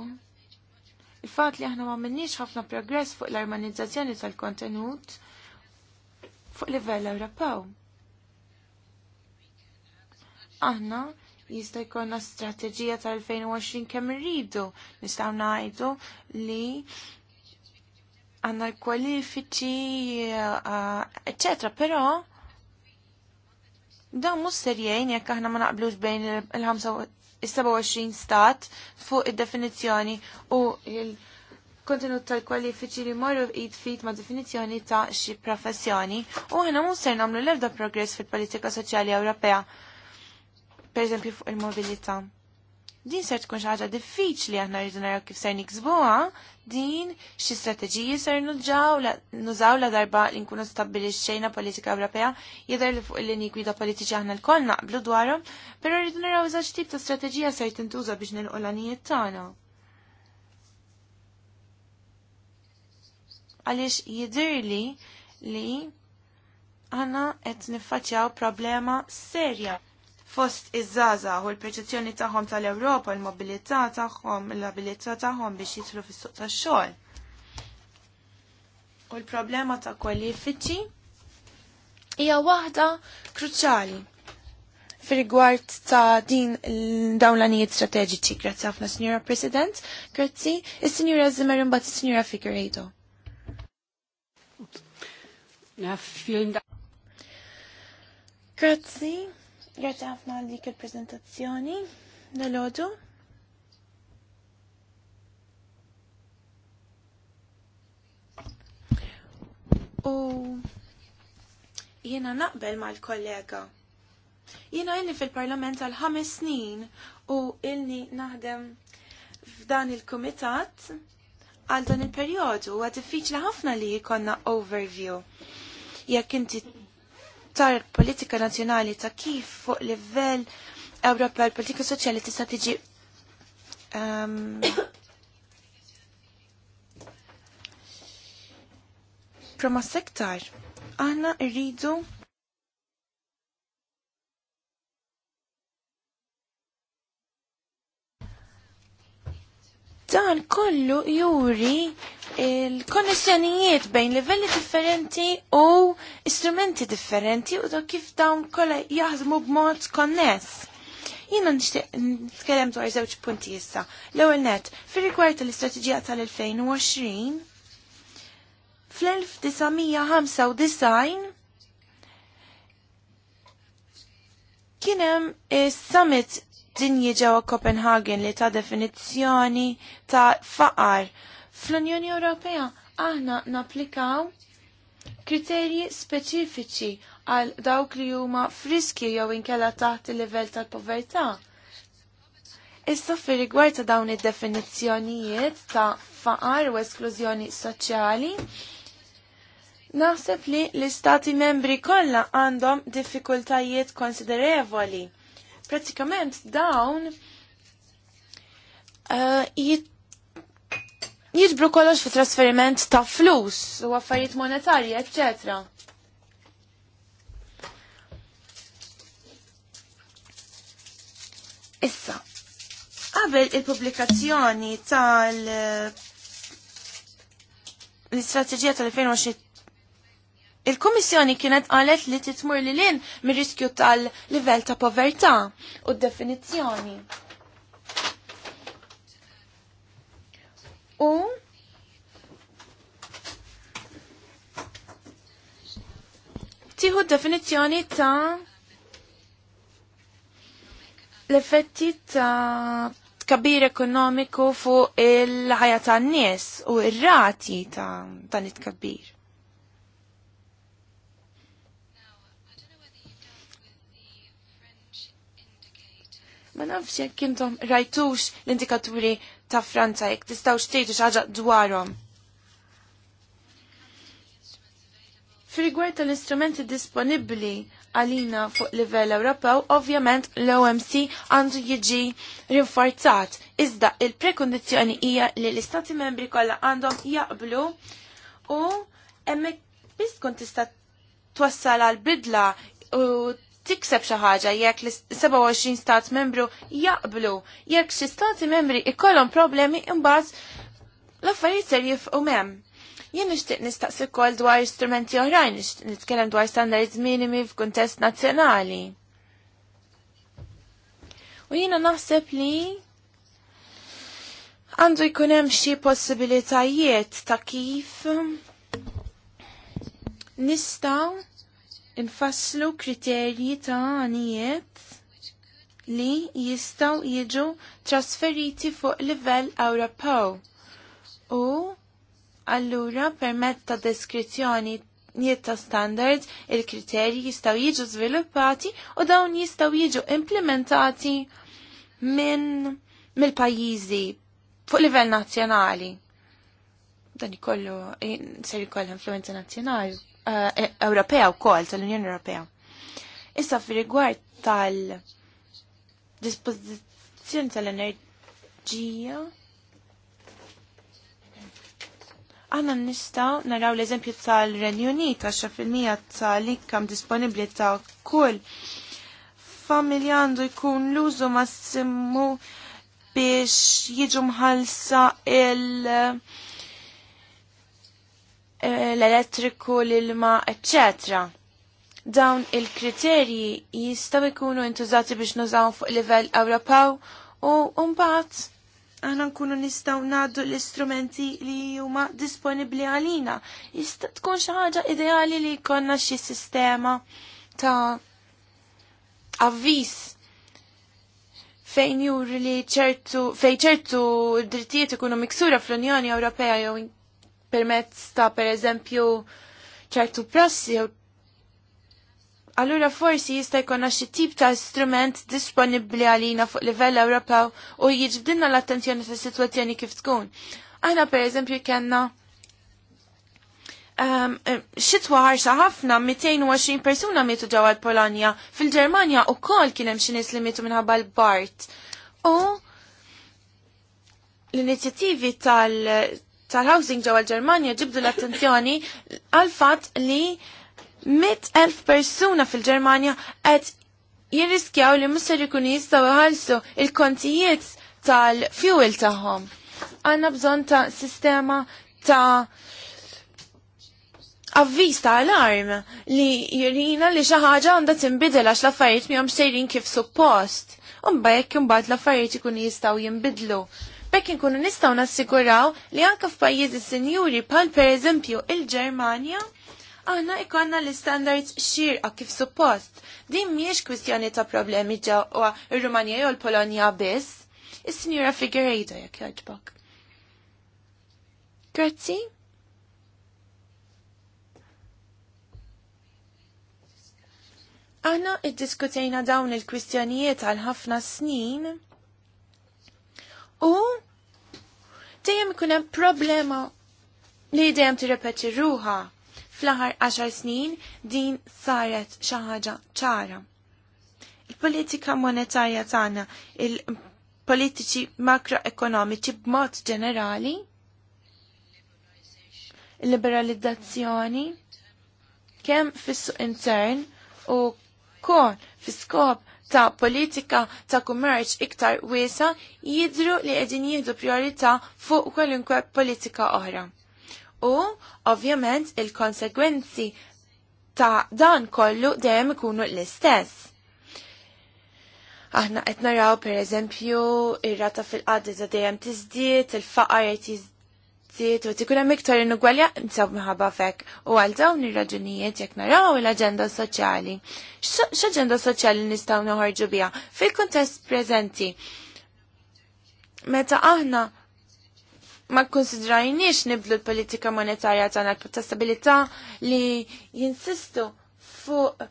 D: il-fat li aħna ma minnix ħafna progress fuq l-armanizzazzjoni tal-kontenut fuq livell Ewropew. Aħna jista' jkollna strateġija tal-2020 kemm irridu. Nistgħu ngħidu li għandna l-kwalifiċi, eh, eċetera, però dan mhux serjejn jekk aħna ma naqblux bejn il-27 stat fuq id-definizzjoni u il- kontenut tal-kwalifiċi li marru id fit ma' definizjoni ta' xi professjoni u ħana mhux ser nagħmlu l-ebda progress fil-politika soċjali Ewropea per eżempju fuq il-mobilità. Din ser tkun xi ħaġa diffiċli aħna rridu naraw kif ser niksbuha, din xi strateġiji ser nuġġaw nużaw la darba li nkunu stabbilixxejna politika Ewropea jidher li fuq il-linji gwida politiċi aħna lkoll naqblu dwarhom, però rridu naraw żewġ tip ta' strateġija ser tintuża biex nilqu l-għanijiet tagħna. għaliex jidirli li aħna qed niffaċċjaw problema serja fost iż-żaza u l-perċezzjoni tagħhom tal-Ewropa, l-mobilità tagħhom, l-abilità tagħhom biex jidħlu fis-suq tax-xogħol. U l-problema ta' kwalifiċi hija waħda kruċjali fil-rigward ta' din dawn l-anijiet strateġiċi. Grazzi ħafna, Signora President. Grazzi, is-Signora Zimmer imbagħad is-Signora Grazzi. Grazie ħafna għal dik il-prezentazzjoni. dal U jiena naqbel mal-kollega. Jiena illi fil-parlament għal ħames snin u illi naħdem f'dan il-komitat għal dan il-periodu u għad diffiċli ħafna li jikonna overview. Jekk inti Tar politika nazjonali ta' kif fuq livell Ewropa l-politika soċjali tista' tiġi um, promossa iktar. Aħna rridu Dan kollu juri il-konnessjonijiet bejn livelli differenti u istrumenti differenti u dak kif dawn kollha jaħdmu b'mod konness. Jiena nixtieq nitkellem dwar żewġ punti issa. L-ewwel net, fir-rigward tal-istrateġija tal-2020, fl-1995 kien hemm is-summit eh, dinji ġewwa Copenhagen li ta' definizzjoni ta' faqar. Fl-Unjoni Ewropea aħna napplikaw kriterji speċifiċi għal dawk li huma friski jew inkella taħt il-livell tal-povertà. Issa fi rigward ta' dawn id-definizzjonijiet ta' faqar u esklużjoni soċjali, naħseb li l-istati membri kollha għandhom diffikultajiet konsiderevoli pratikament dawn uh, jitbru kollox fi trasferiment ta' flus u affarijiet monetarji, eccetera. Issa, qabel il-pubblikazzjoni tal- l-istrateġija tal-2020 Il-Komissjoni kienet qalet li titmur li l-in mir-riskju tal-livell ta' povertà u d-definizzjoni. U tiħu definizzjoni ta' l-effetti ta' kabir ekonomiku fuq il-ħajja tan-nies u ir-rati ta' dan it-kabbir. Ma nafx jekk intom rajtux l-indikaturi ta' Franza jekk tistgħu xtejtu xi ħaġa dwarhom. fir tal-istrumenti disponibbli għalina fuq livell Ewropew, ovvjament l-OMC għandu jiġi rinforzat. Iżda il-prekondizzjoni hija li l-Istati membri kollha għandhom jaqblu u hemmhekk biss kont tista' twassal għal bidla u tikseb xi ħaġa jekk l-27 stat membru jaqblu. Jekk xi stati membri ikollhom problemi imbagħad l-affarijiet ser jifqu hemm. Jien nixtieq nistaqsi wkoll dwar istrumenti oħrajn nitkellem dwar standards minimi f'kuntest nazzjonali. U jiena naħseb li għandu jkun hemm xi possibilitajiet ta' kif nistgħu infasslu kriterji ta' għanijiet li jistaw jiġu trasferiti fuq livell Ewropew. U allura permezz ta' deskrizzjoni jiet ta' standard il-kriterji jistaw jiġu sviluppati u dawn jistaw jiġu implementati minn mill-pajjiżi fuq livell nazzjonali. Dan ikollu eh, ser jkollu influenza nazzjonali. Eh, Ewropea wkoll tal-Unjoni Ewropea. Issa fi rigward tal dispozizjoni tal-enerġija Għanna nistaw naraw l-eżempju tal-Renju Unit għax fil-mija tal-ikkam disponibli ta' kull familja għandu jkun l-użu massimu biex jiġu mħalsa il- l-elettriku, l-ilma, etc. Dawn il-kriterji jistaw ikunu intużati biex nużaw fuq livell Ewropew u mbagħad aħna nkunu nistgħu ngħaddu l-istrumenti li huma disponibbli għalina. Jista' tkun xi ħaġa ideali li jkollna xi sistema ta' avviż fejn juri li ċertu fejn ċertu drittijiet ikunu miksura fl-Unjoni Ewropea jew permezz ta' pereżempju ċertu prassi Allura forsi jista' jkollna xi tip ta' strument disponibbli għalina fuq livell Ewropew u jiġbdilna l-attenzjoni fis-sitwazzjoni kif tkun. Aħna pereżempju kellna ehm, xitwa ħarxa ħafna 220 persuna mietu ġewwa l-Polonja. Fil-Ġermanja wkoll kien hemm xi nies li mietu minħabba l-Bart. U l-inizjattivi tal tal-housing ġewwa l-Ġermanja ġibdu l-attenzjoni għal fatt li 100,000 persuna fil-Ġermanja qed jirriskjaw li musser ikun jistgħu jħallsu il-kontijiet tal-fuel tagħhom. Għandna bżonn ta' sistema ta' avviż ta' alarm li jirina li xi ħaġa għandha tinbidel għax l-affarijiet mihom sejrin kif suppost. Imbagħad jekk imbagħad l-affarijiet ikunu jistgħu jinbidlu. Bekk inkunu nistgħu nassiguraw li anke f'pajjiżi sinjuri bħal pereżempju il-Ġermanja aħna ikonna l-standards xirqa kif suppost. Din mhijiex kwistjoni ta' problemi ġewwa r rumanija jew l-Polonja biss. Is-Sinjura Figueiredo jekk jogħġbok. Grazzi. Aħna id-diskutejna dawn il-kwistjonijiet għal ħafna snin u dejjem ikun hemm problema li dejjem tirrepeti ruha fl-aħħar 10 snin din saret xi ħaġa ċara. Il-politika monetarja tagħna, il-politiċi makroekonomiċi b'mod ġenerali, liberalizzazzjoni, kemm fis-suq intern u kol fi skop ta' politika ta' kummerċ iktar wiesa jidru li qegħdin jieħdu priorità fuq kwalunkwe politika oħra. U ovvjament il-konsegwenzi ta' dan kollu dejjem ikunu l-istess. Aħna qed naraw pereżempju ir-rata fil-qadda dejjem tiżdied, il-faqar qed zit u hemm iktar inugwaljanza minħabba fek u għal dawn ir-raġunijiet jekk naraw l-aġenda soċjali. X'aġenda soċjali nistgħu noħorġu biha fil-kuntest preżenti. Meta aħna ma konsidrajniex niblu l-politika monetarja tagħna ta' stabilità li jinsistu fuq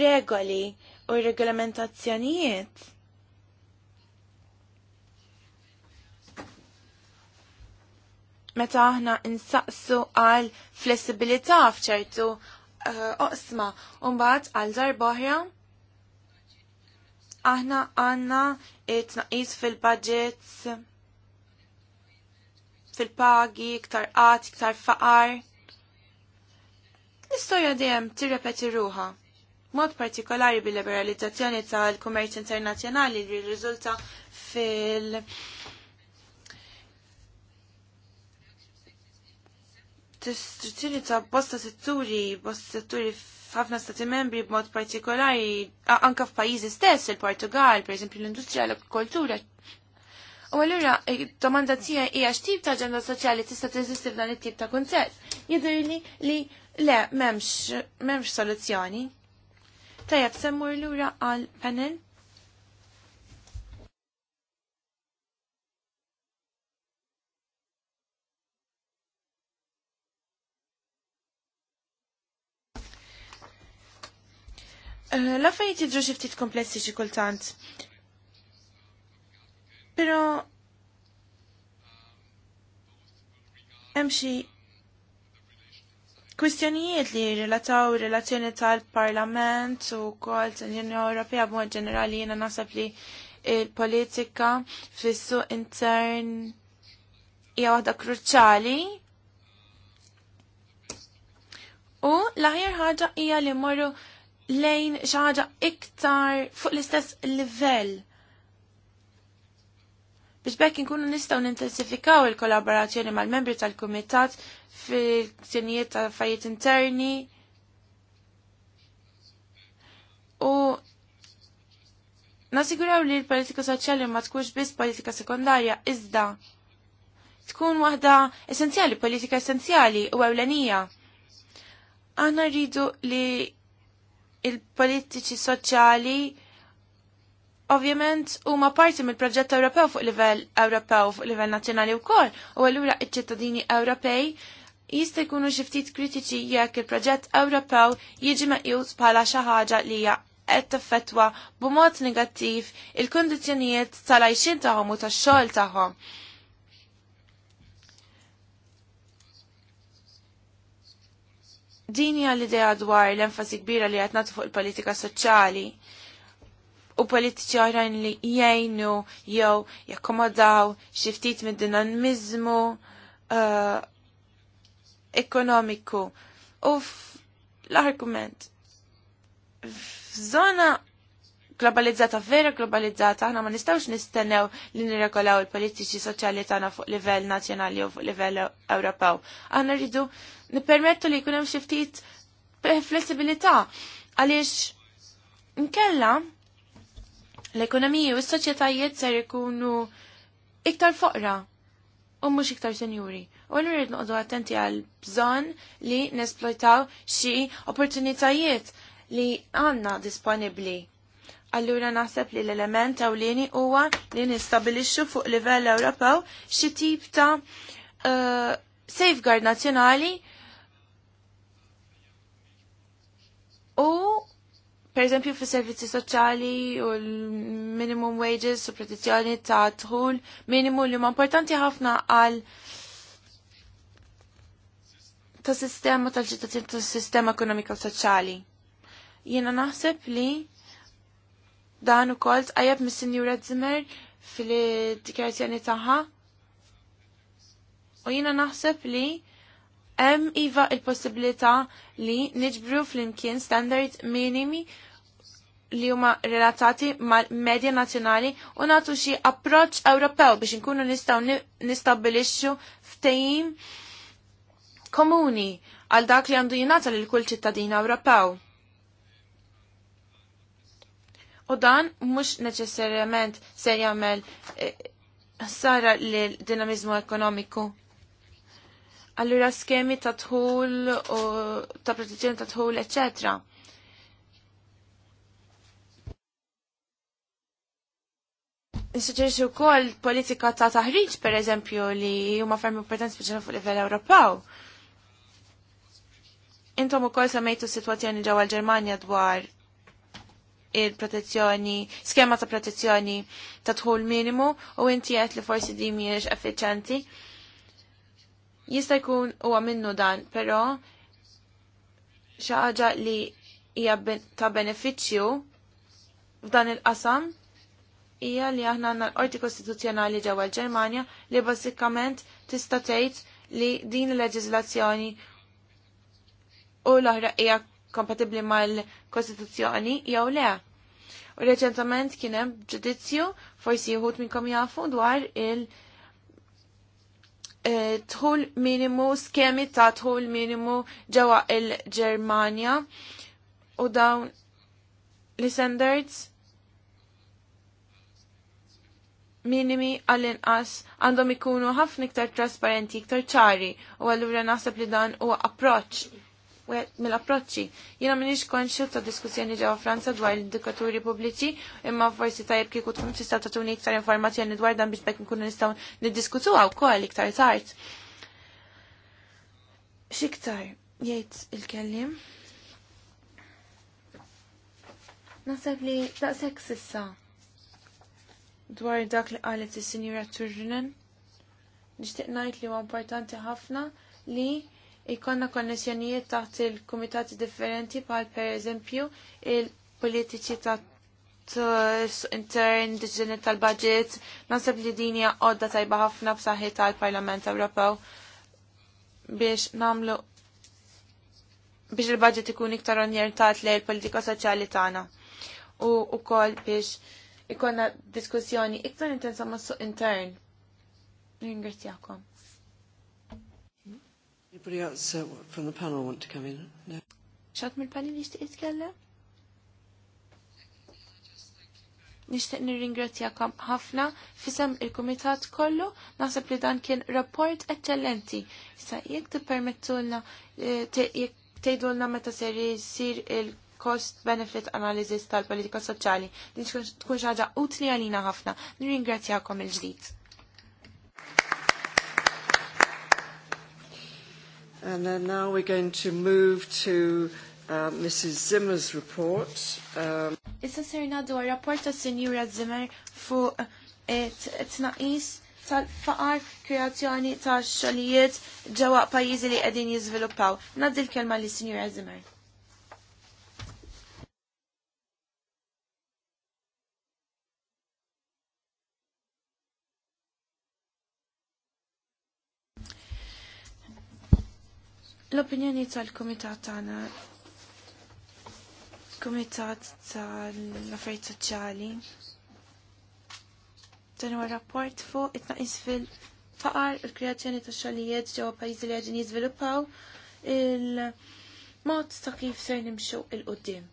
D: regoli u regolamentazzjonijiet meta aħna insaqsu għal flessibilità fċertu uh, eh, mbagħad għal darboħra aħna għanna it-naqis fil-budgets fil-pagi, iktar qat, iktar faqar. L-istoria dejjem tirrepeti ruha. Mod partikolari bil-liberalizzazzjoni tal-kummerċ internazzjonali li riżulta fil- restrizzjoni ta' bosta setturi, bosta setturi f'ħafna stati membri b'mod partikolari, anka f'pajjiżi stess, il-Portugal, per esempio l industria l kultura U allura e, domanda tiegħi hija x'tip ta' aġenda soċjali tista' teżisti f'dan it-tip ta' kunzett. Jidhirli li le m'hemmx m'hemmx soluzzjoni. Tajjeb semmur lura għal panel Eh, l-affarijiet tidru xi ftit komplessi xi kultant. Però hemm xi kwistjonijiet li relataw relazzjoni tal-Parlament u kol tal-Unjoni Ewropea b'mod ġenerali jiena naħseb li il-politika fis-suq intern hija waħda kruċjali. U l-aħjar ħaġa hija li morru lejn xaħġa iktar fuq l-istess livell biex bekk inkunu nistgħu nintensifikaw il-kollaborazzjoni mal-membri tal-kumitat fil-ktinijiet ta' affarijiet interni u nasiguraw li l-politika soċjali ma tkunx biss politika sekondarja iżda tkun waħda essenzjali, politika essenzjali u ewlenija. Aħna rridu li il-politiċi soċjali ovvjament huma parti mill-proġett Ewropew fuq livell Ewropew fuq livell nazzjonali wkoll u allura ċ-ċittadini Ewropej jista' jkunu xi ftit kritiċi jekk il-proġett Ewropew jiġi meqjus bħala xi ħaġa li hija qed taffettwa b'mod negattiv il-kundizzjonijiet tal-għajxin tagħhom u tax-xogħol tagħhom. Din hija l-idea dwar l-enfasi kbira li qed nagħtu fuq il-politika soċjali u politiċi oħrajn li jgħinu jew jakkomodaw xi ftit mid-dinamizmu uh, ekonomiku. U l-argument f'żona globalizzata vera globalizzata aħna ma nistgħux nistennew li nirregolaw il-politiċi soċjali tagħna fuq livell nazzjonali u fuq livell Ewropew. Aħna rridu nipermettu li jkun hemm xi ftit flessibilità għaliex nkella l-ekonomiji u s-soċjetajiet ser ikunu iktar foqra u mhux iktar senjuri. U nrid noqdu attenti għal bżonn li nesplojtaw xi opportunitajiet li għandna disponibbli. Allura naħseb li l-element ewlieni huwa li nistabilixxu fuq livell Ewropew xi tip ta' uh, safeguard nazzjonali U per eżempju fi servizzi soċjali u l-minimum wages u protezzjoni ta' tħul minimu li ma' importanti ħafna għal ta' sistema tal-ġittatin ta' sistema ekonomika u soċjali. Jiena naħseb li dan ukoll għajab mis-Sinjura Zimmer fil-dikjarazzjoni tagħha. U jiena naħseb li Hemm iva il-possibilità li niġbru flimkien standard minimi li huma relatati mal-medja nazzjonali u nagħtu xi approċċ Ewropew biex inkunu nistgħu nistabbilixxu ftehim komuni għal dak li għandu jingħata lil kull ċittadin Ewropew. U dan mhux neċessarjament se jagħmel eh, sara lil dinamiżmu ekonomiku Allura skemi ta' tħul u ta' protezzjoni ta' tħul, eccetera. Nissuġġerixxi wkoll politika ta' taħriġ pereżempju li huma ferm importanti speċjali fuq livell Ewropew. Intom ukoll kol s-sitwazzjoni ġewwa l-Ġermanja dwar il-protezzjoni, skema ta' protezzjoni ta' tħul minimu u inti qed li forsi di mhijiex effiċjenti. Jista' jkun huwa minnu dan, però xi ħaġa li hija ta' benefiċċju f'dan il-qasam hija li aħna għandna l-Qorti Kostituzzjonali ġewwa l-Ġermanja li bażikament tista' tgħid li din il-leġiżlazzjoni u l-oħra hija kompatibbli mal-Kostituzzjoni jew le. U reċentament kien hemm ġudizzju forsi jħud minnkom jafu dwar il- Eh, tħul minimu, skemi ta' tħul minimu ġewwa il-Ġermanja u dawn li standards minimi għall-inqas għandhom ikunu ħafna iktar trasparenti, iktar ċari u għallura naħseb li dan huwa approċċ mill-approċċi. Jiena m'iniex konxu ta' diskussjoni ġewwa Franza dwar l-indikaturi pubbliċi, imma forsi tajjeb kieku tkun tista' tuni iktar informazzjoni dwar dan biex bekk nkunu nistgħu niddiskutuha wkoll iktar tard. X'iktar jgħid il-kellim? Nasab li daqshekk sissa dwar dak li qalet is-Sinjura Turrinen nixtieq ngħid li huwa importanti ħafna li ikonna konnessjonijiet taħt il-kumitati differenti bħal per eżempju il-politiċi ta' eh, intern, diġinet tal-budget, nasab li dinja għodda tajba ħafna b'saħħi tal-Parlament Ewropew biex namlu biex il-budget ikun iktar onjertat lejn il-politika soċjali tagħna. U wkoll biex ikonna diskussjoni iktar intensa mas-suq intern. Ringrazzjakom.
A: Anybody else uh, from the panel want to
D: come in? No. ċat mill-panel nishtiq jitkellem? Nishtiq nirringrazzjakom ħafna fisem il-Kumitat kollu, naħseb li dan kien rapport eccellenti. Issa jekk tippermettulna eh, jekk tgħidulna meta ser jsir il-cost benefit analysis tal-politika soċjali, din tkun xi ħaġa utli għalina ħafna. Nirringrazzjakom il-ġdid.
A: And then now we're going to move to uh, Mrs. Zimmer's report. Um,
D: Issa ser ngħaddu rapport ta' Sinjura Zimmer fuq tnaqis tal-faqar kreazzjoni ta' xogħlijiet ġewwa pajjiżi li qegħdin jiżviluppaw. Ngħaddi l-kelma lis Sinjura Zimmer. L-opinjoni tal-Kumitat tagħna Kumitat tal-Affarijiet Soċjali dan huwa rapport fuq it-tnaqis fil-faqar il-kreazzjoni ta' xogħlijiet ġewwa pajjiżi li qegħdin jiżviluppaw il-mod ta' kif ser nimxu il-qudiem.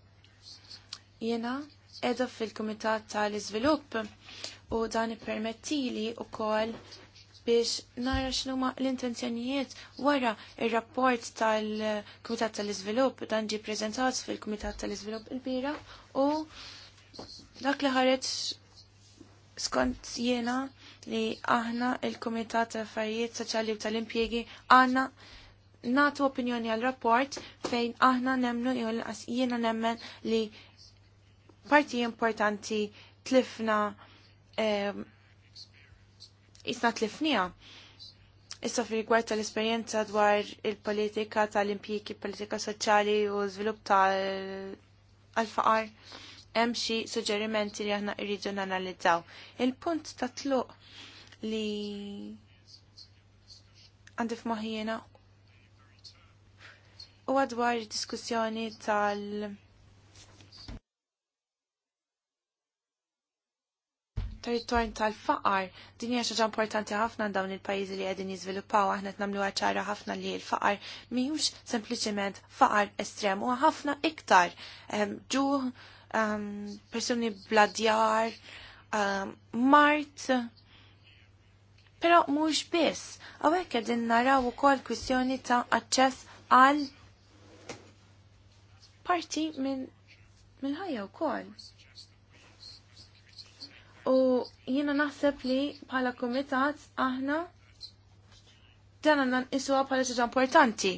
D: Jiena qiegħda fil-Kumitat tal-Iżvilupp u dan ippermettili wkoll biex nara ma l-intenzjonijiet wara il rapport tal-Kumitat tal-Iżvilupp dan ġi preżentat fil-Kumitat tal-Iżvilupp il-bira u dak li ħareġ skont jiena li aħna il-Kumitat tal-Affarijiet Soċjali u tal-Impjegi għanna natu opinjoni għal rapport fejn aħna nemnu jiena nemmen li parti importanti tlifna eh, jisna tlifnija. Issa fi rigward tal-esperjenza dwar il-politika tal-impjiki, politika soċjali u żvilupp tal-faqar, hemm xi suġġerimenti li aħna rridu nanalizzaw. Il-punt ta' tluq li għandi f'maħjena u għadwar diskussjoni tal- territorju tal-faqar, din hija xaġa importanti ħafna dawn il-pajjiżi li qegħdin jiżviluppaw aħna qed nagħmluha ċara ħafna li l-faqar mhijiex sempliċiment faqar estrem u ħafna iktar ehm, ġu ehm, persuni bla djar, ehm, mart, però mhux biss. Hawnhekk qegħdin naraw ukoll kwistjoni ta' aċċess għal parti minn ħajja wkoll U jiena naħseb li bħala komitat aħna dan għandna nqisuha bħala xi importanti.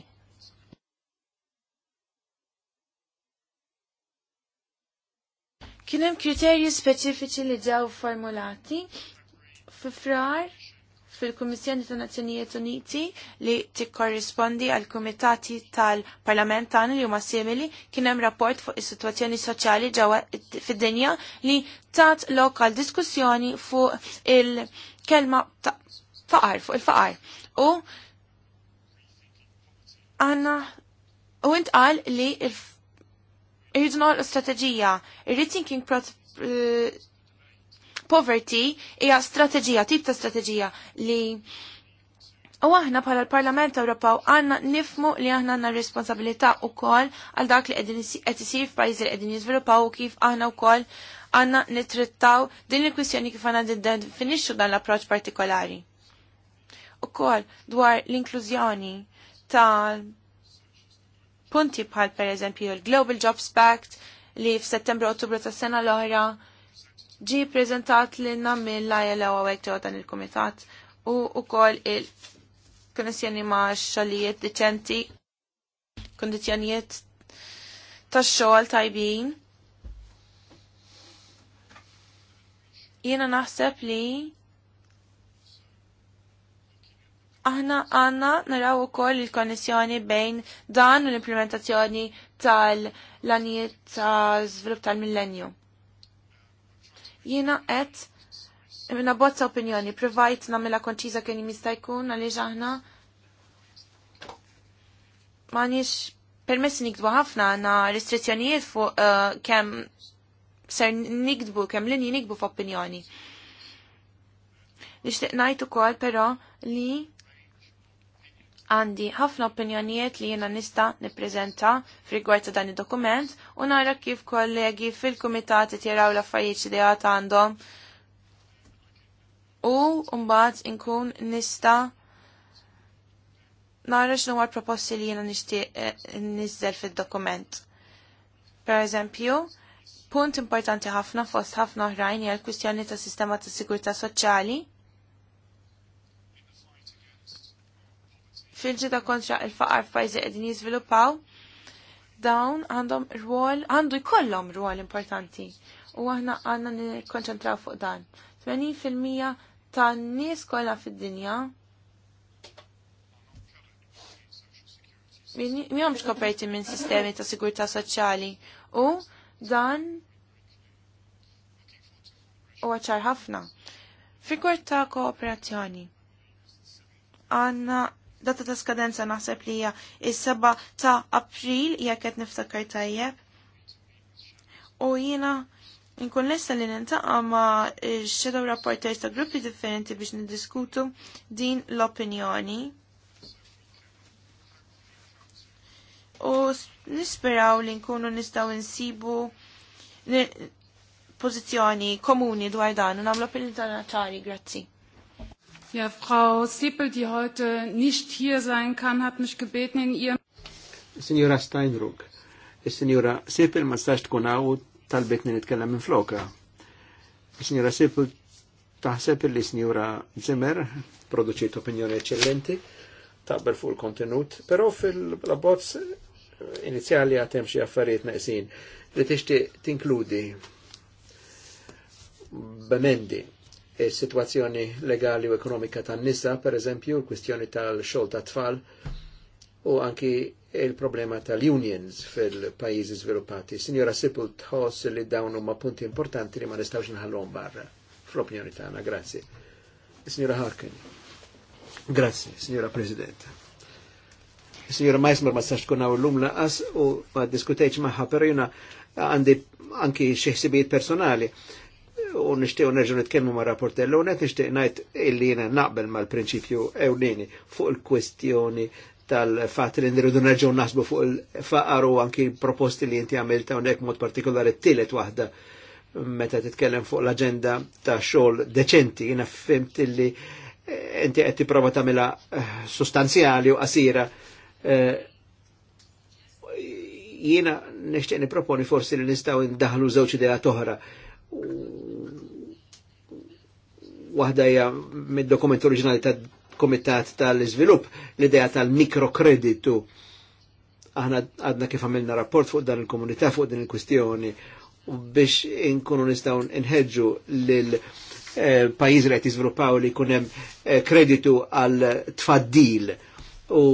D: Kien hemm kriterji speċifiċi li ġew formulati fi frar fil-Kummissjoni ta' Nazzjonijiet Uniti li tikkorrispondi għal kumitati tal-Parlament tagħna li huma simili kien hemm rapport fuq is-sitwazzjoni soċjali ġewwa fid-dinja li tat lokal diskussjoni fuq il-kelma ta' faqar fuq il-faqar. U għanna u intqal li irridu noqgħu strateġija, ir-Rethinking poverty hija strateġija, tip ta' strateġija li U aħna bħala l-Parlament Ewropew għandna nifmu li aħna għandna responsabilità wkoll għal dak li qed isir f'pajjiżi li qegħdin jiżviluppaw u kif aħna wkoll għandna nittrittaw din il-kwistjoni kif d-dend niddefinixxu dan l-approċċ partikolari. kol dwar l-inklużjoni ta' punti bħal pereżempju l-Global Jobs Pact li f'Settembru Ottubru tas-sena l-oħra ġi prezentat l-inna mill-lajla u għawek ġewa dan il-komitat u u kol il kondizjoni ma xalijiet deċenti, kondizjonijiet ta' xogħol tajbin. Jiena naħseb li aħna għanna naraw u koll il-konnessjoni bejn dan u l-implementazzjoni tal-lanijiet ta' zvilup tal-millenju. Jiena qed minna bozza opinjoni, provajt namela konċiza kien jista' jkun għaliex aħna m'għandniex permessi nikdbu ħafna na restrizzjonijiet fuq uh, kemm ser nikdbu, kemm linji nikdbu f'opinjoni. Nixtieq ngħid ukoll però li għandi ħafna opinjonijiet li jena nista niprezenta frigward ta' dan id-dokument u nara kif kollegi fil-kumitati tiraw l-affarijiet li għat għandhom u mbagħad inkun nista nara x'nu għal proposti li jena eh, nizzel fil-dokument. Per eżempju, punt importanti ħafna fost ħafna oħrajn hija l-kwistjoni ta' sistema ta' sigurtà soċjali fil-ġida kontra il-faqar f'pajzi qegħdin jiżviluppaw, dawn għandhom rwol, għandu jkollhom rwol importanti u aħna għandna nikkonċentraw fuq dan. 80% tan-nies kollha fid-dinja miħomx koperti minn sistemi ta' sigurta soċjali u dan u għacħar ħafna. Figur ta' kooperazzjoni. Għanna data ta' skadenza naħseb li hija is-7 ta' April jekk qed niftakar tajjeb. U jiena nkun lesta li nintaqa' ma' shadow rapporters ta' gruppi differenti biex niddiskutu din l-opinjoni. U nisperaw li nkunu nistgħu nsibu pożizzjoni komuni dwar dan u nagħmlu opinjoni ċari, grazzi. Ja, Frau Sippel, die heute nicht hier sein kann, hat mich gebeten in ihrem...
B: Signora Steinruck, Signora Sippel ma stax tkun għaw talbetni nitkellem in floka. Signora Sippel, taħseb li Signora Zimmer produċiet opinjoni eccellenti, taqbel fuq il-kontenut, però fil-labbozz inizjali għatem xie affarijiet naqsin li tixti tinkludi b'emendi situazzjoni legali u ekonomika tan nisa, per eżempju, l kwistjoni tal-xol ta' tfal u anki il-problema tal-unions fil-pajizi sviluppati. Signora Sipul tħoss li dawn huma punti importanti li ma nistawx nħallhom barra fl-opinjoni tagħna. Grazzi. Signora Harkin. Grazzi, Signora President. Signora Meismer ma stax tkun hawn lum laqas u ma diskutejx maħħa, però jiena għandi anki xi ħsibijiet personali u nishtiq nerġu nitkellmu ma' rapportella u net nishtiq ngħid illi jiena naqbel mal-prinċipju ewlieni fuq il-kwestjoni tal-fat li nirridu nerġgħu naħsbu fuq il-faqar u anki proposti li inti għamilta hawnhekk mod partikolari t-tielet waħda meta titkellem fuq l-aġenda ta' xogħol deċenti jiena fimt illi eh, inti qed tipprova tagħmilha eh, sustanzjali u qasira eh, jiena nixtieq niproponi forsi li nistgħu ndaħlu żewġ idea toħra waħda hija mid-dokument oriġinali ta' Komitat tal-Iżvilupp l-idea tal-mikrokreditu. Aħna għadna kif għamilna rapport fuq dan il-komunità fuq din il-kwistjoni biex inkunu nistgħu nħeġġu lil eh, pajjiż li qed jiżviluppaw li jkun hemm eh, kreditu għal tfaddil u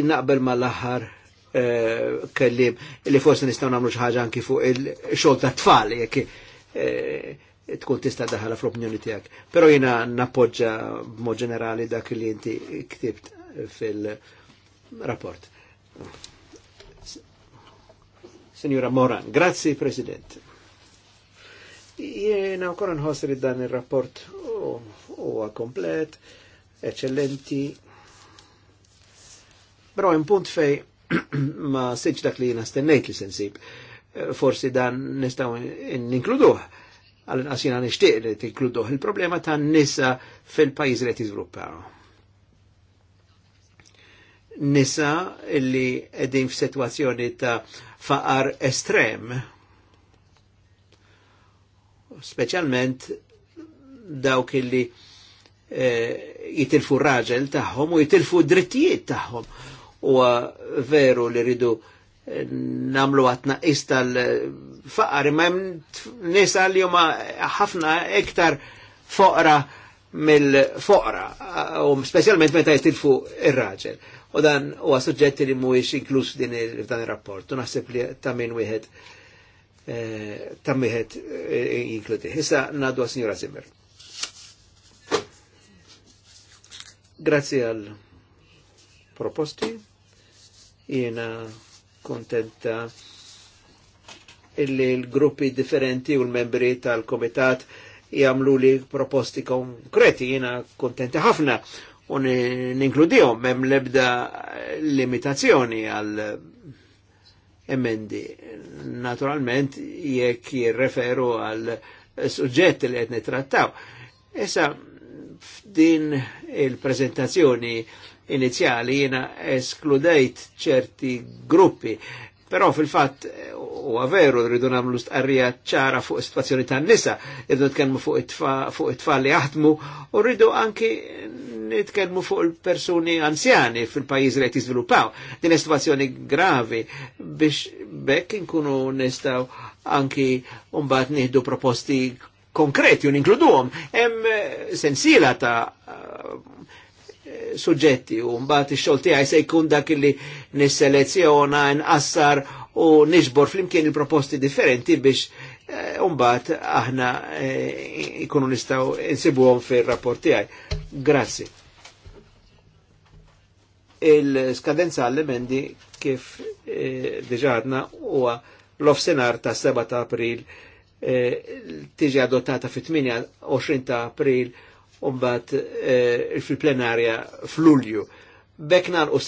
B: jinnaqbel mal-aħħar Eh, kellim li forsi nistgħu nagħmlu xi ħaġa anki fuq il-xogħol ta' tfal jekk eh, tkun tista' daħala fl-opinjoni tiegħek. Però jiena nappoġġa b'mod ġenerali dak li inti ktibt fil-rapport. Signora Moran, grazzi President. Jena ancora nħossri dan il-rapport huwa komplet, eccellenti. Però in punt fej ma sitx dak li jina stennejt li sensib. Forsi dan nistaw ninkluduħ, għal-inqas jina nishtiq li tinkluduħ il-problema ta' nisa fil-pajiz li jtizvruppaw. Nisa illi edin f-situazzjoni ta' faqar estrem, specialment dawk illi eh, jitilfu raġel taħħom u jitilfu drittijiet taħħom u veru li ridu eh, namlu għatna istal faqar, ma jem nisa li juma ħafna ektar foqra mill-foqra, u um, specialment meta fuq il raġel U dan u suġġetti li mu mhuwiex inklus din il dan il rapport u naħseb li tammin wieħed tammiħed eh, ta' eh, Issa ngħadu għas-Sinjura Zimmer. Grazie għal proposti jiena kontenta illi l-gruppi differenti u l-membri tal-komitat jamlu li proposti konkreti, jiena kontenta ħafna u ninkludijom, mem lebda limitazzjoni għal emendi. Naturalment, jekk jirreferu għal suġġett li għed trattaw. Issa, f'din il-prezentazzjoni inizjali jina eskludejt ċerti gruppi, però fil-fat u għaveru rridu namlu stqarrija ċara fuq situazzjoni tan nisa rridu nitkellmu fuq it-tfal li jaħdmu u rridu anki nitkellmu fuq il-persuni anzjani fil pajiz li għet jizvilupaw. Din situazzjoni gravi biex bekk inkunu nistaw anki umbat nieħdu proposti konkreti u ninkluduhom. Hemm sensila ta' suġġetti u mbagħad ix-xogħol tiegħi se jkun dak li nisselezzjona, nqassar u niġbor flimkien il-proposti differenti biex eh, mbagħad aħna jkunu eh, nistgħu insibuhom fir-rapport tiegħi. Grazzi. Il-skadenza għall-emendi kif eh, diġadna huwa l ofsenar ta' 7 ta' april tiġi adottata fit-28 ta' april umbat il eh, fil-plenarja fl-ulju. Bekna narqu